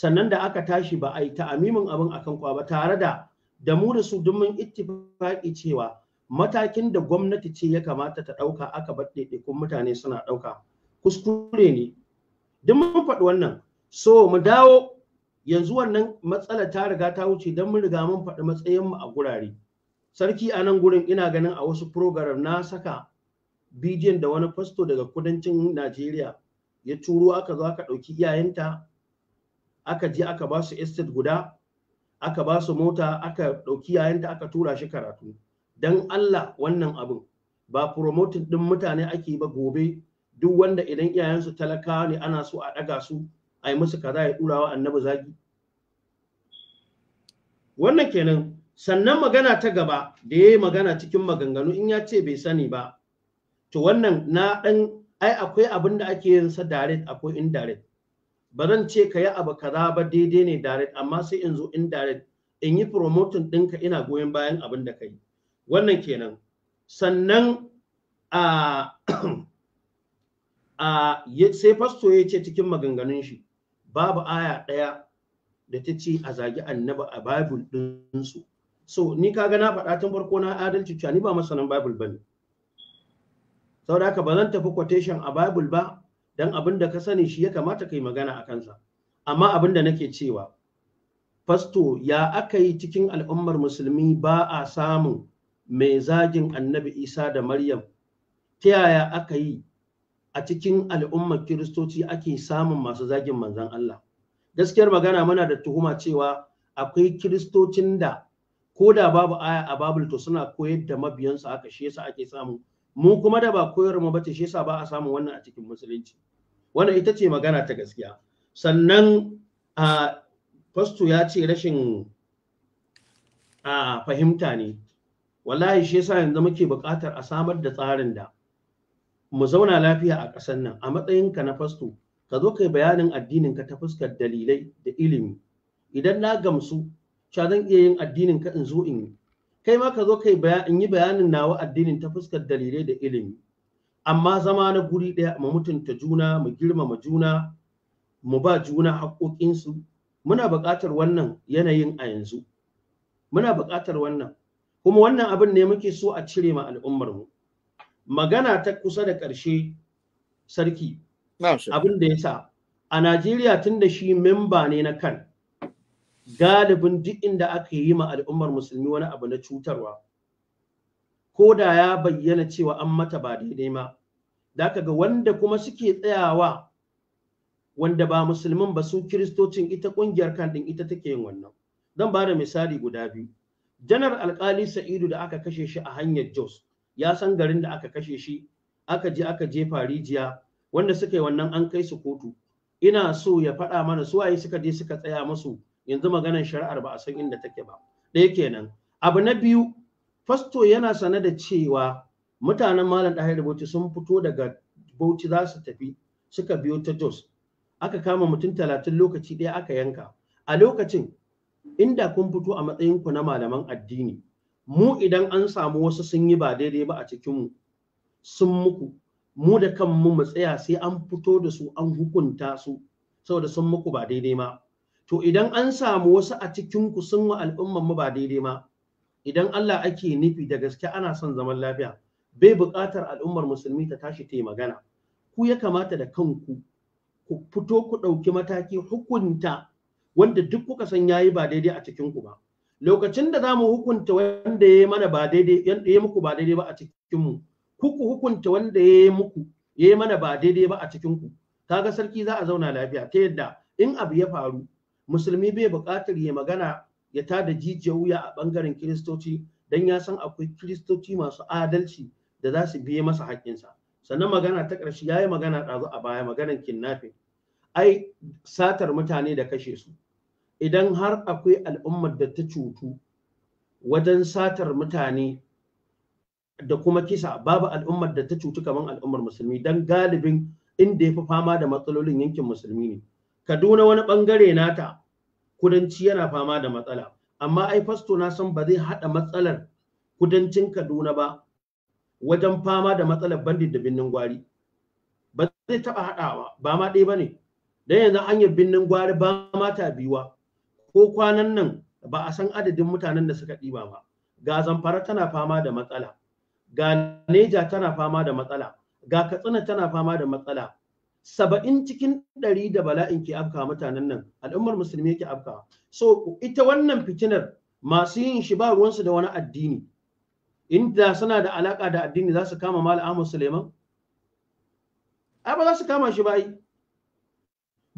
sannan da aka tashi ba a yi ta'amimin abin akan kwa ba tare da da mu da su duk mun ittifaqi cewa matakin da gwamnati ce ya kamata ta ɗauka aka bar ɗaiɗaikun mutane suna ɗauka kuskure ne duk mun faɗi wannan so mu dawo yanzu wannan matsala ta riga ta wuce don mun riga mun faɗi matsayinmu a gurare sarki a nan gurin ina ganin a wasu program na saka bidiyon da wani fasto daga kudancin najeriya ya turo aka zo aka ɗauki iyayenta aka je aka ba su estate guda aka ba su mota aka ɗauki iyayenta aka tura shi karatu dan Allah wannan abin ba promoting din mutane ake ba gobe duk wanda idan iyayensu talakawa ne ana so a ɗaga su a yi musu kaza ya dura wa annabi zagi wannan kenan sannan magana ta gaba da ya yi magana cikin maganganu in ya ce bai sani ba to wannan na ɗan ai akwai abin da ake yin sa direct akwai indirect ba zan ce ka yi abu kaza ba daidai ne direct amma sai in zo indirect in yi promoting ɗinka ina goyon bayan abin da ka yi wannan kenan sannan a a sai fasto ya ce cikin maganganun shi babu aya ɗaya da ta ce a zagi annaba a bible ɗinsu so ni kaga na faɗa tun farko na adalci cewa ni ba masanin bible bane saboda haka ba zan tafi quotation a bible ba dan abin da ka sani shi ya kamata ka yi magana a kansa amma abin da nake cewa fasto ya aka yi cikin al'ummar musulmi ba a samun mai zagin annabi isa da maryam ta yaya aka yi a cikin al'ummar kiristoci ake samun masu zagin manzan Allah gaskiyar magana muna da tuhuma cewa akwai kiristocin da ko da babu aya a babul to suna koyar da mabiyansu aka shi yasa ake samu mu kuma da ba koyar mu bace shi yasa ba a samu wannan a cikin musulunci wannan ita ce magana ta gaskiya sannan a fasto ya ce rashin a fahimta ne wallahi shi yasa yanzu muke buƙatar a samar da tsarin da mu zauna lafiya a ƙasar nan a matsayin ka na fasto ka zo kai bayanin addinin ka ta fuskar dalilai da ilimi idan na gamsu cha zan iya yin addinin ka in zo in yi kai ma ka zo kai in yi bayanin nawa addinin ta fuskar dalilai da ilimi amma zama na guri ɗaya mu mutunta juna mu girmama juna mu ba juna haƙoƙinsu muna buƙatar wannan yanayin a yanzu muna buƙatar wannan kuma wannan abin ne muke so a cire ma al'ummar mu magana ta kusa da ƙarshe sarki abin da ya sa a Najeriya tun da shi memba ne na kan galibin duk inda aka yi ma al'ummar musulmi wani abu na cutarwa ko da ya bayyana cewa an mata ba daidai ma da ga wanda kuma suke tsayawa wanda ba musulmin ba su kiristocin ita ƙungiyar kan ɗin ita take yin wannan zan ba da misali guda biyu janar alkali sa'idu da aka kashe shi a hanyar jos ya san garin da aka kashe shi aka je aka jefa rijiya wanda suka yi wannan an kai su kotu ina so ya faɗa mana su waye suka je suka tsaya musu yanzu maganar shari'ar ba a san inda take ba ɗaya kenan abu na biyu fasto yana sane da cewa mutanen malam ɗahir bauchi sun fito daga bauchi za su tafi suka biyo ta jos aka kama mutum talatin lokaci ɗaya aka yanka a lokacin inda kun fito a matsayinku na malaman addini mu idan an samu wasu sun yi ba daidai ba a cikinmu sun muku mu da kanmu mu tsaya sai an fito da su an hukunta su saboda sun muku ba daidai ma to idan an samu wasu a cikinku sun wa al'umman mu ba daidai ma idan Allah ake nufi da gaske ana son zaman lafiya bai buƙatar al'ummar musulmi ta tashi ta yi magana ku ya kamata da kanku ku fito ku ɗauki mataki hukunta wanda duk kuka san yayi ba daidai a cikin ku ba lokacin da zamu hukunta wanda yayi mana ba daidai yanda yayi muku ba daidai ba a cikin mu ku hukunta wanda yayi muku yayi mana ba daidai ba a cikin ku kaga sarki za a zauna lafiya ta yadda in abu ya faru musulmi bai buƙatar ya magana ya tada jijiya wuya a bangaren kiristoci dan ya san akwai kiristoci masu adalci da za su biye masa haƙƙinsa sannan magana ta ƙarshe ya yi magana ɗazu a baya maganar kinnafin ai satar mutane da kashe su idan har akwai al'ummar da ta cutu wajen satar mutane da kuma kisa babu al'ummar da ta cutu kamar al'ummar musulmi don galibin inda ya fi fama da matsalolin yankin musulmi ne kaduna wani bangare nata kudanci yana fama da matsala amma ai fasto na san ba zai haɗa matsalar kudancin kaduna ba wajen fama da matsalar bandit da binnin gwari ba zai taɓa haɗawa ba ma ɗaya ba ne don yanzu hanyar binnin gwari ba ma ta biyuwa ko kwanan nan ba a san adadin mutanen da suka ɗiba ba ga zamfara tana fama da matsala ga neja tana fama da matsala ga katsina tana fama da matsala saba'in cikin ɗari da bala'in ke afka mutanen nan al'ummar musulmi ke afka so ita wannan fitinar masu yin shi ba ruwansu da wani addini inda suna da alaka da addini za su kama mala ahmad suleiman ai ba za su kama shi ba yi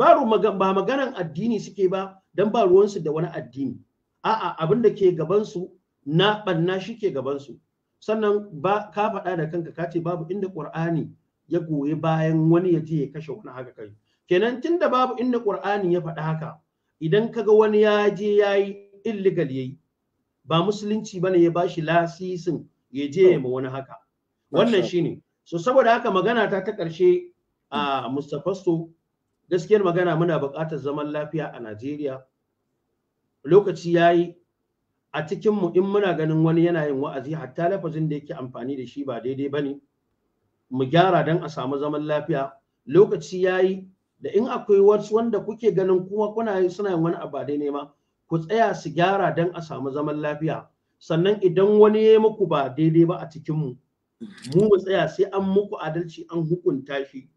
ba maganan addini suke ba dan ba ruwansu da wani addini a'a abin da ke gabansu na banna shi ke gabansu sannan ba ka faɗa da kanka ka ce babu inda qur'ani ya goyi bayan wani ya je ya kashe wani haka kai kenan tunda babu inda ƙur'ani ya faɗa haka idan kaga wani ya je yayi illegal yayi ba musulunci ba ne ya bashi lasisin ya je ya ma wani haka wannan shine so saboda haka magana ta ta ƙarshe a ah, so. gaskiyar magana muna buƙatar zaman lafiya a Najeriya lokaci yayi a cikin mu in muna ganin wani yana yin wa'azi hatta lafazin da yake amfani da shi ba daidai bane mu gyara don a samu zaman lafiya lokaci yayi da in akwai wasu wanda kuke ganin kuma kuna yi suna yin wani abu daidai ma ku tsaya su gyara dan a samu zaman lafiya sannan idan wani ya yi muku ba daidai ba a cikin mu mu mu tsaya sai an muku adalci an hukunta shi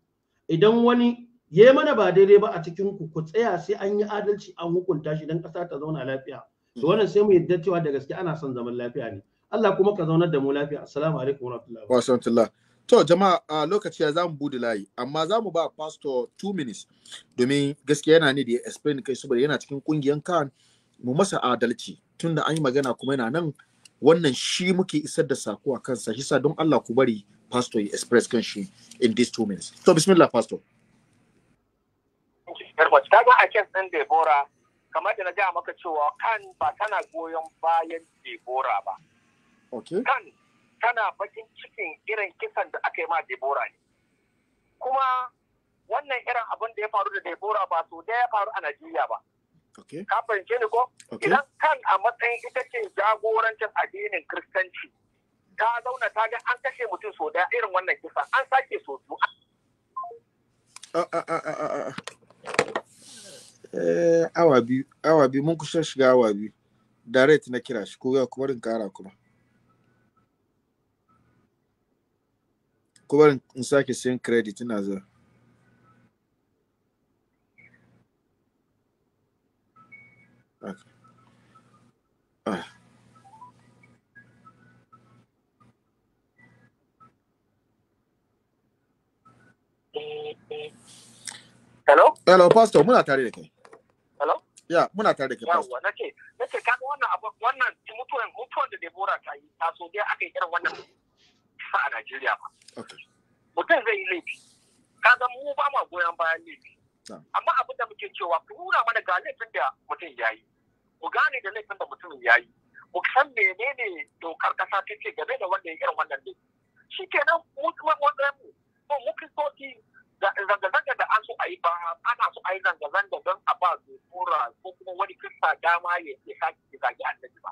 idan wani ye mana ba daidai ba a cikin ku ku tsaya sai an yi adalci an hukunta shi don ƙasa ta zauna lafiya to hmm. wannan sai mu yadda cewa da gaske ana son zaman lafiya ne Allah kuma ka zaunar da mu lafiya assalamu alaikum wa rahmatullahi wa rahmatullah to jama'a a lokaci ya zamu bude layi amma zamu ba pastor 2 minutes domin gaskiya yana ne da ya explain kai saboda yana cikin kungiyan kan mu masa adalci tunda an yi magana kuma yana nan wannan shi muke isar da sako a kansa shi sa don Allah ku bari pastor ya express kan shi in these two minutes to bismillah pastor yar ta kaga a kes din Debora kamar da na gaya maka cewa kan ba tana goyon bayan Debora ba kan tana bakin cikin irin kisan da aka yi ma Debora ne kuma wannan irin abin da ya faru da Debora ba so da ya faru a Najeriya ba ka fahimce ni ko idan kan a matsayin ita ce jagorancin addinin Kiristanci ta zauna ta ga an kashe mutum so da irin wannan kisan an sake so su Eh, awa biyu awa biyu mun kusa shiga awa biyu direct na kira shi ko ya kuma rin kara kuma kuma in sake sayan credit ina zuwa ah, ah. Hello? Hello, Pastor, muna tare da kai. Ya, muna tare da ke nace, nace kaga wannan abu wannan mutuwan mutuwan da Deborah ta yi, ta so dai aka yi irin wannan sa a Najeriya ba. Mutum zai yi laifi. Kaga mu ba ma goyon bayan laifi. Amma abin da muke cewa ku nuna mana ga laifin da mutum ya yi. Mu gane da laifin da mutum ya yi. Mu san menene dokar kasa ta ce game da wanda ya yi irin wannan laifi. Shi kenan mu kuma mu mu kristoci zanga-zanga da an so a yi ba ana so a yi zanga-zanga don a ba dokora ko kuma wani kirista dama ya sake zage annabi ba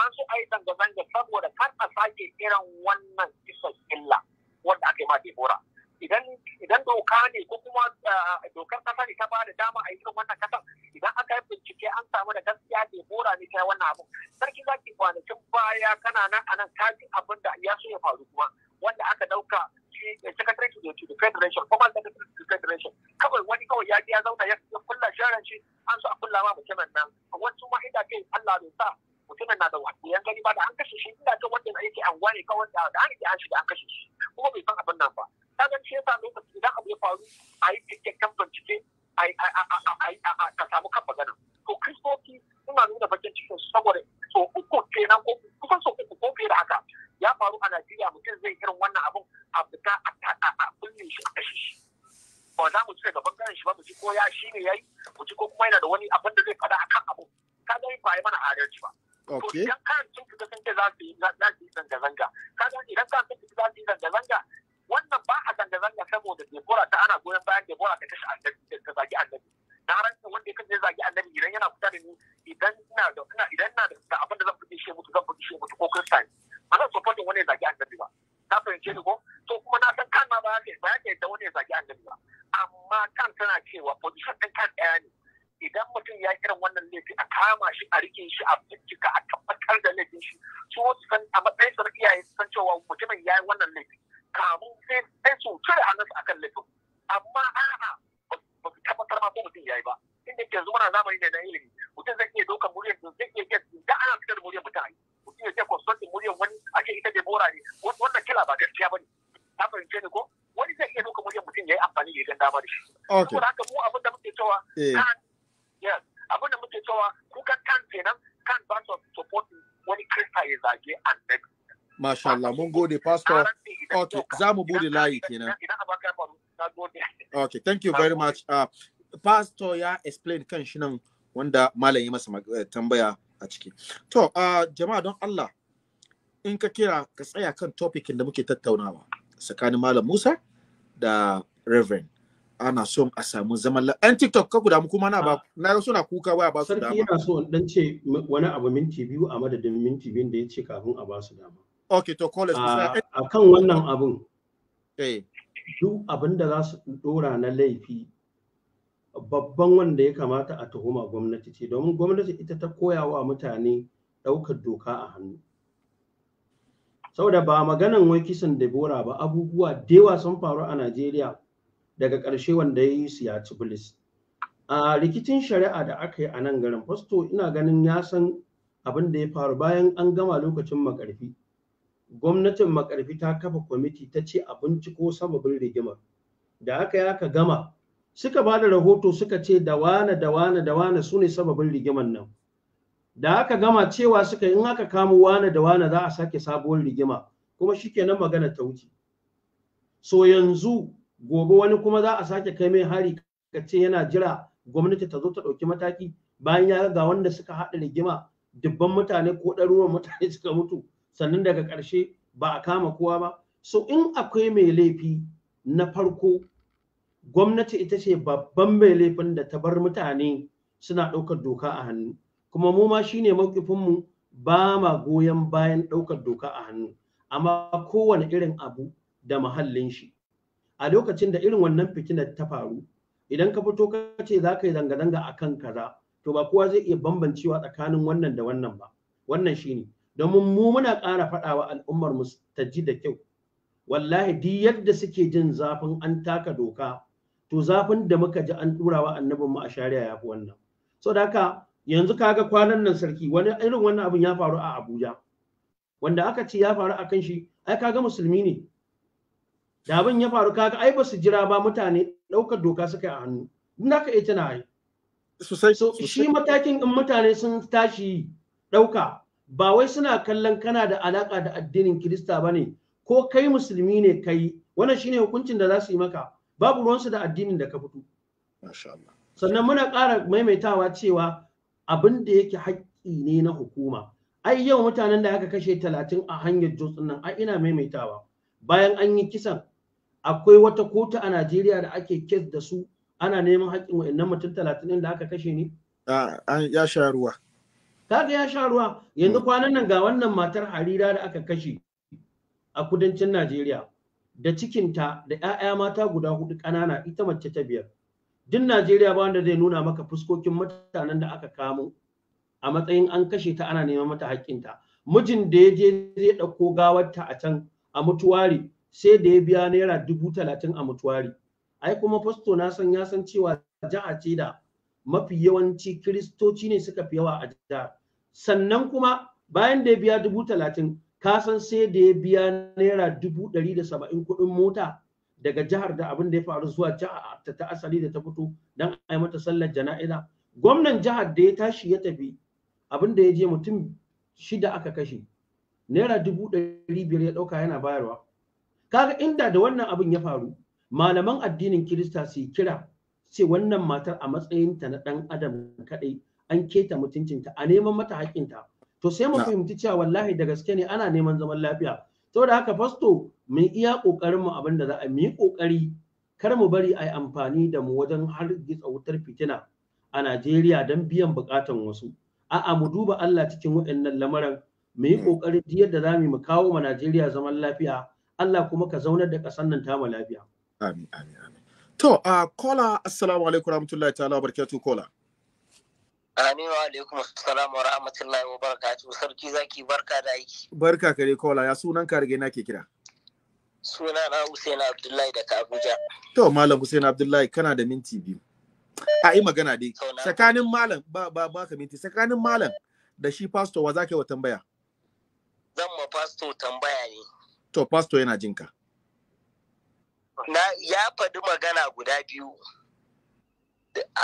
an so a yi zanga-zanga saboda kar a sake irin wannan kisan illa wanda aka yi ma debora idan doka ne ko kuma ah, dokar kasa ne ta bada dama a yi irin wannan kasar idan aka yi bincike an samu da gaskiya debora ne ta wannan abu. sarki zaki kwanakin baya kana nan anan nan kafin abin da ya so ya faru kuma wanda aka dauka shi secretary to the federation formal secretary to the federation kawai wani kawai ya ya zauna ya kulla sharan shi an so a kulla ma mutumin nan wasu ma inda kai Allah bai sa mutumin na da wakilan gani ba da an kashe shi inda ta wanda yake an ware kawai da an yi an shiga an kashe shi kuma bai san abin nan ba kaga shi yasa lokaci da abu ya faru a yi cikakken bincike a samu kan magana to kristoci suna nuna bakin cikin saboda so uku kenan ko kusan so uku ko fiye da haka ya faru a Najeriya mutum zai irin wannan abun a fita a kulle shi a kashe shi ba za mu ci daga bangaren shi ba mu ji ko ya shi ne yi mu ji ko kuma yana da wani abin da zai faɗa kan abun ka ga ba mana adalci ba to idan kayan sun fita sun ce za su yi zanga zanga ka ga idan kayan sun fita za su yi zanga zanga wannan ba a zanga zanga saboda debora ta ana goyon bayan debora ta kashe annabi ta zagi annabi na rantsa wanda ya kasance zagi annabi idan yana kusa da ni idan ina da idan da abin da zan fi shi mutu zan fi shi mutu ko kristan ba zan supportin wani zagi annabi ba ta fahimce ni ko to kuma na san kan ma ba ya ba yake da wani ya zagi annabi ba amma kan tana cewa position din kan ɗaya ne idan mutum ya kiran wannan laifi a kama shi a rike shi a bincika a tabbatar da laifin shi su wasu san a matsayin su na iyaye san cewa mutumin ya yi wannan laifi kamun sai su cire su akan laifin amma a'a ba su tabbatar ma ko mutum ya yi ba inda ke zuwa na zamani ne na ilimi mutum zai iya dokan muryar zai iya da ana fitar da muryar mutum a yi mutum ya ce consulting muryan wani ake ce ita Deborah ne wannan kila ba gaskiya bane ta fahimce ni ko wani zai iya ɗauka muryan mutum ya yi amfani da idan dama da shi saboda haka mu abin da muke cewa eh. kan yes abin da muke cewa kukan kan kenan kan ba su support wani kirista ya zage annabi Masha Allah, mun gode, Pastor. Okay, za mu bude layi kenan. Okay, thank you very much. Uh, pastor ya explain kan shi nan wanda malam ya masa eh, tambaya a ciki to jama'a don Allah in ka kira ka tsaya kan topikin da muke tattaunawa tsakanin malam Musa da Reverend ana son a samu zaman ɗan TikTok ka guda kuma na ba ah. na suna kuka waya ba su dama. Sarki yana so dan ce wani abu minti biyu a madadin minti biyun da ya ce kafin a ba su dama. Ok, to college a, ah, a kan wannan abun. Eh. Duk abin da za su dora na laifi babban wanda ya kamata a tuhuma gwamnati ce domin gwamnati ita ta koya wa mutane ɗaukar doka a hannu saboda ba maganan wai kisan da bora ba abubuwa dewa sun faru a najeriya daga ƙarshe wanda ya yi su ya bilis a rikicin shari'a da aka yi a nan garin fasto ina ganin ya san abin da ya faru bayan an gama lokacin makarfi gwamnatin makarfi ta kafa kwamiti ta ce a binciko sababin rigimar da aka yi aka gama suka ba da rahoto suka ce da wane da wane su ne sababin rigiman nan da aka gama cewa suka in aka kamo wane da wane za a sake sabuwar rigima kuma shikenan magana ta wuce so yanzu gobe wani kuma za a sake kai mai hari ka ce yana jira gwamnati ta zo ta ɗauki mataki bayan ya ga wanda suka haɗa rigima dubban mutane ko ɗaruruwan mutane suka mutu sannan daga ƙarshe ba a kama kowa ba so in akwai mai laifi na farko gwamnati ita ce babban mai laifin da ta bar mutane suna ɗaukar doka a hannu kuma mu ma shine mu ba ma goyon bayan ɗaukar doka a hannu amma kowane irin abu da muhallin shi a lokacin da irin wannan fitinar ta faru idan ka fito ka ce za ka yi zanga-zanga a kan kaza to ba kowa zai iya bambancewa tsakanin wannan da wannan ba wannan shi ne. domin mu muna ƙara faɗawa al'ummar mu ta ji da kyau wallahi duk yadda suke jin zafin an taka doka to zafin da muka ji an ɗurawa annabin mu a shari'a ya fi wannan so da haka yanzu kaga kwanan nan sarki wani irin wannan abin ya faru a abuja wanda aka ce ya faru akan shi ai kaga musulmi ne da abin ya faru kaga ai ba su jira ba mutane ɗaukar doka suka yi a hannu in aka yi tana ai so shi matakin in mutane sun tashi ɗauka ba wai suna kallon kana da alaka da addinin kirista ba ne ko kai musulmi ne kai wannan shine hukuncin da za su yi maka babu ruwansu da addinin da ka fito sannan muna ƙara maimaitawa cewa abin da yake haƙƙi ne na hukuma ai yau mutanen da aka kashe talatin a hanyar jos nan ai ina maimaitawa bayan an yi kisan akwai wata kotu a najeriya da ake kes da su ana neman haƙƙin wa'annan mutum talatin da aka kashe ne ya sha ruwa kaga ya sha ruwa yanzu mm. kwanan nan ga wannan matar harira da aka kashe a kudancin najeriya da cikinta da 'ya'ya mata guda hudu ƙanana ita mace ta biyar duk najeriya ba wanda zai nuna maka fuskokin mutanen da aka kamo a matsayin an kashe ta ana neman mata haƙƙinta mijin da ya je zai ɗauko gawarta a can a mutuwari sai da ya biya naira dubu talatin a mutuwari ai kuma fasto na san ya san cewa jaha ce da mafi yawanci kiristoci ne suka fi yawa a jihar sannan kuma bayan da ya biya dubu talatin Kasan sai da ya biya naira dubu ɗari da saba'in kuɗin mota daga jihar da abin da ya faru zuwa jihar ta asali da ta fito don a yi mata sallar jana'iza gwamnan jihar da ya tashi ya tafi abin da ya je mutum shida aka kashe naira dubu ɗari biyar ya ɗauka yana bayarwa kaga inda da wannan abin ya faru malaman addinin kirista su kira ce wannan matar a matsayinta na ɗan adam kaɗai an keta mutuncinta a neman mata haƙƙinta to sai mu fahimci cewa wallahi da gaske ne ana neman zaman lafiya saboda haka fasto mu iya kokarin mu abin da za a yi kokari kar mu bari a yi amfani da mu wajen har gitsa wutar fitina a Najeriya don biyan bukatan wasu a'a mu duba Allah cikin waɗannan lamuran mu yi kokari hmm. yadda za mu kawo ma Najeriya zaman lafiya Allah kuma ka zaunar da ƙasar nan tamu lafiya amin amin amin to uh, a kola assalamu alaikum warahmatullahi ta'ala barakatuh kola Aminu alaikum assalam wa rahmatullahi wa barakatuh. Sarki zaki barka da aiki. Barka kare kola ya sunan ka rage nake kira. Suna na Hussein Abdullahi daga Abuja. To malam Hussein Abdullahi kana da minti biyu. A yi magana dai. Tsakanin malam ba ba ba ka minti tsakanin malam da shi pastor wa zaka yi wa tambaya. Zan ma pastor tambaya ne. To pastor yana jinka. Na ya faɗi magana guda biyu.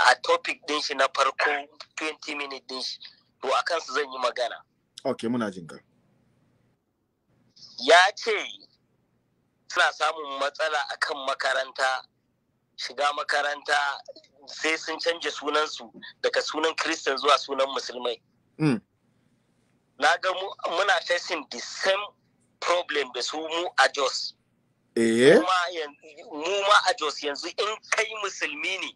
a topic din shi na farko 20 minute din shi to a kansu zan yi magana ok muna jin ka ya ce suna samun matsala akan makaranta shiga makaranta sai sun canja sunansu daga sunan kristan zuwa sunan musulmai mm. na ga muna facing the same problem da su mu a jos eh? mu ma a jos yanzu in kai musulmi ne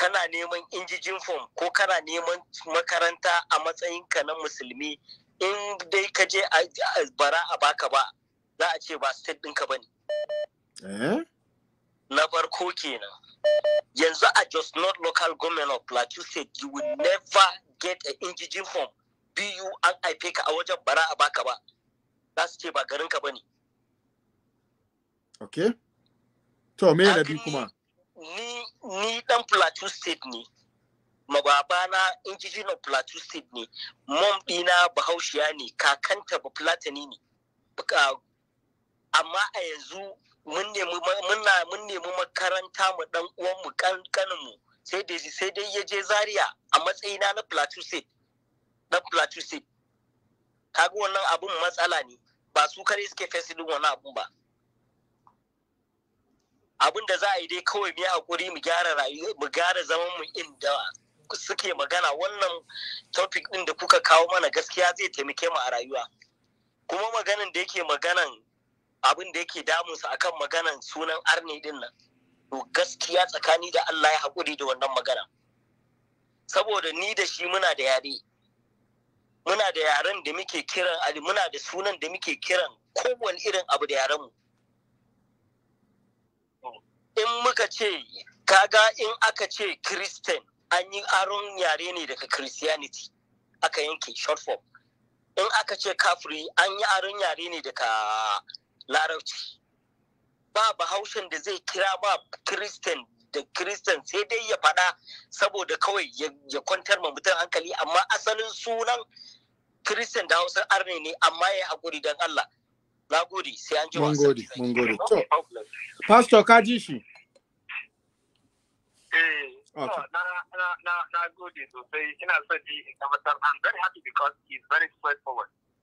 kana neman injijin fom ko kana neman makaranta a matsayinka na musulmi in dai ka je a bara a baka ba za a ce ba state ɗinka ba ne. Eh? Na farko kenan. Yanzu a Just Not Local Government of Plateau State you will never get an injijin form biyu an haife ka a wajen bara a baka ba. Za su ce ba garinka ba ne. Okay. To me na biyu kuma? ni ni dan plateau state ne na indigenous plateau state ne mom dina bahaushiya ne kakanta ba platani ne amma a yanzu mun nemi mun nemi makaranta mu dan uwan mu kankanin mu sai dai sai dai yaje zaria a matsayina na plateau state dan plateau state kaga wannan abun matsala ne ba su kare suke fesidin wannan abun ba abin da za a yi dai kawai mu yi hakuri mu gyara rayuwa mu gyara zaman mu inda suke magana wannan topic din da kuka kawo mana gaskiya zai taimake mu a rayuwa kuma maganan da yake maganan abin da yake su akan maganan sunan arni din nan to gaskiya tsakani da Allah ya haƙuri da wannan magana saboda ni da shi muna da yare muna da yaren da muke kiran muna da sunan da muke kiran kowane irin abu da yarenmu in muka ce kaga in aka ce christian an yi aron yare ne daga christianity aka yanke short form in aka ce kafiri an yi aron yare ne daga larabci ba bahaushen da zai kira ba christian da christian sai dai ya fada saboda kawai ya kwantar ma mutum hankali amma asalin sunan christian da hausa arne ne amma ya haƙuri don allah na gode sai an ji wasu mun gode mun gode pastor ka ji Eh, na gode sosai ina so ji in tabbatar I'm very happy because very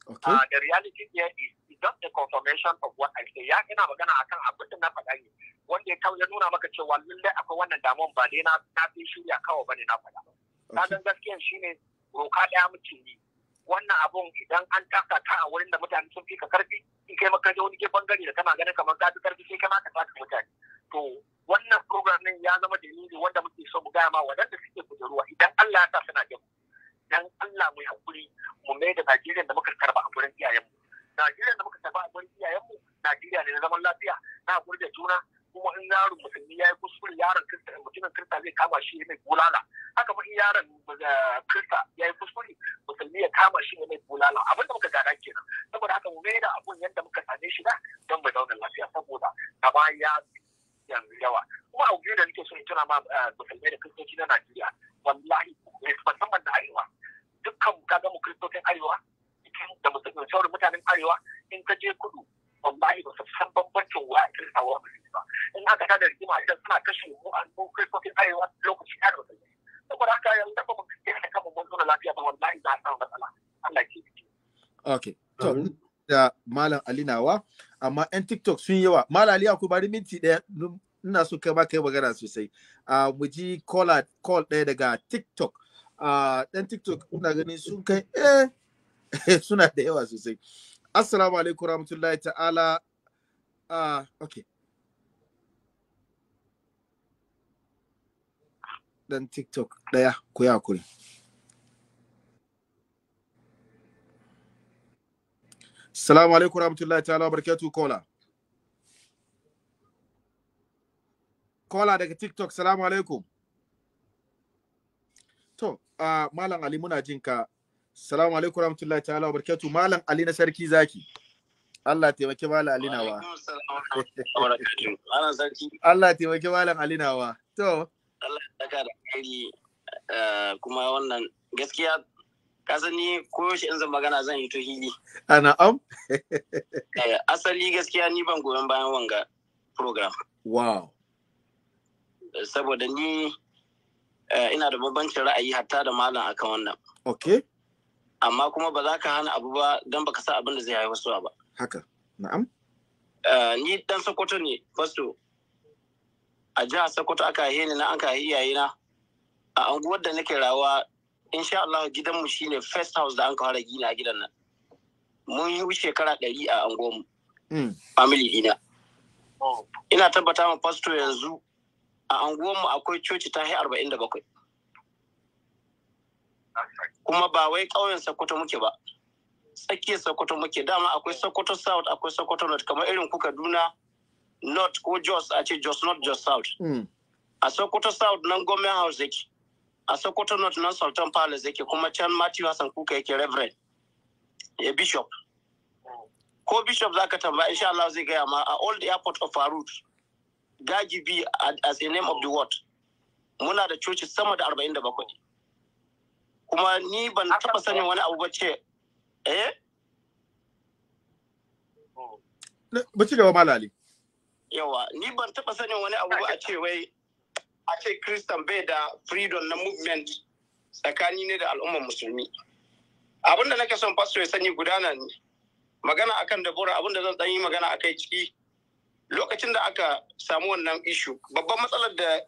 Okay. Uh, the reality here is it's just a confirmation of what I say. Ya ina magana akan abin da na faɗa ne wanda ya ya nuna maka cewa lallai akwai wannan damuwan ba dai na na fi shirya kawai bane na faɗa. Sadan gaskiyan shine roka ɗaya muke yi. Wannan abun idan an taka ka a wurin da mutane sun fi ka karfi in kai maka wani ke bangare da kana ganin kamar ka fi karfi sai kana ka taka mutane. To wannan program din ya zama dalili wanda muke so mu gaya ma wadanda suke da ruwa idan Allah ya sa suna jin dan Allah mu hakuri mu mai da Najeriya da muka karba a gurin iyayenmu Najeriya da muka karba a gurin iyayenmu Najeriya ne na zaman lafiya na hakuri da juna kuma in yaron musulmi ya yi kuskure yaron kirista mutumin kirista zai kama shi mai bulala haka kuma in yaron eh, kirista ya yi kuskure musulmi ya kama shi mai bulala abinda muka gada kenan saboda haka mu mai da abun yadda muka same shi da don mu zauna lafiya saboda gaba ya yanzu yawa kuma a biyu da nake so in tuna ma eh, musulmai da kristoci na Najeriya wallahi musamman da arewa dukkan mu kaga mu kristocin arewa da musulmi saurin mutanen arewa in ka je kudu wallahi ba su san bambancin wa a kirista wa ba in aka ta da rigima a suna kashe mu a kristocin arewa lokaci ya da musulmi saboda haka yanzu da mu kristoci da kama mun zuna lafiya ba wallahi za a samu matsala Allah ke biki. Okay. To, da Malam Ali Nawa, amma yan tiktok sun yawa malali aku bari minti ɗaya ina so kai ma kai magana sosai mu ji call ɗaya daga tiktok ɗan tiktok ina gani sun kai eh suna da yawa sosai assalamu alaikum rahmatullahi ta'ala uh, okay ɗan tiktok ɗaya ku yi hakuri Salamu alaikum rahmatullahi ta'ala wa barakatuhu kola. Kola daga TikTok, salamu alaikum. To, uh, Malam Ali muna jinka. Salamu alaikum rahmatullahi ta'ala wa barakatuhu Malam Ali na sarki zaki. Allah taimaki Malam Ali nawa. Allah taimaki Malam Ali nawa. To. Allah ya da eh, kuma wannan gaskiya kasan ni koyaushe in zan magana zan yi to hili a na'am eh, asali gaskiya ni ban goyon bayan wanga program wow saboda ni eh, ina da bambancin ra'ayi hatta da malam akan wannan ok amma kuma ba za ka hana abu ba don baka sa abin da zai haifar suwa ba haka na'am eh, ni dan sokoto ne fasto a jihar sokoto aka haihe ni na an ka iyaye na a anguwar da nake rawa insha Allah gidanmu shine first house da an fara gina gidan nan mun yi shekara ɗari a angonmu hmm. family dina oh. ina tabbata ma pastor yanzu a angonmu akwai coci ta arba'in da bakwai kuma ba wai ƙauyen Sokoto muke ba tsakiyar Sokoto muke dama akwai Sokoto South akwai Sokoto North kamar irin ku Kaduna North ko Jos a ce Jos North Jos South hmm. a Sokoto South nan Gomen House yake a sokoto north nan sultan palace yake kuma can matthew hassan kuka yake reverend ya eh, bishop ko bishop za ka tambaya insha Allah zai gaya ma a old airport of farut gaji bi as a name of the world muna da coci sama da arba'in da bakwai kuma ni ban taɓa sanin wani abu ba ce eh ba ci gaba malali yawa ni ban taɓa sanin wani abu ba a ce wai a ce kristan bai da freedom na movement tsakani ne da al'ummar musulmi abinda nake son pastor ya sani gudana ne magana akan dabora abinda zan dan yi magana akai ciki lokacin da aka samu wannan ishu babban matsalar da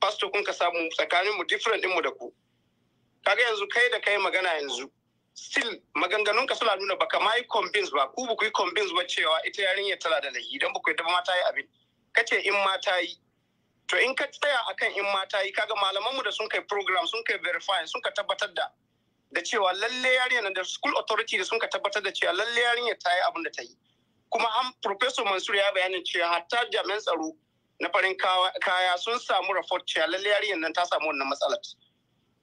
pastor kun ka samu tsakanin mu different din mu da ku kaga yanzu kai da kai magana yanzu still maganganun ka suna nuna baka ma yi convince ba ku ba ku yi convince ba cewa ita yarinyar tana da lahi dan ba ku yadda ma ta yi abin kace in ma ta yi to in ka tsaya akan in mata yi kaga malamanmu da sun kai program sun kai verify sun ka tabbatar da da cewa lalle yarinya da school authority da sun ka tabbatar da cewa lalle yarinya ta yi abin da ta yi kuma an professor mansur ya bayanin cewa hatta jami'an tsaro na farin kaya sun samu report cewa lalle yarinyar nan ta samu wannan matsalar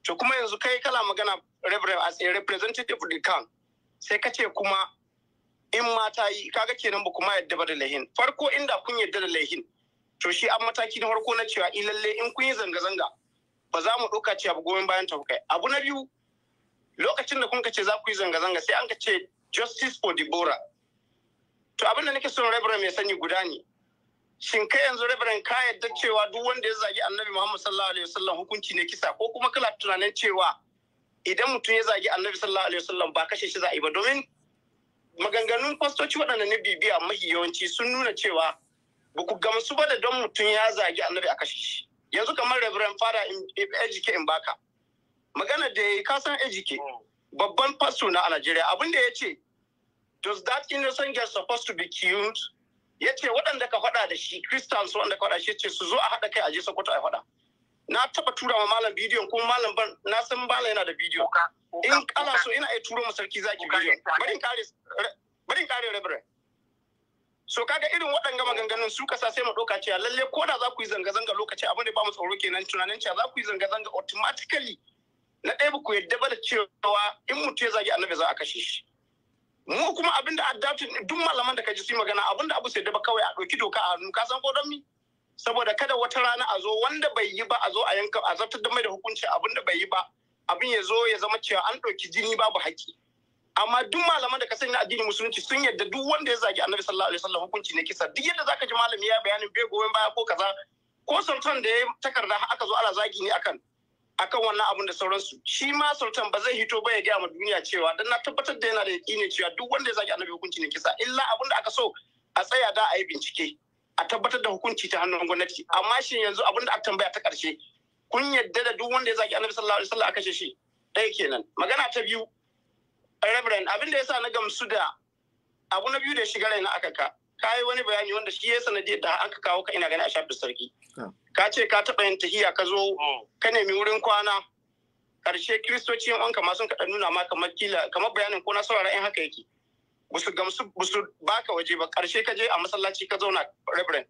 to kuma yanzu kai kala magana as a representative of the camp sai ka ce kuma in mata yi kaga kenan ba kuma yadda ba da lahin farko inda kun yadda da laihin to shi an mataki na farko na cewa in lalle in kun yi zanga-zanga ba za mu ɗauka cewa goyon bayan ta abu na biyu lokacin da kun ka ce za ku yi zanga-zanga sai an ka ce justice for Deborah to abin da nake son Reverend mai sani guda ne shin kai yanzu Reverend ka yadda cewa duk wanda ya zagi Annabi Muhammad sallallahu alaihi wasallam hukunci ne kisa ko kuma kala tunanin cewa idan mutum ya zagi Annabi sallallahu alaihi wasallam ba kashe shi za a yi ba domin maganganun fastoci waɗanda na bibiya mahi yawanci sun nuna cewa ba ku gamsu ba da don mutum ya zagi annabi a kashe shi yanzu kamar reverend fada ejike in baka magana da ya yi kasan ejike babban pastor na a Najeriya abin da ya ce does that innocent girl supposed to be killed ya ce waɗanda ka faɗa da shi christians waɗanda ka faɗa shi ce su zo a haɗa kai a je sokoto a faɗa na taɓa tura ma malam bidiyon kuma malam ban na san malam yana da bidiyo in kana so ina iya turo masarki zaki bidiyon bari in kare bari in kare reverend so kaga irin waɗanga maganganun su kasa sai mu ɗauka cewa lalle ko da za ku yi zanga-zanga lokaci abin da ba mu tsoro kenan tunanin cewa za ku yi zanga-zanga automatically na ɗaya ku yadda ba da cewa in mutum ya zagi annabi za a kashe shi mu kuma abin da adaptin duk malaman da ka ji su magana abin da abu sai da ba kawai a ɗauki doka a hannu ka san ko don mi saboda kada wata rana a zo wanda bai yi ba a zo a yanka a zartar da mai da hukunci abin da bai yi ba abin ya zo ya zama cewa an ɗauki jini babu haƙƙi amma duk malaman da ka sani na addinin musulunci sun yadda duk wanda ya zagi annabi sallallahu alaihi wasallam hukunci ne kisa duk yadda zaka ji malami ya bayanin bai goyon baya ko kaza ko sultan da ya takarda aka zo ala zagi ne akan akan wannan abun da sauransu shi ma sultan ba zai hito ba ya gaya ma duniya cewa dan na tabbatar da yana da ne cewa duk wanda ya zagi annabi hukunci ne kisa illa abun da aka so a tsaya da a yi bincike a tabbatar da hukunci ta hannun gwamnati amma shi yanzu abun da aka tambaya ta ƙarshe kun yadda da duk wanda ya zagi annabi sallallahu alaihi wasallam aka shi ɗaya kenan magana ta biyu Reverend abin da ya sa na gamsu da abu na biyu da shiga na aka ka kayi wani bayani wanda shi ya sanadiyar da aka kawo ka ina gani a shafin sarki ah. ka ce ka taɓa yin tahiya ka zo oh. ka nemi wurin kwana karshe kiristoci yan wanka masu kaɗa nuna ma kamar kila kamar bayanin ko na saurara in haka yake busu gamsu busu baka waje ba karshe ka je a masallaci ka zauna reverend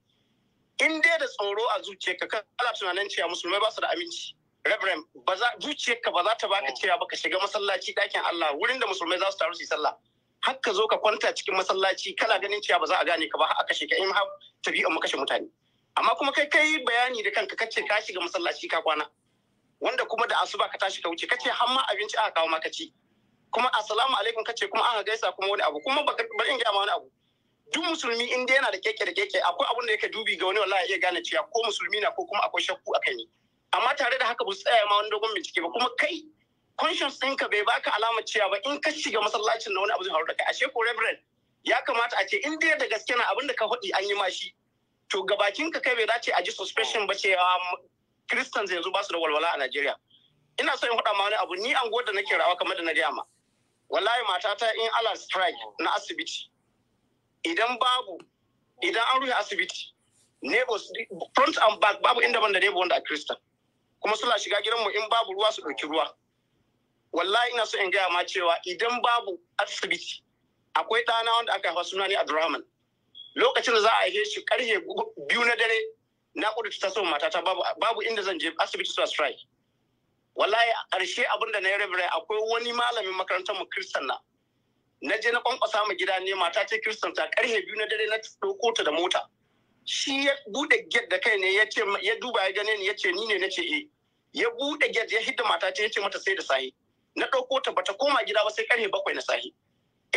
in dai da tsoro a zuciya ka kana tunanin cewa musulmai ba su da aminci Reverend ba za zuciyarka ba za ta baka oh. cewa baka shiga masallaci ɗakin Allah wurin da musulmai za su taru su yi sallah. Har ka zo ka kwanta cikin masallaci kana ganin cewa ba za a gane ka ba a kashe ka in har tabi'an mu kashe mutane. Amma kuma kai kai bayani da kanka kace ka shiga masallaci ka kwana. Wanda kuma da asuba ka tashi ka wuce kace har ma abinci aka kawo maka ci. Kuma assalamu alaikum kace kuma aka gaisa kuma wani abu kuma bari in gaya ma wani abu. duk musulmi in dai yana da keke da keke akwai abin da yake dubi ga wani wallahi ya gane cewa ko musulmi na ko kuma akwai shakku a kai amma tare da haka ba su tsaya ma wani dogon bincike ba kuma kai conscience ɗinka bai baka alama cewa ba in ka shiga masallacin na wani abu zai faru da kai ashe ko reverend ya kamata a ce in dai da gaske na abin da ka faɗi an yi ma shi to gabakin ka kai bai dace a ji suspicion ba cewa um, Christians yanzu ba su da walwala a Najeriya ina so in faɗa ma wani abu ni an da nake rawa kamar da na gaya ma wallahi matata in Allah strike na asibiti idan babu idan an rufe asibiti neighbors front and back babu inda ban da neighbor wanda a Christian kuma suna shiga gidanmu in babu ruwa su ɗauki ruwa wallahi ina so in gaya ma cewa idan babu asibiti akwai ɗana wanda aka haifa suna ne Abdulrahman lokacin da za a shi biyu na dare na kudu ta son matata babu inda zan je asibiti su strike wallahi a ƙarshe abin da na yi rabirai akwai wani malamin makarantar mu kristan na na je na kwankwasa mu gida ne mata ce kristan ta karhe biyu na dare na ɗauko ta da mota shi ya bude gate da kai ne ya ce ya duba ya gane ni ya ce ni ne na ce eh ya bude gate ya hidda mata ce ya ce mata sai da sahi na ɗauko ta bata koma gida ba sai karfe bakwai na sahi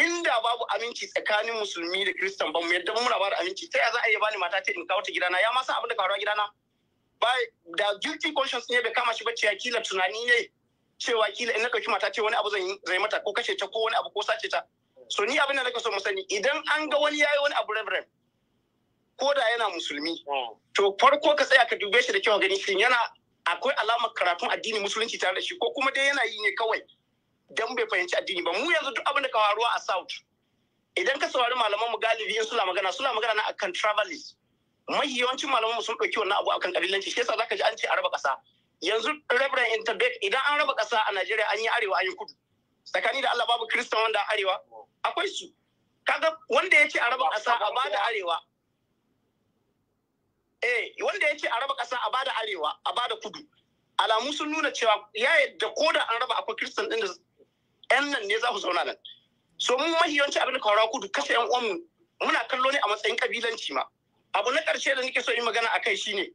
inda babu aminci tsakanin musulmi da kristan ba mu yadda muna ba da aminci ta ya za a iya bani mata ce in kawo ta gidana ya ma san abin da faruwa gidana ba da guilty conscience ne bai kama shi ba ya kila tunani ne cewa kila in na ɗauki mata ce wani abu zan zai mata ko kashe ta ko wani abu ko sace ta so ni abin da nake so mu sani idan an ga wani yayi wani abu reverend ko da yana musulmi hmm. to farko ka tsaya ka dube shi da kyau gani shin yana akwai alamar karatun addini musulunci tare da shi ko kuma dai yana yi ne kawai dan bai fahimci addini ba mu yanzu duk abin da ka faruwa a south idan ka saurari malaman mu galibi in suna magana suna magana na akan travelers Mai yawancin malaman mu sun ɗauki wannan abu akan kabilanci shi yasa zaka ji an ce a raba ƙasa yanzu reverend interbeck idan an raba kasa a Najeriya an yi arewa an yi kudu tsakani da Allah babu kristan wanda arewa akwai su kaga wanda ya ce a raba da arewa eh wanda yake a raba ƙasa a bada arewa a bada kudu alamu sun nuna cewa ya yadda ko da an raba akwai kristan ɗin da yan nan ne za ku zauna nan so mun mahiyanci abin da kawo kudu kasa yan uwanmu muna kallo ne a matsayin kabilanci ma abu na ƙarshe da nake so yi magana a kai shine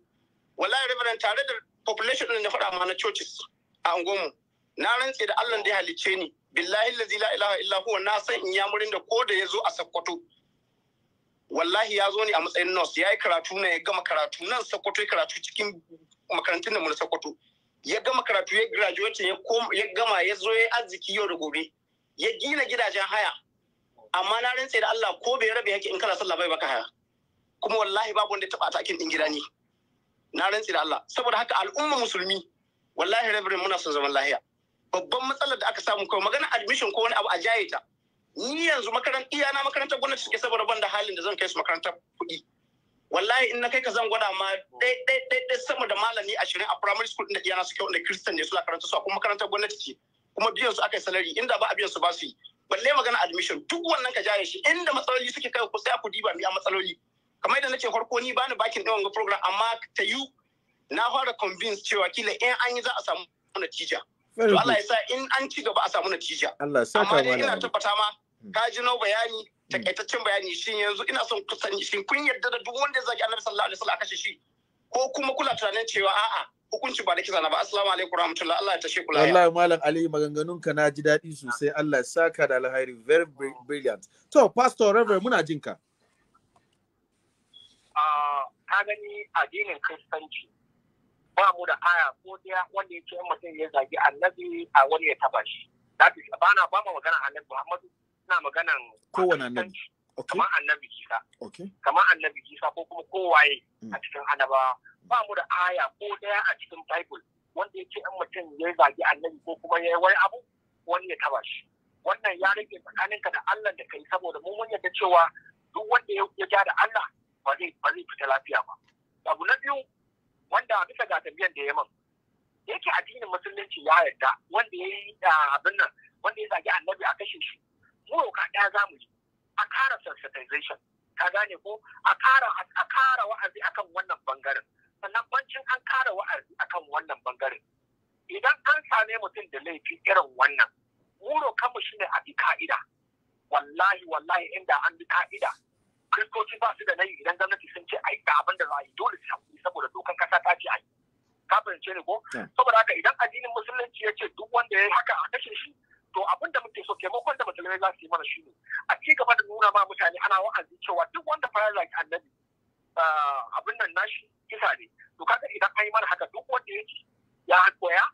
wallahi reverend tare da population ɗin na faɗa ma na churches a unguwanmu na rantse da Allah da ya halicce ni billahi la ilaha illa huwa na san in yamurin da ko da ya zo a sakkwato wallahi ya zo ne a matsayin nurse ya yi karatu na ya gama karatu nan sokoto ya karatu cikin makarantun da mu na sokoto ya gama karatu ya graduate ya ya gama ya zo ya arziki yau da gobe ya gina gidajen haya amma na rantse da Allah ko bai rabe yake in kana sallah bai baka haya kuma wallahi babu wanda ya taba takin din gida ne na rantse da Allah saboda haka al'umma musulmi wallahi reverend muna son zaman lahiya babban matsalar da aka samu kawai magana admission ko wani abu a jaye ta ni yanzu makarantar iya na makarantar gwamnati suke saboda ban da halin da zan kai su makarantar kuɗi wallahi in na kai ka zan gwada ma ɗai sama da malami ashirin a primary school da iyana suke wanda kristan ne suna karanta su a kuma makarantar gwamnati ce kuma biyan su aka yi salari inda ba a biyan su ba su yi balle magana admission duk wannan ka jare shi inda matsaloli suke kai ku sai ku diba mi a matsaloli kamar yadda nace farko ni bani bakin ɗin program amma ta yi na fara convince cewa kila in an yi za a samu natija. to Allah ya sa in an ci gaba a samu natija Allah sa amma dai ina tabbata ma hmm. ka ji na bayani hmm. takaitaccen bayani shin yanzu ina son ku sani shin kun yarda da duk wanda ya zagi Annabi sallallahu alaihi wasallam a kashe shi ko kuma kula tunanin cewa a'a hukunci ba da kisa na ba assalamu alaikum rahmatullah Allah ya tashe kula Allah malam ali maganganun ka na ji daɗi sosai Allah ya saka da alheri very oh. brilliant to pastor reverend muna jinka. ka ah, ka gani addinin kristanci ba mu da aya ko daya wanda ya ce in mutum ya zagi annabi a wani ya taba shi ba na ba ma magana annabi muhammadu ina magana kowane annabi kamar annabi isa kamar annabi isa ko kuma kowaye mm. a cikin annaba ba mu da aya ko daya a cikin bible wanda ya ce in mutum ya zagi annabi ko kuma ya yi wani abu wani ya taba shi wannan ya rage tsakaninka da allah da kai saboda mun yadda cewa duk wanda ya ja da allah ba zai fita lafiya ba abu na biyu wanda bisa ga tambiyan da ya man yake addinin musulunci ya yarda wanda ya yi abin nan wanda ya zagi annabi a kashe shi mu roƙa ɗaya za mu yi a ƙara sensitization ka gane ko a ƙara a ƙara wa'azi akan wannan bangaren sannan bancin an ƙara wa'azi akan wannan bangaren idan an same mutum da laifi irin wannan mu roƙa mu shine a bi ka'ida wallahi wallahi inda an bi ka'ida kristoci ba su da nayi idan gwamnati sun ce ai ga abin da za a yi dole su hakuri saboda dokan kasa ta ce ai ka fahimce ni ko saboda haka idan addinin musulunci ya ce duk wanda ya yi haka a kashe shi to abin da muke so taimakon da musulmai za su yi mana shine a ci gaba da nuna ma mutane ana wa'azi cewa duk wanda fa ya zaki annabi abin nan nashi kisa ne to kaga idan an yi mana haka duk wanda ya ci ya koya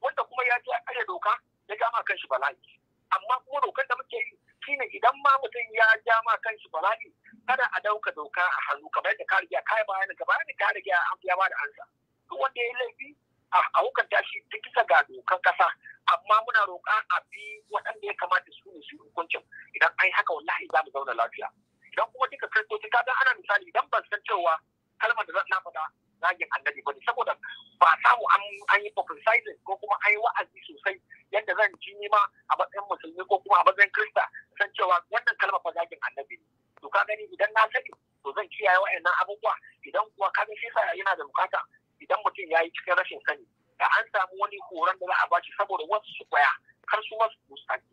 wanda kuma ya ji a karya doka ya gama kan shi bala'i amma kuma dokan da muke yi shine idan ma mutum ya ja ma kanshi bala'i kada a dauka doka a hannu kamar yadda ka riga ka yi bayanin ka bayani ka riga an ya ba da ansa duk wanda ya yi laifi a hukunta shi duk kisa ga dokan kasa amma muna roƙa a bi waɗanda ya kamata su ne su hukuncin idan an yi haka wallahi za mu zauna lafiya idan kuma duka kristoci ka ana misali idan ban san cewa kalmar da na faɗa zagin annabi ba saboda ba samu an yi publicizing ko kuma an yi wa'azi sosai yadda zan ji ma a matsayin musulmi ko kuma a matsayin krista san cewa wannan kalma fa zagin annabi ne to ka gani idan na sani to zan kiyaye wa'annan abubuwa idan kuwa ka ga shi yana da bukata idan mutum ya yi cikin rashin sani da an samu wani horon da za a bashi saboda wasu su kwaya kar su wasu musaji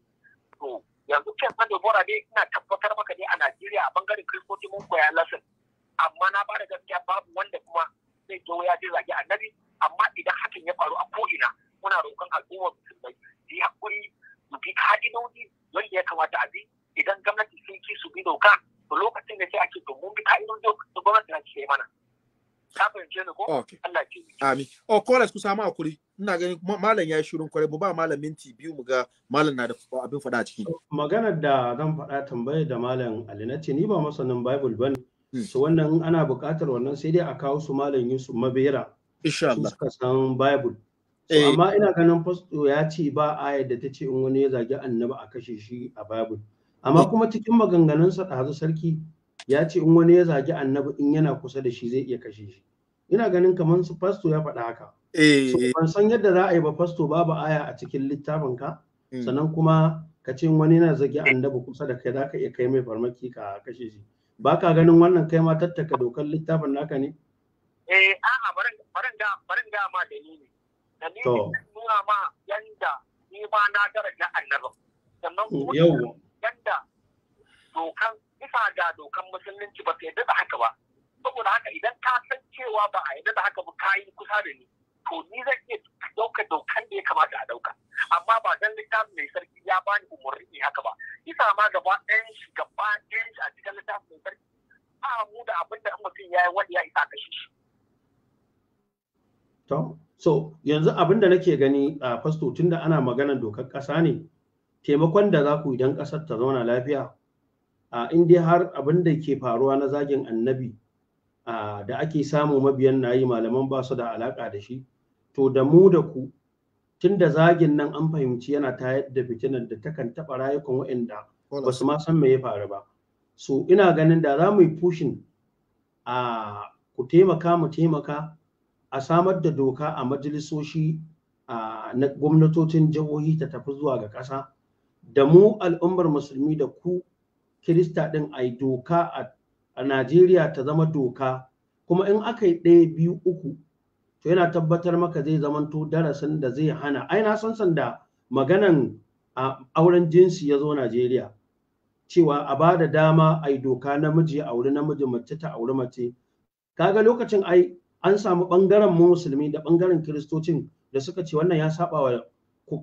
to yanzu kyan san dai ina tabbatar maka ne a najeriya a bangaren kristoci mun koya lasin amma na ba da gaskiya babu wanda kuma zai zo ya je zagi annabi amma idan hakan ya faru a ko'ina muna roƙon al'ummar musulmai su yi hakuri su bi ka'idodi wanda ya kamata a bi idan gwamnati sun ki su bi doka to lokacin da sai a ce to mun bi ka'idodi su gwamnati na ce mana ka ni ko amin o oh, kolas ku samu hakuri ina ganin malam ya yi shirin kwarai mu ba malam minti biyu mu ga malam na da abin faɗa a ciki maganar da zan faɗa tambayar da malam Ali na ce ni ba masanin bible bane Hmm. su wannan ana buƙatar wannan sai dai a kawo su malam Yusuf Mabera suka san Bible eh. amma ina ganin fasto ya ce ba ayar da ta ce in wani ya zagi annaba a kashe shi a Bible amma kuma cikin maganganunsa ɗazu sarki ya ce in wani ya zagi annaba in yana kusa da shi zai iya kashe shi ina ganin kamar su fasto ya faɗa haka eh. ban san yadda za a yi ba fasto babu aya a cikin littafin ka hmm. sannan kuma ka ce wani yana zagi annaba kusa da kai za ka iya kai mai farmaki ka kashe shi ba ka ganin wannan kai ma tattaka dokar littafin naka ne? Eh, a'a barin da barin da ma ni Dalilin nuna ma yanda ni ma na daraja annabi. Sannan mm, kuma yanda dokan bisa ga dokan musulunci ba ta yadda da haka ba. Saboda haka idan ka san cewa ba a yadda da haka ba ka yi kusa da ni. to ni zan iya ɗaukar dokan da ya kamata a ɗauka amma ba dan littafin mai sarki ya bani umarni haka ba isa ma gaba ɗayan shi gaba ɗayan shi a cikin littafin mai sarki ba mu da abin da mutum ya yi wani ya isa kashe shi. so yanzu abin da nake gani a fasto tunda ana maganar dokar ƙasa ne taimakon da za ku idan ƙasar ta zauna lafiya a in dai har abin da ke faruwa na zagin annabi da ake samu mabiyan nayi malaman ba su da alaƙa da shi to da mu da ku tun da zagin nan an fahimci yana ta yadda fitinar da takan taɓa rayukan waɗanda ba su ma san me ya faru ba so ina ganin da za mu yi pushin a ku taimaka mu taimaka a samar da doka a majalisoshi na gwamnatocin jihohi ta tafi zuwa ga ƙasa da mu al'ummar musulmi da ku kirista ɗin a doka a najeriya ta zama doka kuma in aka yi ɗaya biyu uku to yana tabbatar maka zai zamanto darasin da zai hana ai na san sanda maganan a auren jinsi ya zo Najeriya cewa a ba da dama ai doka namiji ya auri namiji mace ta auri mace kaga lokacin ai an samu bangaren mu musulmi da bangaren kiristocin da suka ce wannan ya saba wa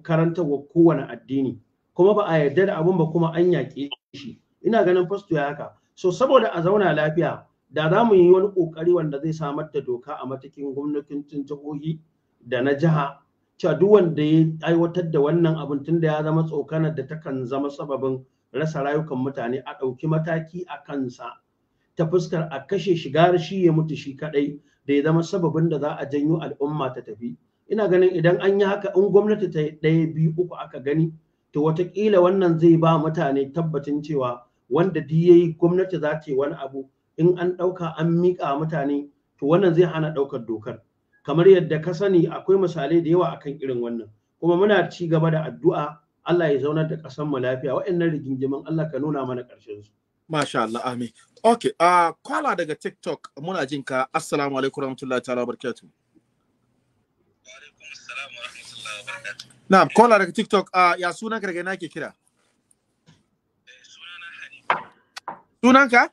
karantarwa kowane addini kuma ba a yarda da abun ba kuma an yaƙe shi ina ganin fasto ya haka so saboda a zauna lafiya da za mu yi wani ƙoƙari wanda zai samar da doka a matakin gwamnatin jihohi da na jiha cewa duk wanda ya aiwatar da wannan abin tun da ya zama tsokanar da takan zama sababin rasa rayukan mutane a ɗauki mataki a kansa ta fuskar a kashe shi gara shi ya mutu shi kaɗai da ya zama sababin da za a janyo al'umma ta tafi ina ganin idan an yi haka in gwamnati ta ɗaya biyu uku aka gani to watakila wannan zai ba mutane tabbacin cewa wanda duk yi gwamnati za ta yi wani abu in an ɗauka an miƙa mutane to wannan zai hana ɗaukar dokar kamar yadda ka sani akwai misalai da yawa akan irin wannan kuma muna ci gaba da addu'a Allah ya zaunar da ƙasar mu lafiya wa'annan rigingimin Allah ka nuna mana ƙarshen su Masha Allah, amin. a uh, kwala daga TikTok muna jin ka. Assalamu alaikum warahmatullahi ta'ala barkatu. Na'am, kwala daga TikTok, uh, ya sunan ka daga ina ke kira? Eh, sunan ka?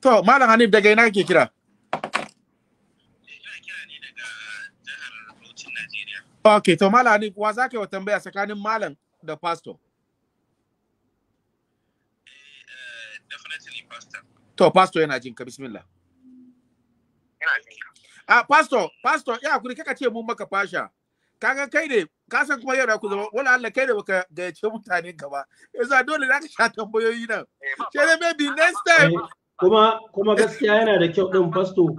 To, Malam Hanif daga ina kake kira? Ok, to Malam Hanif, wa za ka yi wa tambaya tsakanin Malam da Pastor? Definitely Pastor. To, Pastor yana jinka, bismillah. Yana Ah, Pastor, Pastor, ya kuri kaka ce mun maka fasha. Kaga kai ne, ka san kuma yau da ku zama, wala Allah kai ne baka gayyace mutane ka ba. Yanzu dole za ka sha tambayoyi nan. Eh, sai maybe next time eh, kuma kuma gaskiya yana da kyau din fasto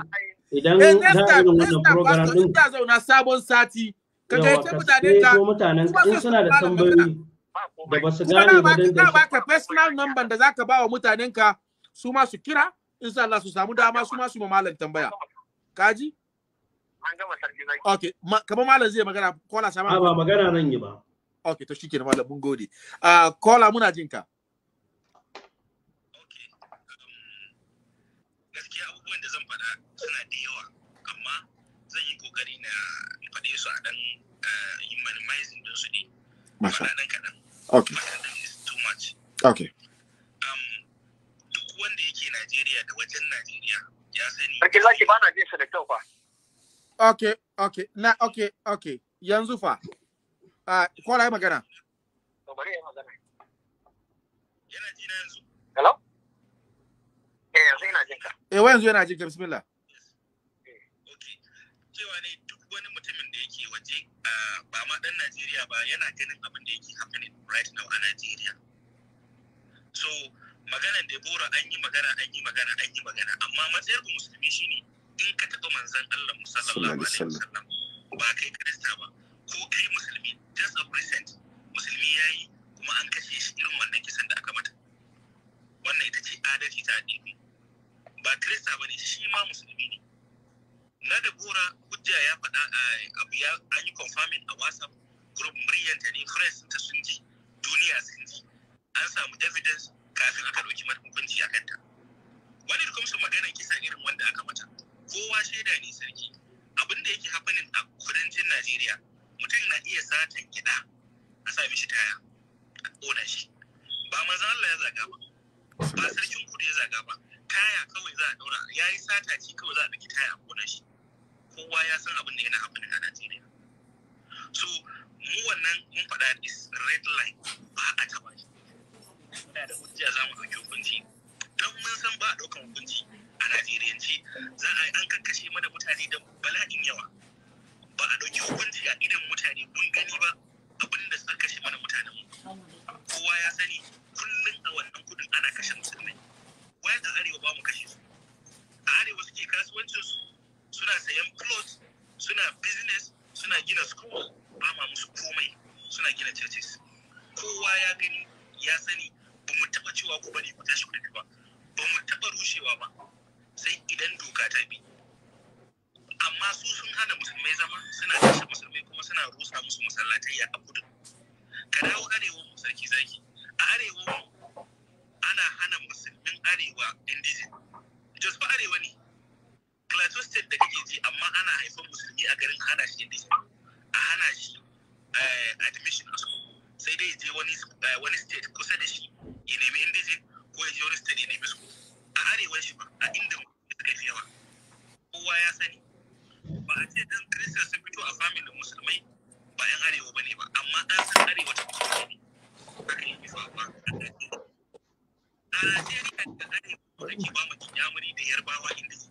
idan eh, za a irin wannan program din ta zauna sabon sati ka ga ta mutane ta mutanen in suna da tambayoyi da ba su gane ba din da ba ka personal number da zaka ba wa mutanen ka su ma su kira in sha Allah su samu dama su ma su ma tambaya kaji an gama sarki zaki okay kamar malam zai magana kola sama ba magana nan yi ba okay to shikenan malam mun gode ah kola muna jinka ƙoƙari na faɗe su a ɗan humanizing eh, don su ne. Masha. Faɗa ɗan kaɗan. Okay. too much. Okay. Um, duk wanda yake Najeriya da wajen Najeriya ya sani. Sarki zaki ba na jin sa da kyau fa. Okay, okay, na okay, okay. Yanzu fa. Ah, ko la magana? To bari ya magana. Yana ji na yanzu. Hello? Eh, yanzu yana jinka. Eh, wa yanzu yana jinka bismillah. ba ma dan Najeriya ba yana ganin abin da yake happening right now a Najeriya so maganan Deborah an yi magana an yi magana an yi magana amma matsayar ku musulmi shine in ka taɓa manzan Allah sallallahu alaihi wasallam ba kai Kirista ba ko kai musulmi just a present musulmi yayi kuma an kashe shi irin wannan kisan da aka mata wannan ita ce adalci ta addini ba Kirista ne shi ma musulmi ne na da gora hujja ya faɗa abu ya an yi confirming a whatsapp group ta ne friends ta sun ji duniya sun ji an samu evidence kafin aka ɗauki hukunci a kanta wani da kuma maganar kisa irin wanda aka mata kowa shaida ne sarki abin da yake happening a kudancin najeriya mutum na iya satan gida a sami shi taya a ƙona shi ba maza Allah ya zaga ba ba sarkin kudu ya zaga ba Kaya kawai za a ɗaura ya yi sata ci kawai za a ɗauki taya a ƙona shi kowa ya san abin da yana abin a Najeriya so mu wannan mun faɗa is red line ba a taɓa shi muna da hujja za mu ɗauki hukunci don mun san ba a ɗaukan hukunci a Najeriya ce. za a an kakkashe mana mutane da bala'in yawa ba a ɗauki hukunci a idan mutane mun gani ba abin da suka kashe mana mutanen mu kowa ya sani kullum a wannan kudin ana kashe musulmai Wayar da arewa ba mu kashe su a arewa suke kasuwancin su suna sayan plot suna business suna gina school ba ma musu komai suna gina churches kowa ya gani ya sani ba mu taba cewa ku bari ku tashi ku ba ba mu taba rushewa ba sai idan doka ta bi amma su sun hana musulmai zama suna kashe musulmai kuma suna rusa musu masallatai a kudu ka dawo arewa mu sarki zaki a arewa ana hana musulmin arewa indijin jos ba arewa ne plateau state da kake ji amma ana haifar musulmi a garin hana shi ne a hana shi eh, admission a school sai dai je wani eh, wani state kusa da shi ya nemi indijin ko ya je wani state ya nemi school a arewa shi ba a inda suka fi yawa kowa ya sani ba a ce dan kristan sun fito a familin musulmai ba yan arewa ne ba amma an san arewa ta kusa ne haka yi bisa ba a Najeriya da arewa ake ba mu yamuri da yarbawa indijin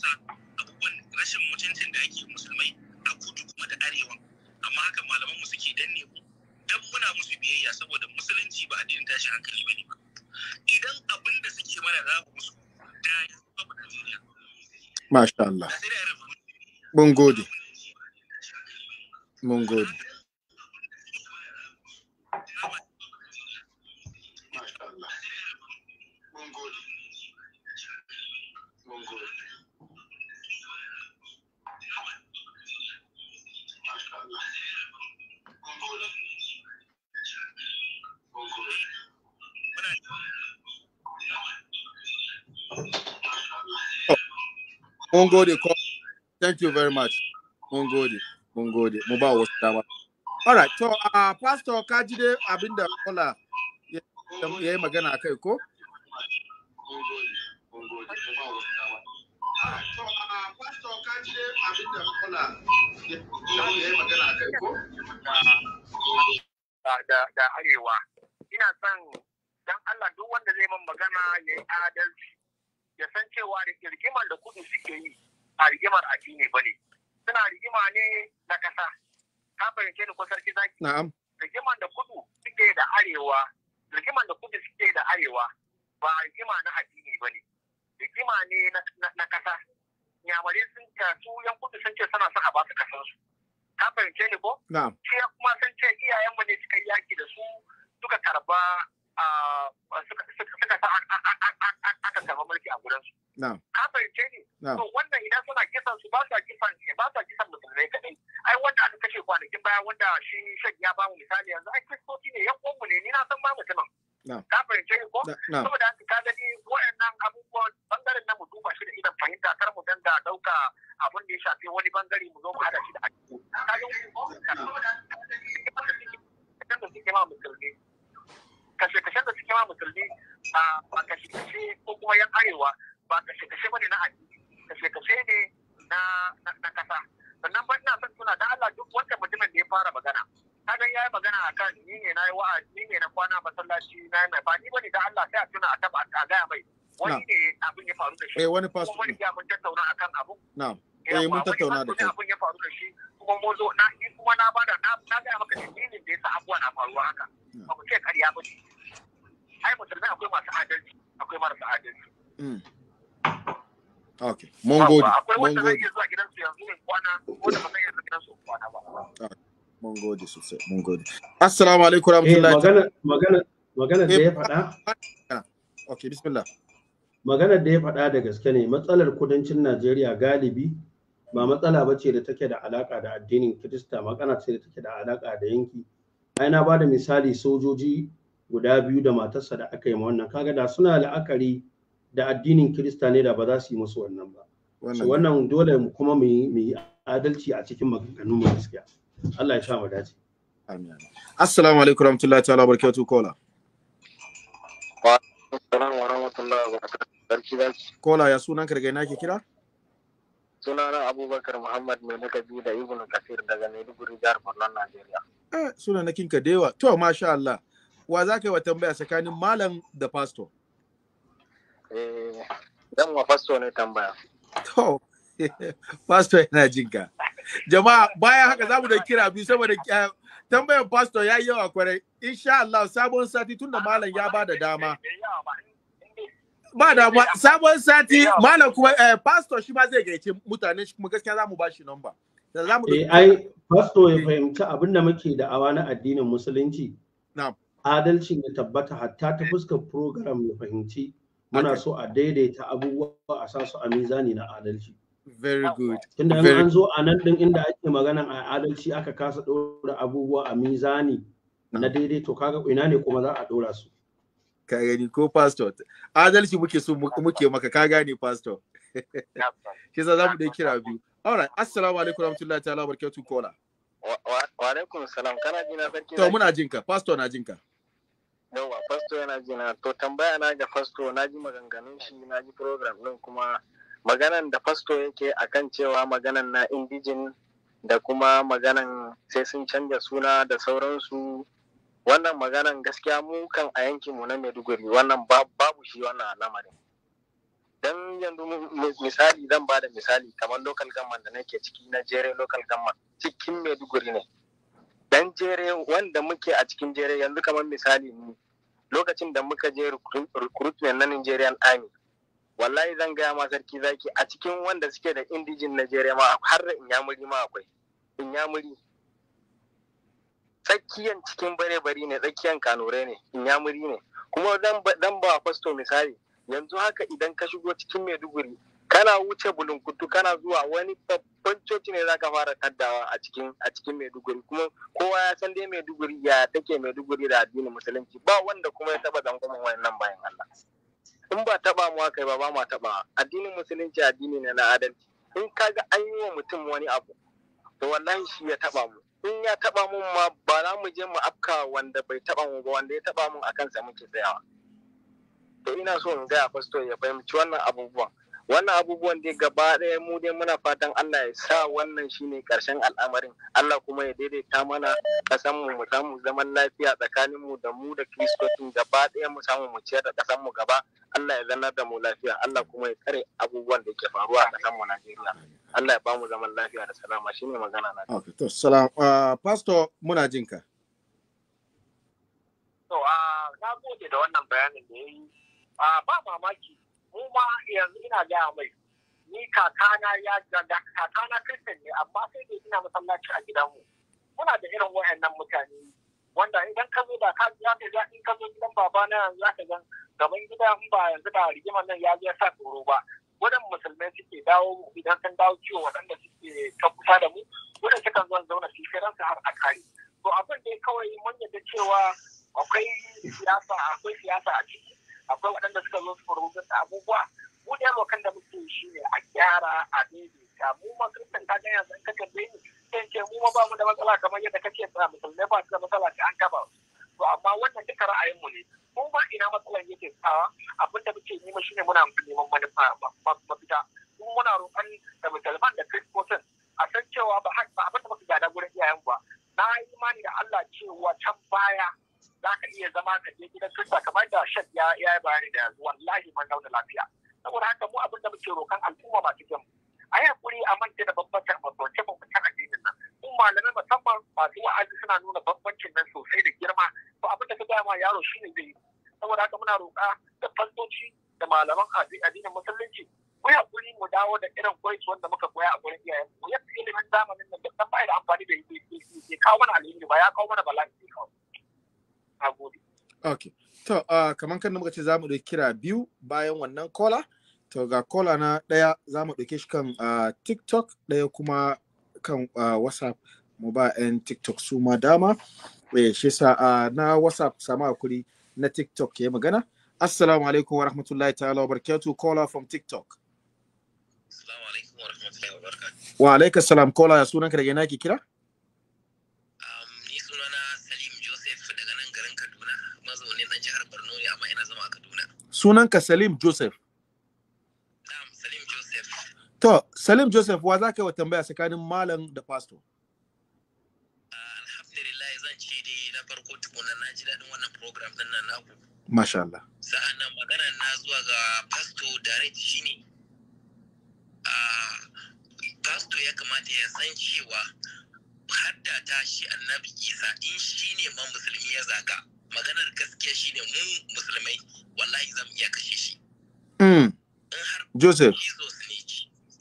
kansa abubuwan rashin mutuncin da ake musulmai a kudu kuma da arewa amma haka malaman mu suke danne mu dan muna musu biyayya saboda musulunci ba addinin tashi hankali bane ba idan abin da suke mana rabu musu da yanzu babu Najeriya masha Allah mun gode mun gode Mun gode. Thank you very much. Mun gode. Mun gode. Mu ba wasu dama. All right. To, uh, Pastor Kajide abinda kola ya yi magana a kai ko? da arewa ina son dan Allah duk wanda zai man magana ya yi adalci ya san cewa rigimar da kudu suke yi a rigimar addini ba ne suna rigima ne na kasa ka fahimce ni ko sarki zaki na'am rigimar da kudu suke da arewa rigimar da kudu suke da arewa ba rigima na addini ba ne rigima ne na kasa nyamare sun tasu yan kudu sun ce suna son a ba su kasansu ka fahimce ni ko na'am sai kuma sun ce iyayenmu ne suka yi yaki da su suka karba suka sa aka karɓi mulki a gudansu. Ka fahimce ni? To wannan idan suna kisan su ba sa kisan ba sa kisan musulmai kaɗai. Ai wanda aka kashe kwanakin baya wanda shi shan ya bamu misali yanzu ai kristoci ne yan uwanmu ne ni na san ba mutumin. Ka fahimce ni ko? Saboda haka ka gani waɗannan abubuwan bangaren na mu duba shi da idan fahimta kar mu danga ɗauka abin da ya shafi wani bangare mu zo mu haɗa shi da aiki. Ka ga wani ko? Saboda haka ka gani da suke ma musulmi. kashe-kashen da suke ma musulmi ba kashe-kashe ko kuma yan arewa ba kashe-kashe bane na addini kashe-kashe ne na kasa sannan ba ina son tuna da Allah duk wanda mutumin da ya fara magana kaga ya yi magana a kan ni ne na yi wa'azi ni ne na kwana masallaci na yi mai ba bane da Allah sai a tuna a taba a gaya mai wani ne abin ya faru da shi eh wani fasu ya mun tattauna akan abu na'am eh mun tattauna da kai abin ya faru da shi kuma mun zo na kuma na bada na ga maka dalilin da yasa abuwa na faruwa haka ba ku ce ba ai musulmai akwai masu adalci akwai marasa adalci hmm. Okay. Mun gode. Akwai wanda zai iya zuwa gidansu yanzu ne kwana ko da ba zai iya zuwa gidansu kwana ba. Mun gode sosai. Mun gode. Assalamu alaikum warahmatullahi. Eh, magana magana magana da ya eh, faɗa. Okay, bismillah. Maganar da ya faɗa da gaske ne matsalar kudancin Najeriya galibi ba matsala ba ce da take da alaƙa da addinin Kirista magana ce da take da alaƙa da yanki. Ai na ba da misali sojoji guda biyu da matarsa da aka yi ma wannan kaga da suna la'akari da addinin kirista ne da ba za su yi musu wannan ba wannan dole kuma mu yi adalci a cikin maganganun mu gaskiya Allah ya sha mu dace amin assalamu alaikum warahmatullahi ta'ala barakatuh kola wa assalamu warahmatullahi wabarakatuh kola ya sunan ka daga ina ke kira sunana abubakar muhammad mai na kabi da ibn kasir daga maiduguri jihar borno nigeria. eh sunan nakin ka dewa to masha Allah wa za ka yi wa tambaya tsakanin malam da pastor eh, zan wa pastor ne tambaya to pastor yana jinka jama'a bayan haka za mu da kira biyu saboda eh, tambayar pastor ya yi yawa kwarai insha Allah sabon sati tunda malam ya ba da dama ba da sabon sati malam kuma eh, pastor shi ma zai gaice mutane shi kuma gaskiya za mu ba shi namba da eh, ai pastor ya fahimci abin da muke da awa na addinin musulunci na'am adalcin ya tabbata hatta ta fuskar program ya fahimci muna so a daidaita abubuwa a sa su a mizani na adalci very good tunda an zo a nan din inda ake magana a adalci aka kasa ɗora abubuwa a mizani ah. na daidai to kaga ina ne kuma za a ɗora su ka gani ko pastor adalci muke so muke maka ka gane pastor shi sa za mu dai kira biyu alright assalamu alaikum warahmatullahi ta'ala barkatu kola wa alaikum salam kana jina sarki to muna jinka pastor na jinka yauwa fasto yana jina to tambaya na ga fasto na ji maganganun shi na ji program din kuma maganan da fasto yake kan cewa maganan na indijin da kuma maganan sai sun canja suna da sauransu wannan maganan gaskiya mu kan a yankinmu na maiduguri wannan babu shi wannan lamarin don yanzu misali zan ba da misali kamar local government da nake ciki na jere local government cikin maiduguri ne dan jere wanda muke a cikin jere yanzu kamar misali ne. lokacin da muka je recruitment na Nigerian Army wallahi zan gaya ma sarki zaki a cikin wanda suke da indijin Najeriya ma har da inyamuri ma akwai inyamuri tsakiyan cikin bare bari ne tsakiyan kanure ne inyamuri ne kuma dan ba fasto misali yanzu haka idan ka shigo cikin Maiduguri kana wuce bulunkutu kana zuwa wani babban coci ne za ka fara kaddawa a cikin a cikin Maiduguri kuma kowa ya san dai Maiduguri ya take Maiduguri da addinin musulunci ba wanda kuma ya taba wani nan bayan Allah in ba taba mu kai ba ba ma taba addinin musulunci addini ne na adalci in kaga an yi wa mutum wani abu to wallahi shi ya taba mu in ya taba mun ma ba za mu je mu afka wanda bai taba mu ba wanda ya taba mun akan sa muke tsayawa to ina so in gaya fasto ya fahimci wannan abubuwan wannan abubuwan dai gaba ɗaya mu dai muna fatan Allah ya sa wannan shine karshen al'amarin Allah kuma ya daidaita mana kasan mu mu samu zaman lafiya tsakanin mu da mu da kristocin gaba ɗaya mu samu mu ciyar da kasan mu gaba Allah ya zanna da mu lafiya Allah kuma ya tsare abubuwan da ke faruwa a kasan mu Najeriya Allah ya ba mu zaman lafiya da salama shine magana na Okay to salam uh, pastor muna ka to a uh, na gode da wannan bayanin da yayi uh, ba mamaki mu ma yanzu ina gaya mai ni kakana ya da kakana kristan ne amma sai dai ina masallaci a gidanmu muna da irin wayannan mutane wanda idan ka zo da ka ya ka ga in ka zo gidan baba na yanzu za ga gaban gida in ba yanzu da rigimar nan ya zo ya sa tsoro ba wadan musulmai suke dawo idan sun dawo ciwo waɗanda suke ta kusa da mu wadan sukan zo zauna su sai ransu har a kare to abin da kawai mun yadda cewa akwai siyasa akwai siyasa a ciki akwai waɗanda suka zo su rubuta abubuwa mu da yamma kan da muke shi ne a gyara a daidaita mu ma kristan ka ga zan ka kalle ni sai ce mu ma ba mu da matsala kamar yadda kake tsaya musulmai ba su da matsala ta an taba to amma wannan duka ra'ayin mu ne mu ma ina matsalan yake tsawa abin da muke nema shine muna neman manufa mafita kuma muna roƙon da musulman da kristosin a san cewa ba abin da muka gada gurin iyayen ba na imani da Allah cewa can baya za ka iya zama ka je gidan kansa kamar da shan ya ya bayani da yanzu wallahi mun launa lafiya saboda haka mu abin muke rokan al'umma masu kyan a yi hakuri a manta da bambancin bambance bambancin addinin nan mu malamai musamman masu wa'azi suna nuna bambancin nan sosai da girma to abin da ka gaya ma yaro shi ne zai saboda haka muna roƙa da fastoci da malaman addinin musulunci mu hakuri mu dawo da irin kwaici wanda muka koya a gurin iyayen mu yadda ilimin zamanin nan da san ba da amfani da yi kawo mana alheri ba ya kawo mana bala'i kawai a Ok. To, uh, kamar kan muka ce za mu ɗauki kira biyu bayan wannan kola. To, ga kola na ɗaya za mu ɗauke shi kan uh, TikTok ɗaya kuma kan uh, WhatsApp. Mu ba 'yan TikTok su ma dama. Eh, shi sa uh, na WhatsApp sama kuri na TikTok ya magana. Assalamu alaikum wa rahmatullahi ta'ala wa barakatuh. kola from TikTok. Assalamu alaikum wa rahmatullahi wa barakatuh. Wa alaikum salam. Caller ya sunanka ke kira? sunanka Salim Joseph. Na'am, Salim Joseph. To, Salim Joseph wa za ka yi wa tambaya tsakanin malam da pastor? Ah, alhamdulillah zan ce dai na farko tukuna na ji daɗin wannan program ɗin nan naku. Masha Allah. Sa'an nan magana na zuwa ga pastor direct shine. Ah, pastor ya kamata ya san cewa hadda ta shi annabi Isa in shi ne musulmi ya zaka Maganar gaskiya shine mu musulmai wallahi zan iya kashe shi mm. joseph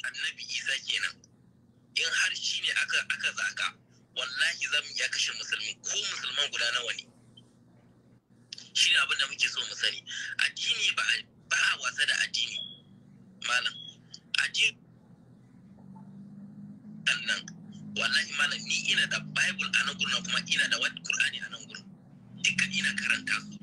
annabi isa kenan in har shi ne aka aka zaka wallahi zan iya kashe musulmi ko musulman guda nawa ne shi ne abin da muke so mu sani addini ba ba a wasa da addini malam addini sannan wallahi malam ni ina da bible a nan gurin kuma ina da wani qur'ani a nan gurin dukkan ina karanta su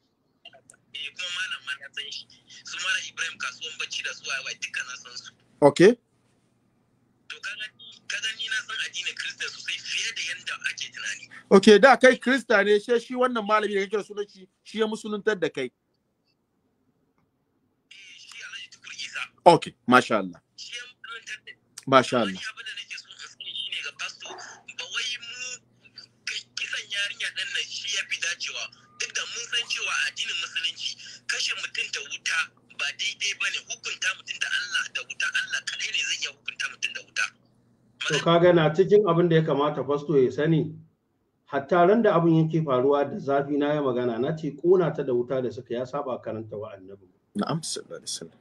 shi da zuwa yawa duka na san su okay to da kai krista ne shi wannan malami da kake sunan shi shi ya musuluntar da kai eh, Okay, masha Allah. Masha Allah. cewa duk da mun san cewa addinin musulunci kashe mutum da wuta ba daidai ba ne hukunta mutum da Allah da wuta Allah kaɗai ne zai iya hukunta mutum da wuta. To kaga na cikin abin da ya kamata fasto ya sani hatta ran da abin yake faruwa da zafi na ya magana na ce kona ta da wuta da suka ya saba karanta wa annabi. Na'am sallallahu alaihi wasallam.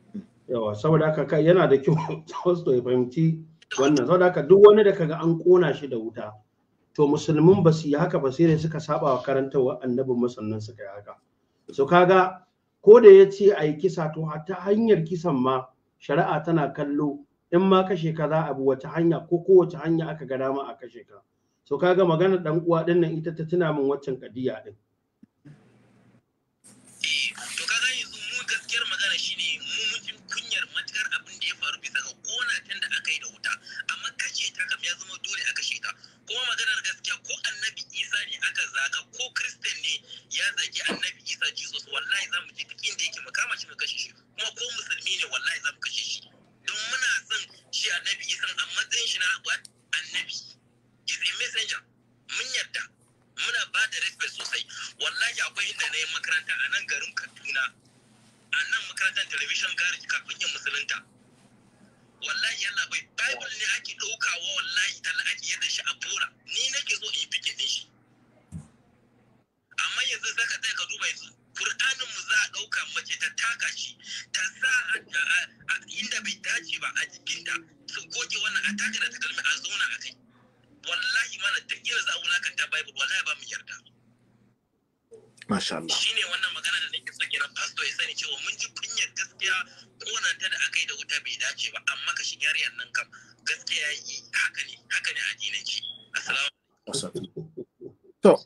Yawa saboda haka yana da kyau fasto ya fahimci wannan saboda haka duk wani da kaga an kona shi da wuta to musulmin ba su yi haka ba sai suka saba wa annabi annabin musannan suka yi haka. So kaga ko da ya ce a yi kisa to ta hanyar kisan ma shari'a tana kallo in ma kashe ka za a bi wata hanya ko kowace hanya aka ga dama a kashe ka so kaga maganar ɗan uwa nan ita ta tuna min waccan kadiya din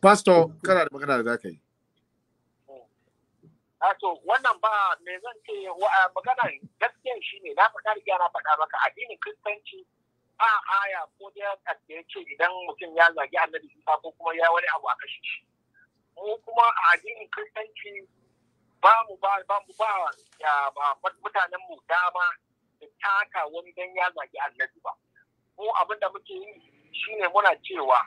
Pastor, kana da magana da za ka yi. Ah, to wannan ba me zan ce ah, magana gaskiya shi ne na faɗa riga na faɗa maka addinin kristanci ba aya ko da ya ce idan mutum ya zagi annabi Isa ko kuma ya wani abu a kashe shi mu kuma a addinin kristanci ba mu ba ba mu ba mutanen mu dama da taka wani dan ya zagi annabi ba mu abin da muke yi shine muna cewa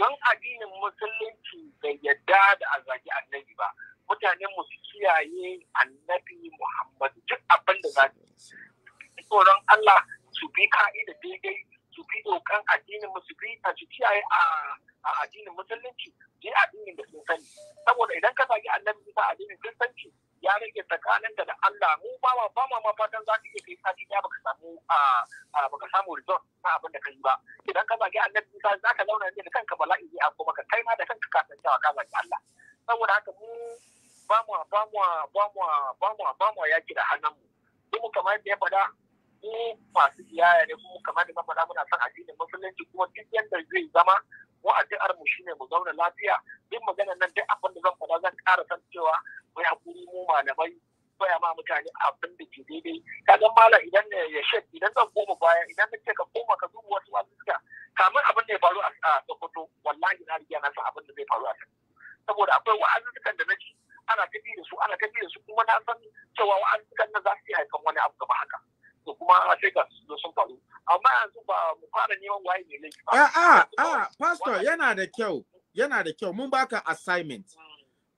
don addinin musulunci bai yadda da a zagi annabi ba mutanen mu su kiyaye annabi Muhammadu duk abin da za su tsoron allah su bi ka'ida daidai su bi dokan addinin su bi a su kiyaye a addinin musulunci je addinin da sun sani saboda idan ka zagi annabi bisa addinin sun kristanci ya rage tsakanin da Allah mu ba ma ba ma fatan za ka iya kai sati ɗaya baka samu baka samu result na abin da ka yi ba idan ka zagi allah sa za ka zauna ne da kanka bala'i ne a afko ka kai ma da kanka ka san cewa ka zagi Allah saboda haka mu ba mu ba mu ba mu ba mu ba mu ya da hannun mu mu kamar yadda ya faɗa mu masu ne mu kamar da faɗa muna son addinin musulunci kuma duk yadda zai zama mu addu'ar mu shine mu zauna lafiya duk maganar nan duk abin da zan faɗa zan ƙara san cewa mu hakuri mu malamai Baya ma mutane abin da ke daidai ka ga mala idan ya shek idan zan koma baya idan na ce ka koma ka duba wasu wasuka kamar abin da ya faru a Sokoto wallahi na riga na san abin da zai faru a Sokoto saboda akwai sukan da na ji ana tafi da su ana tafi da su kuma na san cewa sukan na za su yi haifan wani abu gaba haka A'a, kuma pastor yana da kyau yana da kyau mun baka assignment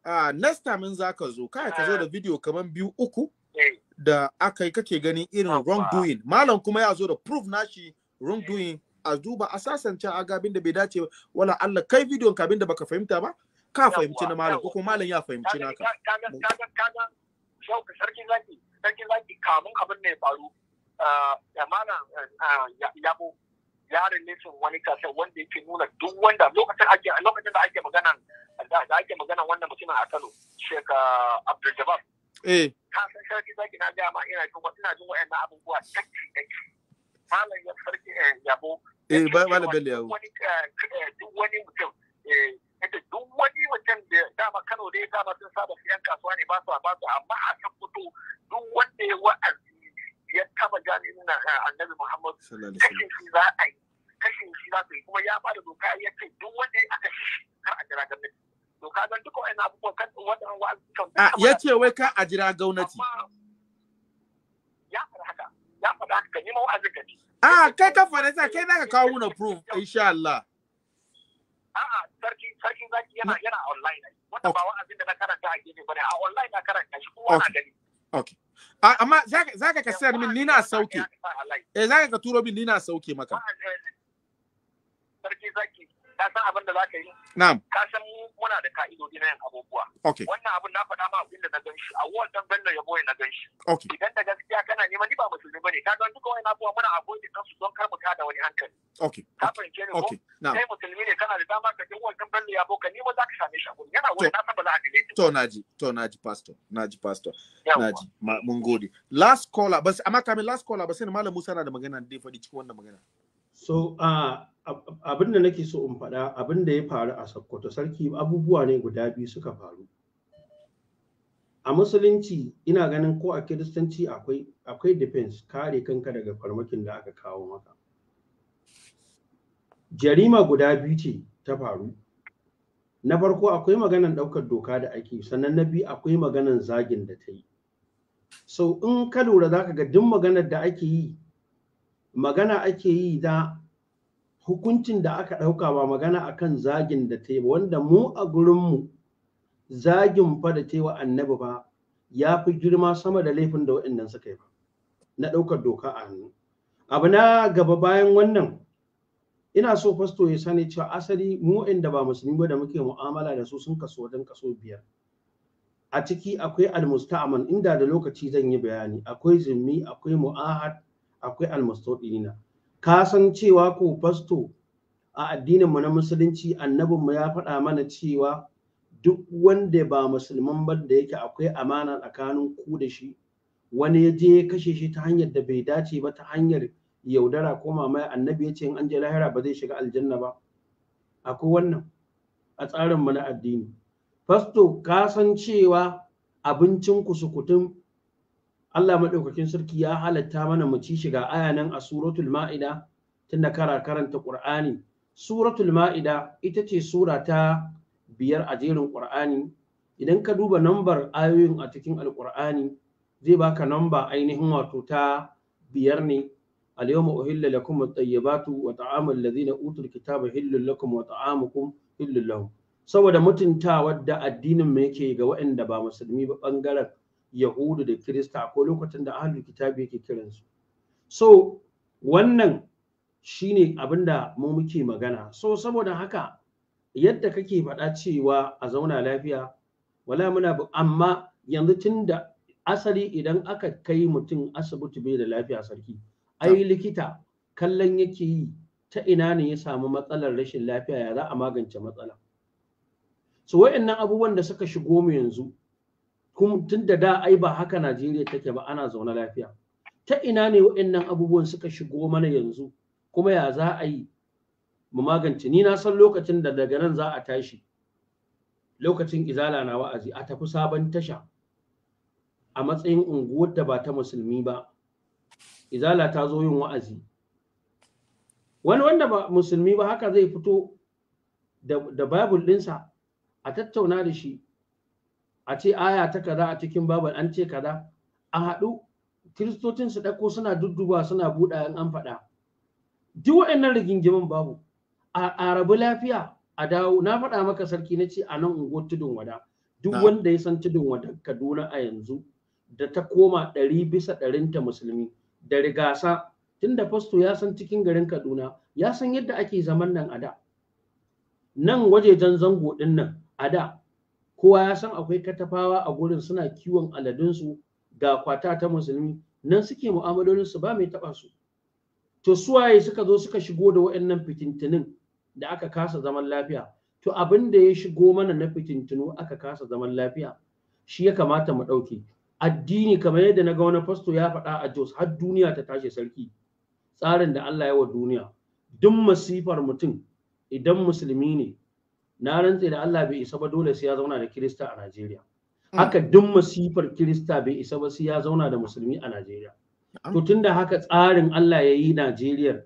uh, next time in zaka zo kai ka zo ah. da video kaman biyu uku eh. da aka yi kake ganin irin wrongdoing malam kuma ya zo da proof nashi wrongdoing eh. a duba a sasance a ga abin bai dace wala Allah kai bidiyon ka abinda baka fahimta ba ka fahimci na malam kuma malam ya fahimci naka kaga kaga kaga sarki zaki sarki zaki kamun abin ne faru malam yabo ya rilisin wani kasa wanda yake nuna duk wanda lokacin ake a lokacin da ake magana da ake magana wannan mutumin a Kano Sheka uh, Abdul Jabbar eh ka san sarki zaki na ga ma ina jin ina jin wayannan abubuwa daki daki malam ya farki yabo eh ba eh, ba malam Bello yawo eh, eh, duk wani mutum eh duk wani mutum da dama Kano dai dama sun saba siyan kasuwa ne ba su ba su amma a kan fito duk wanda ya wa'azi ya taba jami'in na eh, annabi Muhammad kashin shi za a yi kashin shi za su yi kuma ya bada doka ya ce duk wanda ya aka shi kar a jira gwamnati doka don duka wani abubuwan kan waɗannan A, ya ce wai ka a jira gwamnati ya faɗa haka ya faɗa haka ka nima wa'azin ka Ah, kai ka faɗa sa kai na ka kawo na proof insha Allah. A'a, sarki sarki zaki yana yana online. Wanda ba wa'azin da na karanta a gefe bane a online na karanta shi kuma na gani. okay amma za ka sayar min ni na sauke eh za ka turo min ni na sauke maka sarki zaki ka san abin da za ka yi na'am ka san muna da ka'idodi na yin abubuwa okay wannan abin na faɗa ma abin da na gan shi a wall dan bello ya boye na gan shi okay idan da gaskiya kana neman ni ba musulmi ba ne. ka ga duka wani abubuwa muna abuwa da kansu don kar mu da wani hankali okay ka fahimce ni ko kai musulmi ne kana da dama ka je wall dan bello ya boka ni ma za ka same shi a yana wani na san ba za a dile to naji to naji pastor naji pastor naji mun gode last caller bas amma kamin last caller ba sai malam Musa na da magana da ya faɗi cikin wannan magana so uh, abin da nake so in faɗa abin da ya faru a Sokoto sarki abubuwa ne guda biyu suka faru a musulunci ina ganin ko a kiristanci akwai akwai defense kare kanka daga farmakin da aka kawo maka jarima guda biyu ce ta faru na farko akwai maganan ɗaukar doka da ake sannan na biyu akwai maganan zagin da ta yi so in ka lura za ka ga duk maganar da ake yi magana ake yi da hukuncin da aka ɗauka ba magana akan zagin da ta yi wanda mu a gurinmu zagin fa da ta yi wa annabi ba ya fi girma sama da laifin da waɗannan suka yi ba na ɗaukar doka a hannu abu na gaba bayan wannan ina so fasto ya sani cewa asali mu inda ba musulmi ba da muke mu'amala da su sun kaso wajen kaso biyar a ciki akwai almusta'aman inda da lokaci zan yi bayani akwai zimmi akwai mu'ahad akwai almustauɗinina ka san cewa ko fasto a addinin mu na musulunci annabinmu ya faɗa mana cewa duk wanda ba musulman ba da yake akwai amana tsakanin ku da shi wani ya je ya kashe shi ta hanyar da bai dace ba ta hanyar yaudara ko mamaya annabi ya ce in an je lahira ba zai shiga aljanna ba akwai wannan a tsarinmu na addini fasto ka san cewa abincin ku sukutun Allah maɗaukakin sarki ya halatta mana mu ci shiga aya nan a suratul ma'ida tunda kara karanta Qur'ani suratul ma'ida ita ce sura ta biyar a jerin Qur'ani idan ka duba nambar ayoyin a cikin alƙur'ani zai baka namba ainihin wato ta biyar ne اليوم أهل لكم الطيبات وطعام الذين أوتوا الكتاب حل لكم وطعامكم حل لهم saboda mutunta wadda addinin mu yake ga waɗanda ba musulmi ba yahudu da kirista ko lokacin da ahlul kitabi yake kiransu so wannan shine abinda mu muke magana so saboda haka yadda kake faɗa cewa a zauna lafiya wala muna amma yanzu tunda asali idan aka kai mutum asibiti bai da lafiya sarki ai likita kallon yake yi ta ina ne ya samu matsalar rashin lafiya ya za a magance matsala so wayannan abubuwan da suka shigo mu yanzu kuma tun da da ai ba haka Najeriya take ba ana zaune lafiya ta ina ne waɗannan abubuwan suka shigo mana yanzu kuma ya za a yi mu magance ni na san lokacin da daga nan za a tashi lokacin izala na wa'azi a tafi sabon tasha a matsayin unguwar da ba ta musulmi ba izala ta zo yin wa'azi wani wanda ba musulmi ba haka zai fito da bible ɗinsa a tattauna da shi a ce aya ta kaza a cikin babal an ce kaza a haɗu kiristocin su ɗauko suna dudduba suna buɗa in an faɗa duk waɗannan rigingimin babu a rabu lafiya a dawo na faɗa maka sarki na ce a nan ungo tudun wada duk wanda ya san tudun wada kaduna a yanzu da ta koma ɗari bisa ta musulmi da rigasa tunda fasto ya san cikin garin kaduna ya san yadda ake zaman nan a da nan wajejen zango ɗin nan a da kowa ya san akwai katafawa a gurin suna kiwon aladunsu ga kwata ta musulmi nan suke mu'amalolinsu ba mai taɓa su to suwaye suka zo suka shigo da waɗannan fikintunin da aka kasa zaman lafiya to abin da ya shigo mana na fitintinu aka kasa zaman lafiya shi ya kamata mu ɗauke addini kamar yadda na ga wani fasto ya faɗa a jos har duniya ta tashi sarki tsarin da Allah ya wa duniya duk masifar mutum idan musulmi ne na rantse da Allah bai isa ba dole sai ya zauna da Kirista a Najeriya. Hmm. Haka duk masifar Kirista bai isa ba sai ya zauna da Musulmi a Najeriya. To hmm. tunda haka tsarin Allah ya yi Najeriya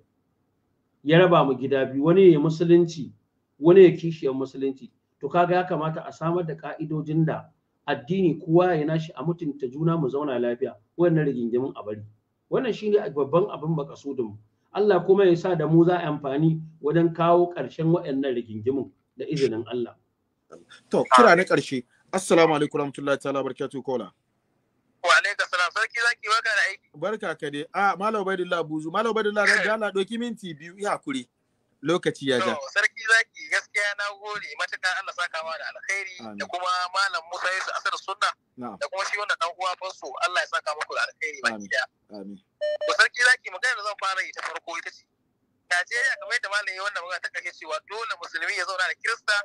ya raba mu gida biyu wani ya musulunci wani ya kishiyar musulunci to kaga ya kamata a samar da ka'idojin da addini kowa ya nashi a mutunta juna mu zauna lafiya wannan rigingimin a bari wannan shine babban abin makasudin mu Allah kuma ya sa da mu za a amfani wajen kawo ƙarshen waɗannan rigingimin da izinin Allah to kira na ƙarshe assalamu alaikum warahmatullahi ta'ala barakatuh kola wa alaikum salam sarki zaki baka da aiki barka ka dai a ah, malam ubaidillah buzu malam ubaidillah ran da na doki minti biyu ya kuri lokaci ya ja sarki zaki gaskiya na gode matuƙa Allah saka ma da alkhairi da kuma malam Musa Yusuf Asar Sunna da kuma shi wanda dan uwa Fasso Allah ya saka muku da alkhairi baki daya amin to sarki zaki magana da zan fara yi ta farko ita ce Najeriya kamar yadda malamin wannan magana ta kashe cewa dole musulmi ya zauna da kirista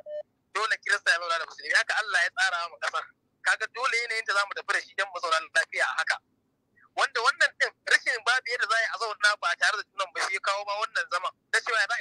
dole kirista ya zauna da musulmi haka Allah ya tsara mu kasar kaga dole yanayin da zamu tafi da shi dan mu zauna lafiya a haka wanda wannan din rashin babu yadda za a zauna ba tare da tunan ba shi kawo ma wannan zaman na cewa za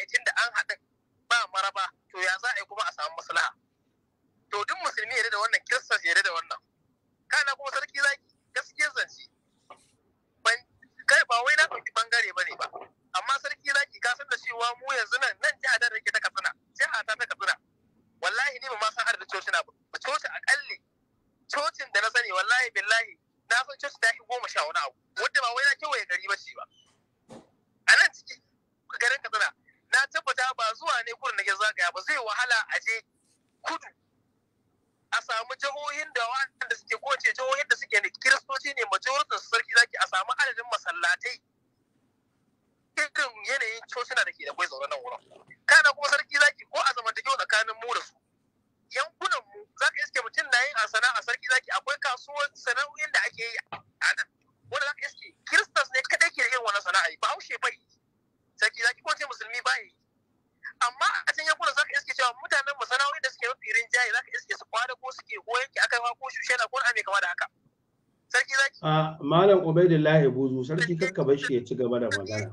sarki kakka bar shi ya ci gaba da magana.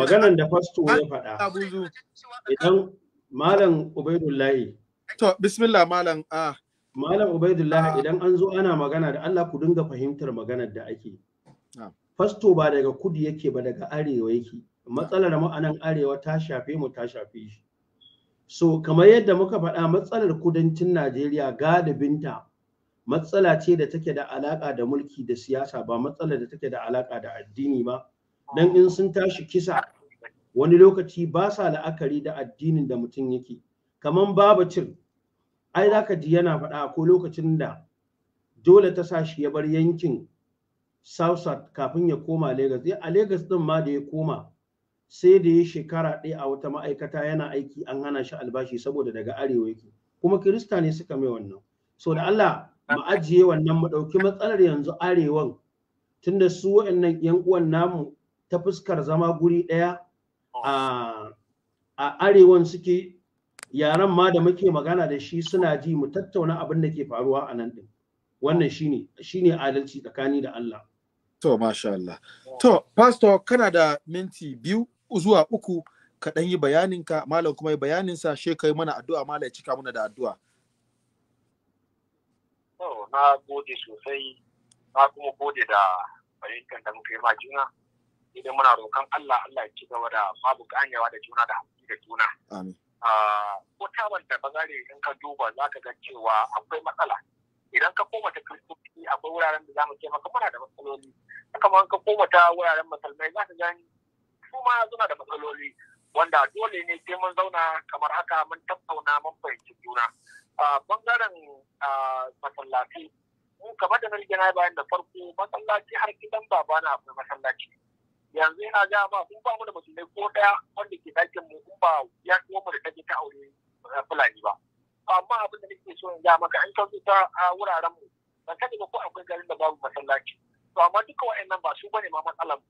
Maganan da fasto ya faɗa. Idan Malam Ubaidullahi. To, bismillah Malam. Ah. Malam Ubaidullahi idan an zo ana magana da Allah ku dinga fahimtar maganar da ake. Ah. Fasto ba daga kudu yake ba daga arewa yake. Matsalar mu anan arewa ta shafe mu ta shafe shi. So, kamar yadda muka faɗa matsalar kudancin Najeriya Binta? matsala ce da take da alaƙa da mulki da siyasa ba matsala da take da alaƙa da addini ba dan in sun tashi kisa wani lokaci ba sa la'akari da addinin da mutum yake Kamar babacin ai za ji yana faɗa ko lokacin da dole ta sa shi ya bar yankin south kafin ya koma lagos eh, a lagos din ma da ya koma sai da ya shekara ɗaya a wata ma'aikata yana aiki an hana shi albashi saboda daga arewa yake kuma kirista ne suka mai wannan so da allah mu ajiye wannan mu ɗauki matsalar yanzu arewan tunda su waɗannan yan uwan namu ta fuskar zama guri ɗaya a a arewan suke yaran ma da muke magana da shi suna ji mu tattauna abin da ke faruwa a nan din wannan shine shine adalci tsakani da Allah to masha Allah to pastor kana da minti biyu zuwa uku ka ɗan yi bayaninka malam kuma yi bayaninsa shekai mana addu'a malam ya cika mana da addu'a na gode sosai na kuma gode da fahimtar da muka yi ma juna idan muna roƙon Allah Allah ya ci gaba da babu ganyawa da juna da hankali da juna ko ta da bazare in ka duba za ka ga cewa akwai matsala idan ka koma ta kristofi akwai wuraren da za mu ce maka muna da matsaloli ma ka koma ta wuraren musulmai za ka gani su ma suna da matsaloli wanda dole ne sai mun zauna kamar haka mun tattauna mun fahimci juna bangaren masallaci mu kamar da nalge na bayan da farko masallaci har gidan na akwai masallaci yanzu yana ga ba kun ba mu da musulmai ko daya wanda ke dakin mu kun ba ya kuma mu da take ta aure fulani ba amma abin da nake so in ga maka an kauce ta wuraren mu ban sani ba ko akwai garin da babu masallaci to amma duka wa'annan ba su bane ma matsalar mu